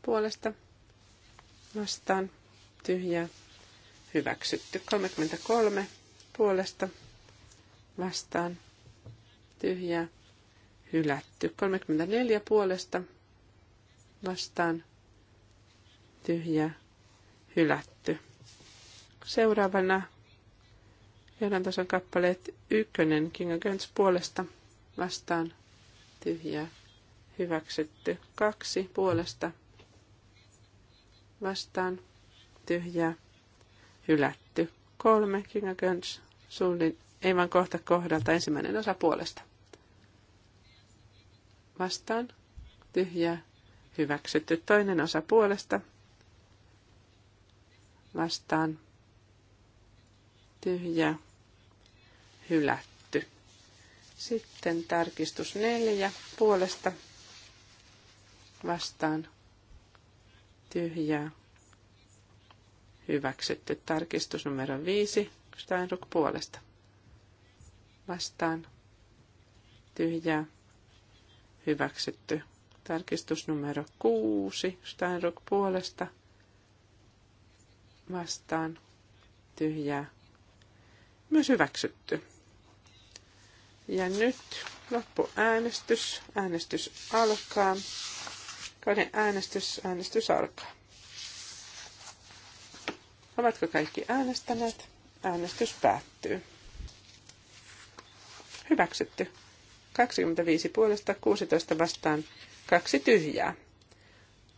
Speaker 2: puolesta vastaan tyhjää hyväksytty. 33 puolesta vastaan tyhjää hylätty. 34 puolesta vastaan tyhjää hylätty. Seuraavana johdantason kappaleet ykkönen Kinga Göns puolesta vastaan tyhjää hyväksytty. Kaksi puolesta vastaan tyhjää hylätty. Kolme King Guns suullin, ei vaan kohta kohdalta ensimmäinen osa puolesta. Vastaan tyhjää hyväksytty. Toinen osa puolesta vastaan tyhjää hylätty sitten tarkistus neljä puolesta vastaan tyhjää. Hyväksytty tarkistus numero viisi Steinruck puolesta. Vastaan tyhjää. Hyväksytty tarkistus numero kuusi Steinruck puolesta. Vastaan tyhjää. Myös hyväksytty. Ja nyt loppuäänestys. Äänestys alkaa. Kone äänestys. Äänestys alkaa. Ovatko kaikki äänestäneet? Äänestys päättyy. Hyväksytty. 25 puolesta, 16 vastaan, kaksi tyhjää.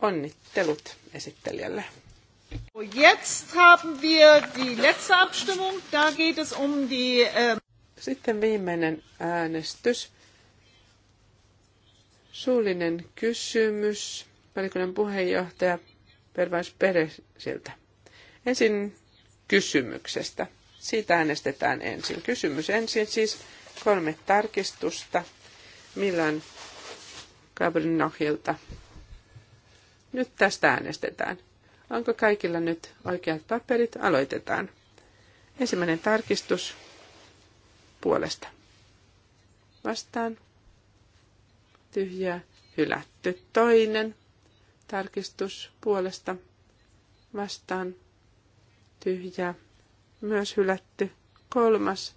Speaker 2: Onnittelut esittelijälle. Jetzt haben wir die letzte Abstimmung. Da geht es um die... Äh sitten viimeinen äänestys. Suullinen kysymys valiokunnan puheenjohtaja Pervais Peresiltä. Ensin kysymyksestä. Siitä äänestetään ensin. Kysymys ensin siis kolme tarkistusta Milan Gabrinohilta. Nyt tästä äänestetään. Onko kaikilla nyt oikeat paperit? Aloitetaan. Ensimmäinen tarkistus puolesta. Vastaan. Tyhjää. Hylätty. Toinen. Tarkistus puolesta. Vastaan. Tyhjää. Myös hylätty. Kolmas.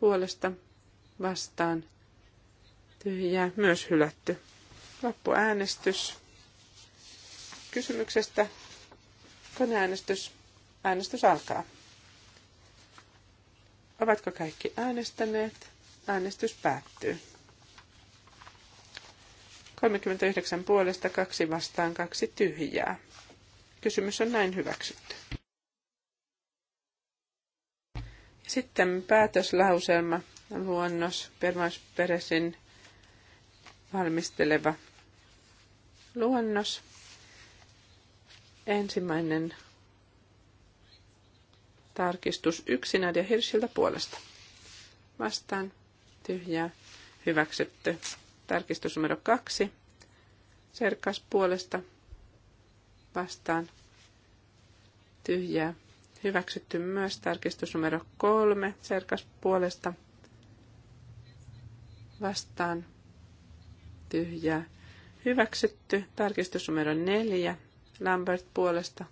Speaker 2: Puolesta. Vastaan. Tyhjää. Myös hylätty. Loppuäänestys. Kysymyksestä. Koneäänestys. Äänestys alkaa. Ovatko kaikki äänestäneet? Äänestys päättyy. 39 puolesta, kaksi vastaan, kaksi tyhjää. Kysymys on näin hyväksytty. Sitten päätöslauselma, luonnos, Permausperesin valmisteleva luonnos. Ensimmäinen Tarkistus yksi Nadia Hirschiltä puolesta. Vastaan. Tyhjää. Hyväksytty. Tarkistus numero kaksi. Serkas puolesta. Vastaan. Tyhjää. Hyväksytty myös tarkistus numero kolme. Serkas puolesta. Vastaan. Tyhjää. Hyväksytty. Tarkistus numero neljä. Lambert puolesta.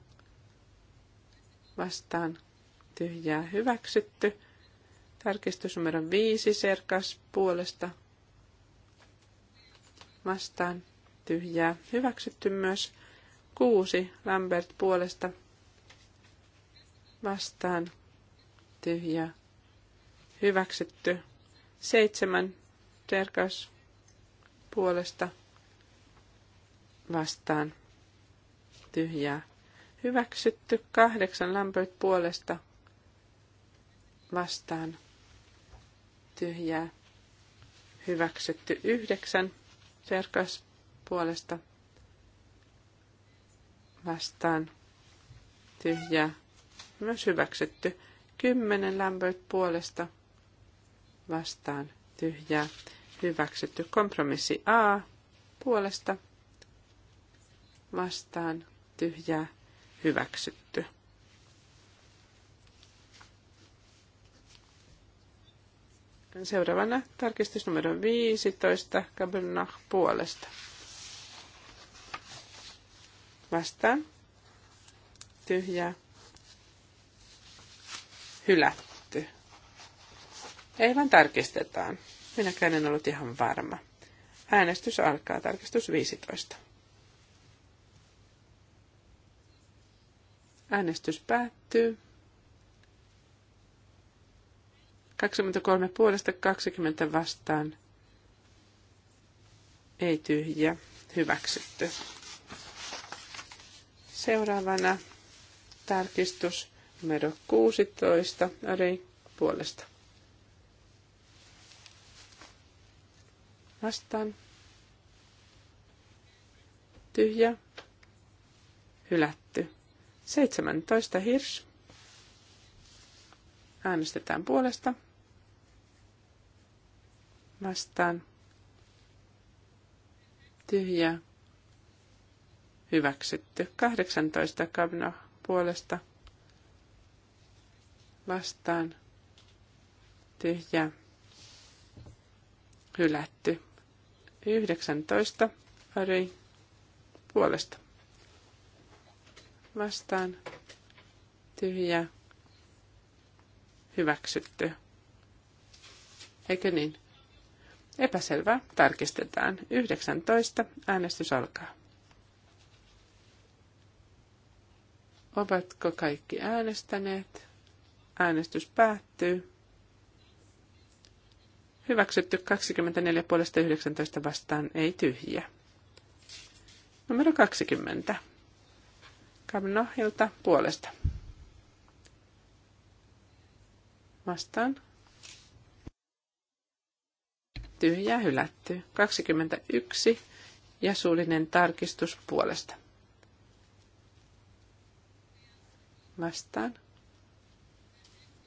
Speaker 2: Vastaan tyhjää hyväksytty. Tarkistus numero 5 serkas puolesta vastaan tyhjää hyväksytty myös. 6 Lambert puolesta vastaan tyhjää hyväksytty. 7 serkas puolesta vastaan tyhjää hyväksytty. 8 Lambert puolesta vastaan vastaan tyhjää hyväksytty yhdeksän serkas puolesta vastaan tyhjää myös hyväksytty kymmenen lämpöt puolesta vastaan tyhjää hyväksytty kompromissi A puolesta vastaan tyhjää hyväksytty. Seuraavana tarkistus numero 15, Kabelnach puolesta. Vastaan. tyhjä Hylätty. Ei vaan tarkistetaan. Minäkään en ollut ihan varma. Äänestys alkaa. Tarkistus 15. Äänestys päättyy. 23 puolesta 20 vastaan. Ei tyhjä. Hyväksytty. Seuraavana tarkistus numero 16. Ari puolesta. Vastaan. Tyhjä. Hylätty. 17 hirs. Äänestetään puolesta vastaan tyhjä hyväksytty. 18 kabna puolesta vastaan tyhjä hylätty. 19 pari puolesta vastaan tyhjä hyväksytty. Eikö niin? Epäselvää. Tarkistetaan. 19. Äänestys alkaa. Ovatko kaikki äänestäneet? Äänestys päättyy. Hyväksytty 24 puolesta 19 vastaan, ei tyhjiä. Numero 20. Kamnohilta puolesta. Vastaan ja hylätty. 21 ja suullinen tarkistus puolesta. Vastaan.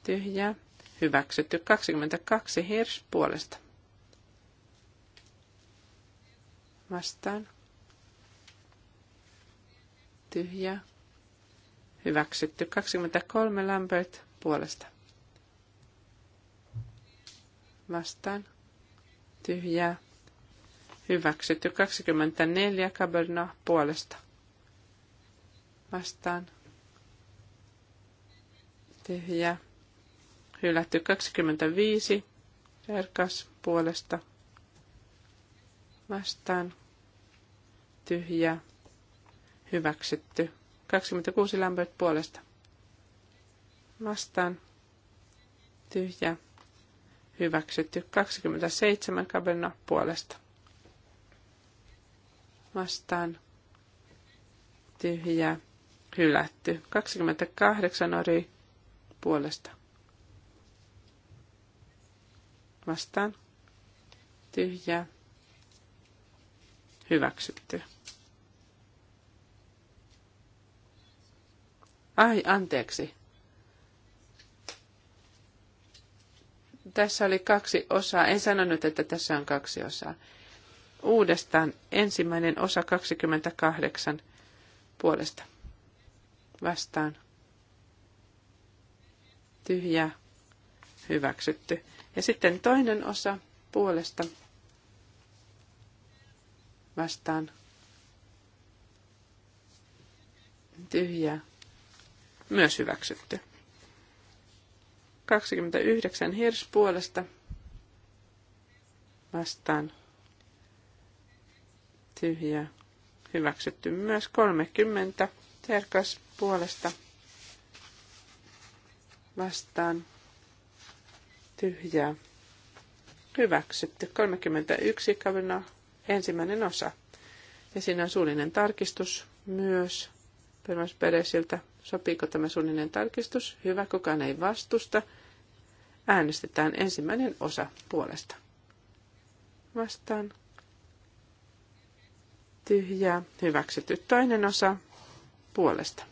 Speaker 2: tyhjä, Hyväksytty. 22 hirs puolesta. Vastaan. tyhjä, Hyväksytty. 23 Lambert puolesta. Vastaan tyhjää, hyväksytty. 24 kabernaa puolesta vastaan, tyhjää, hylätty. 25 Serkas puolesta vastaan, tyhjää, hyväksytty. 26 lämpöt puolesta vastaan, tyhjää, hyväksytty 27 kaverina puolesta. Vastaan tyhjä hylätty 28 ori puolesta. Vastaan tyhjä hyväksytty. Ai, anteeksi. tässä oli kaksi osaa. En sanonut, että tässä on kaksi osaa. Uudestaan ensimmäinen osa 28 puolesta. Vastaan. Tyhjä. Hyväksytty. Ja sitten toinen osa puolesta. Vastaan. Tyhjä. Myös hyväksytty. 29 hirs puolesta vastaan tyhjä. Hyväksytty myös 30 terkas puolesta vastaan tyhjää. Hyväksytty 31 kavina ensimmäinen osa. Ja siinä on suullinen tarkistus myös perusperäisiltä. Sopiiko tämä suullinen tarkistus? Hyvä, kukaan ei vastusta. Äänestetään ensimmäinen osa puolesta. Vastaan. Tyhjää. Hyväksytty toinen osa puolesta.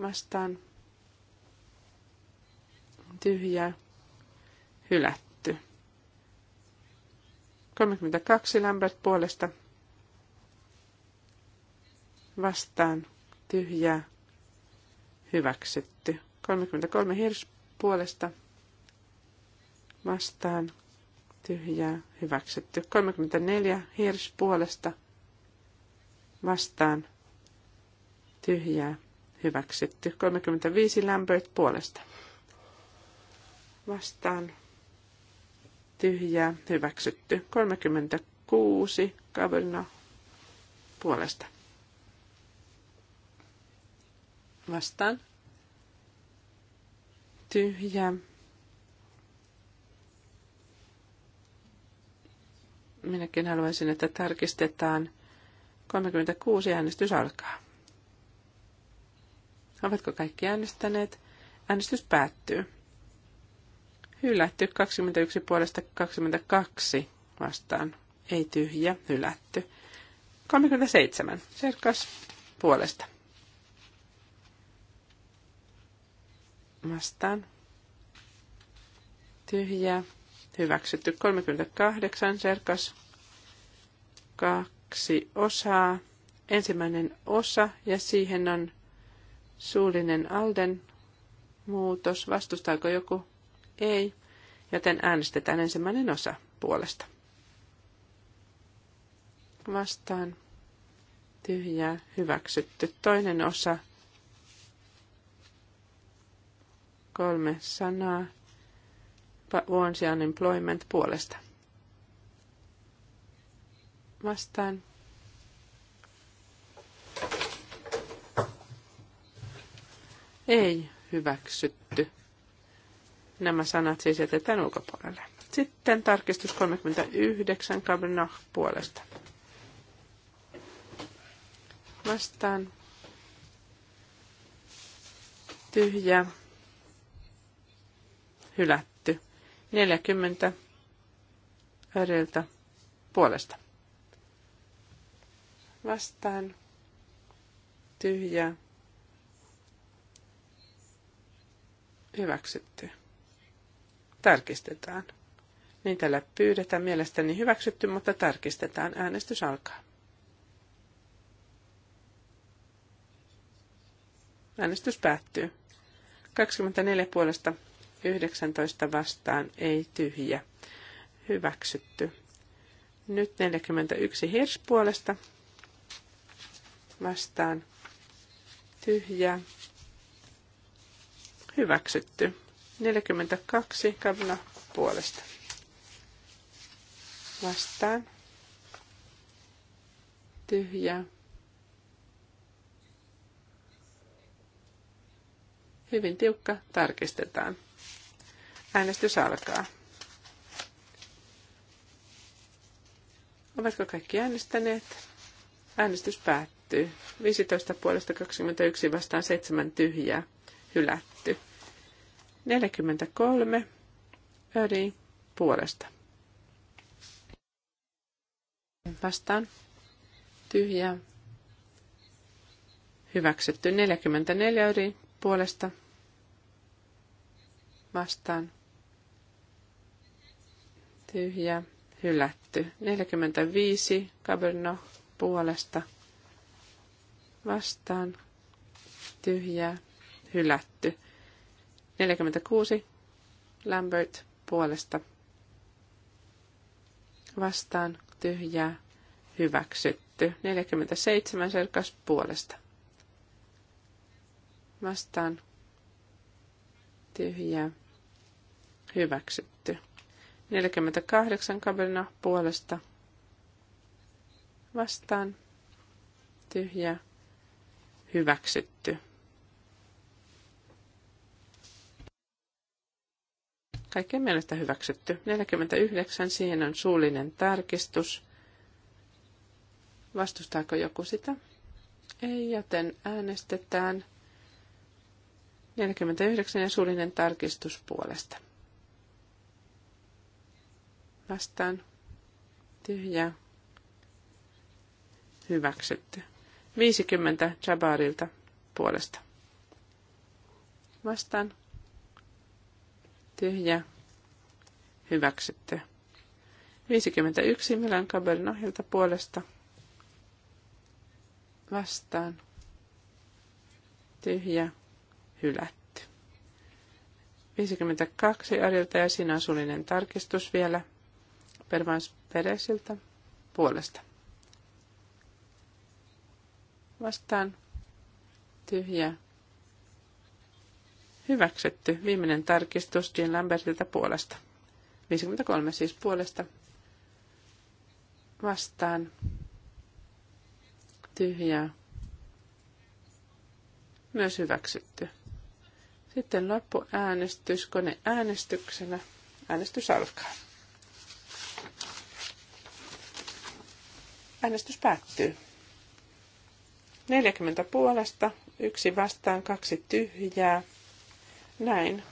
Speaker 2: Vastaan. Tyhjää. Hylätty. 32 Lambert puolesta. Vastaan. Tyhjää. Hyväksytty. 33 hirs puolesta vastaan tyhjää hyväksytty. 34 hirs puolesta vastaan tyhjää hyväksytty. 35 lämpöit puolesta vastaan tyhjää hyväksytty. 36 kaverina puolesta vastaan tyhjä. Minäkin haluaisin, että tarkistetaan. 36 äänestys alkaa. Ovatko kaikki äänestäneet? Äänestys päättyy. Hylätty 21 puolesta 22 vastaan. Ei tyhjä, hylätty. 37. Serkas puolesta vastaan. tyhjä Hyväksytty 38. Serkas. Kaksi osaa. Ensimmäinen osa ja siihen on suullinen Alden muutos. Vastustaako joku? Ei. Joten äänestetään ensimmäinen osa puolesta. Vastaan. Tyhjää. Hyväksytty. Toinen osa kolme sanaa once unemployment puolesta. Vastaan. Ei hyväksytty. Nämä sanat siis jätetään ulkopuolelle. Sitten tarkistus 39 Kabrinah puolesta. Vastaan. Tyhjä hylätty. 40 äreiltä puolesta. Vastaan tyhjä Hyväksytty. Tarkistetaan. Niin tällä pyydetään mielestäni hyväksytty, mutta tarkistetaan. Äänestys alkaa. Äänestys päättyy. 24 puolesta 19 vastaan, ei tyhjä. Hyväksytty. Nyt 41 Hirs puolesta vastaan, tyhjä. Hyväksytty. 42 Kavna puolesta vastaan. Tyhjä. Hyvin tiukka tarkistetaan. Äänestys alkaa. Ovatko kaikki äänestäneet? Äänestys päättyy. 15 puolesta 21 vastaan 7 tyhjää. Hylätty. 43 öri puolesta. Vastaan. Tyhjää. Hyväksytty 44 öri puolesta. Vastaan tyhjä, hylätty. 45 Caberno puolesta vastaan, tyhjä, hylätty. 46 Lambert puolesta vastaan, tyhjä, hyväksytty. 47 Serkas puolesta vastaan, tyhjä, hyväksytty. 48 kaverina puolesta vastaan tyhjä hyväksytty. Kaikkien mielestä hyväksytty. 49, siihen on suullinen tarkistus. Vastustaako joku sitä? Ei, joten äänestetään 49 ja suullinen tarkistus puolesta vastaan Tyhjä. hyväksytty. 50 Jabarilta puolesta. Vastaan tyhjä hyväksytty. 51 Milan Kabernohilta puolesta. Vastaan tyhjä hylätty. 52 Arilta ja sinä sulinen tarkistus vielä Pervans Peresiltä puolesta. Vastaan tyhjä. Hyväksytty. Viimeinen tarkistus Jean Lambertilta puolesta. 53 siis puolesta. Vastaan tyhjä Myös hyväksytty. Sitten loppuäänestys koneäänestyksenä. Äänestys alkaa. Äänestys päättyy. 40 puolesta, yksi vastaan, kaksi tyhjää. Näin.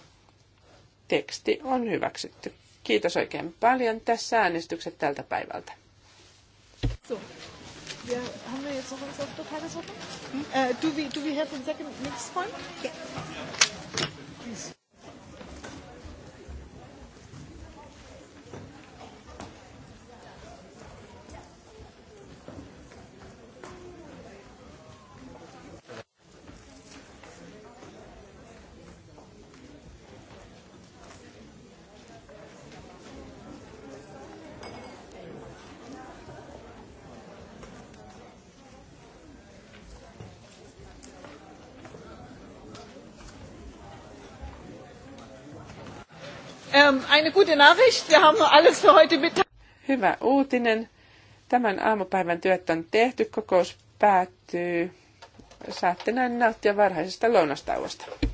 Speaker 2: Teksti on hyväksytty. Kiitos oikein paljon. Tässä äänestykset tältä päivältä.
Speaker 3: So. Ja, haben wir jetzt noch was auf der Tagesordnung? Hm? Äh, do, we, do we have a second next point? Yeah. Please. eine gute Nachricht. Wir haben alles für heute
Speaker 2: Mittag. Hyvä uutinen. Tämän aamupäivän työt on tehty. Kokous päättyy. Saatte näin nauttia varhaisesta lounastauosta.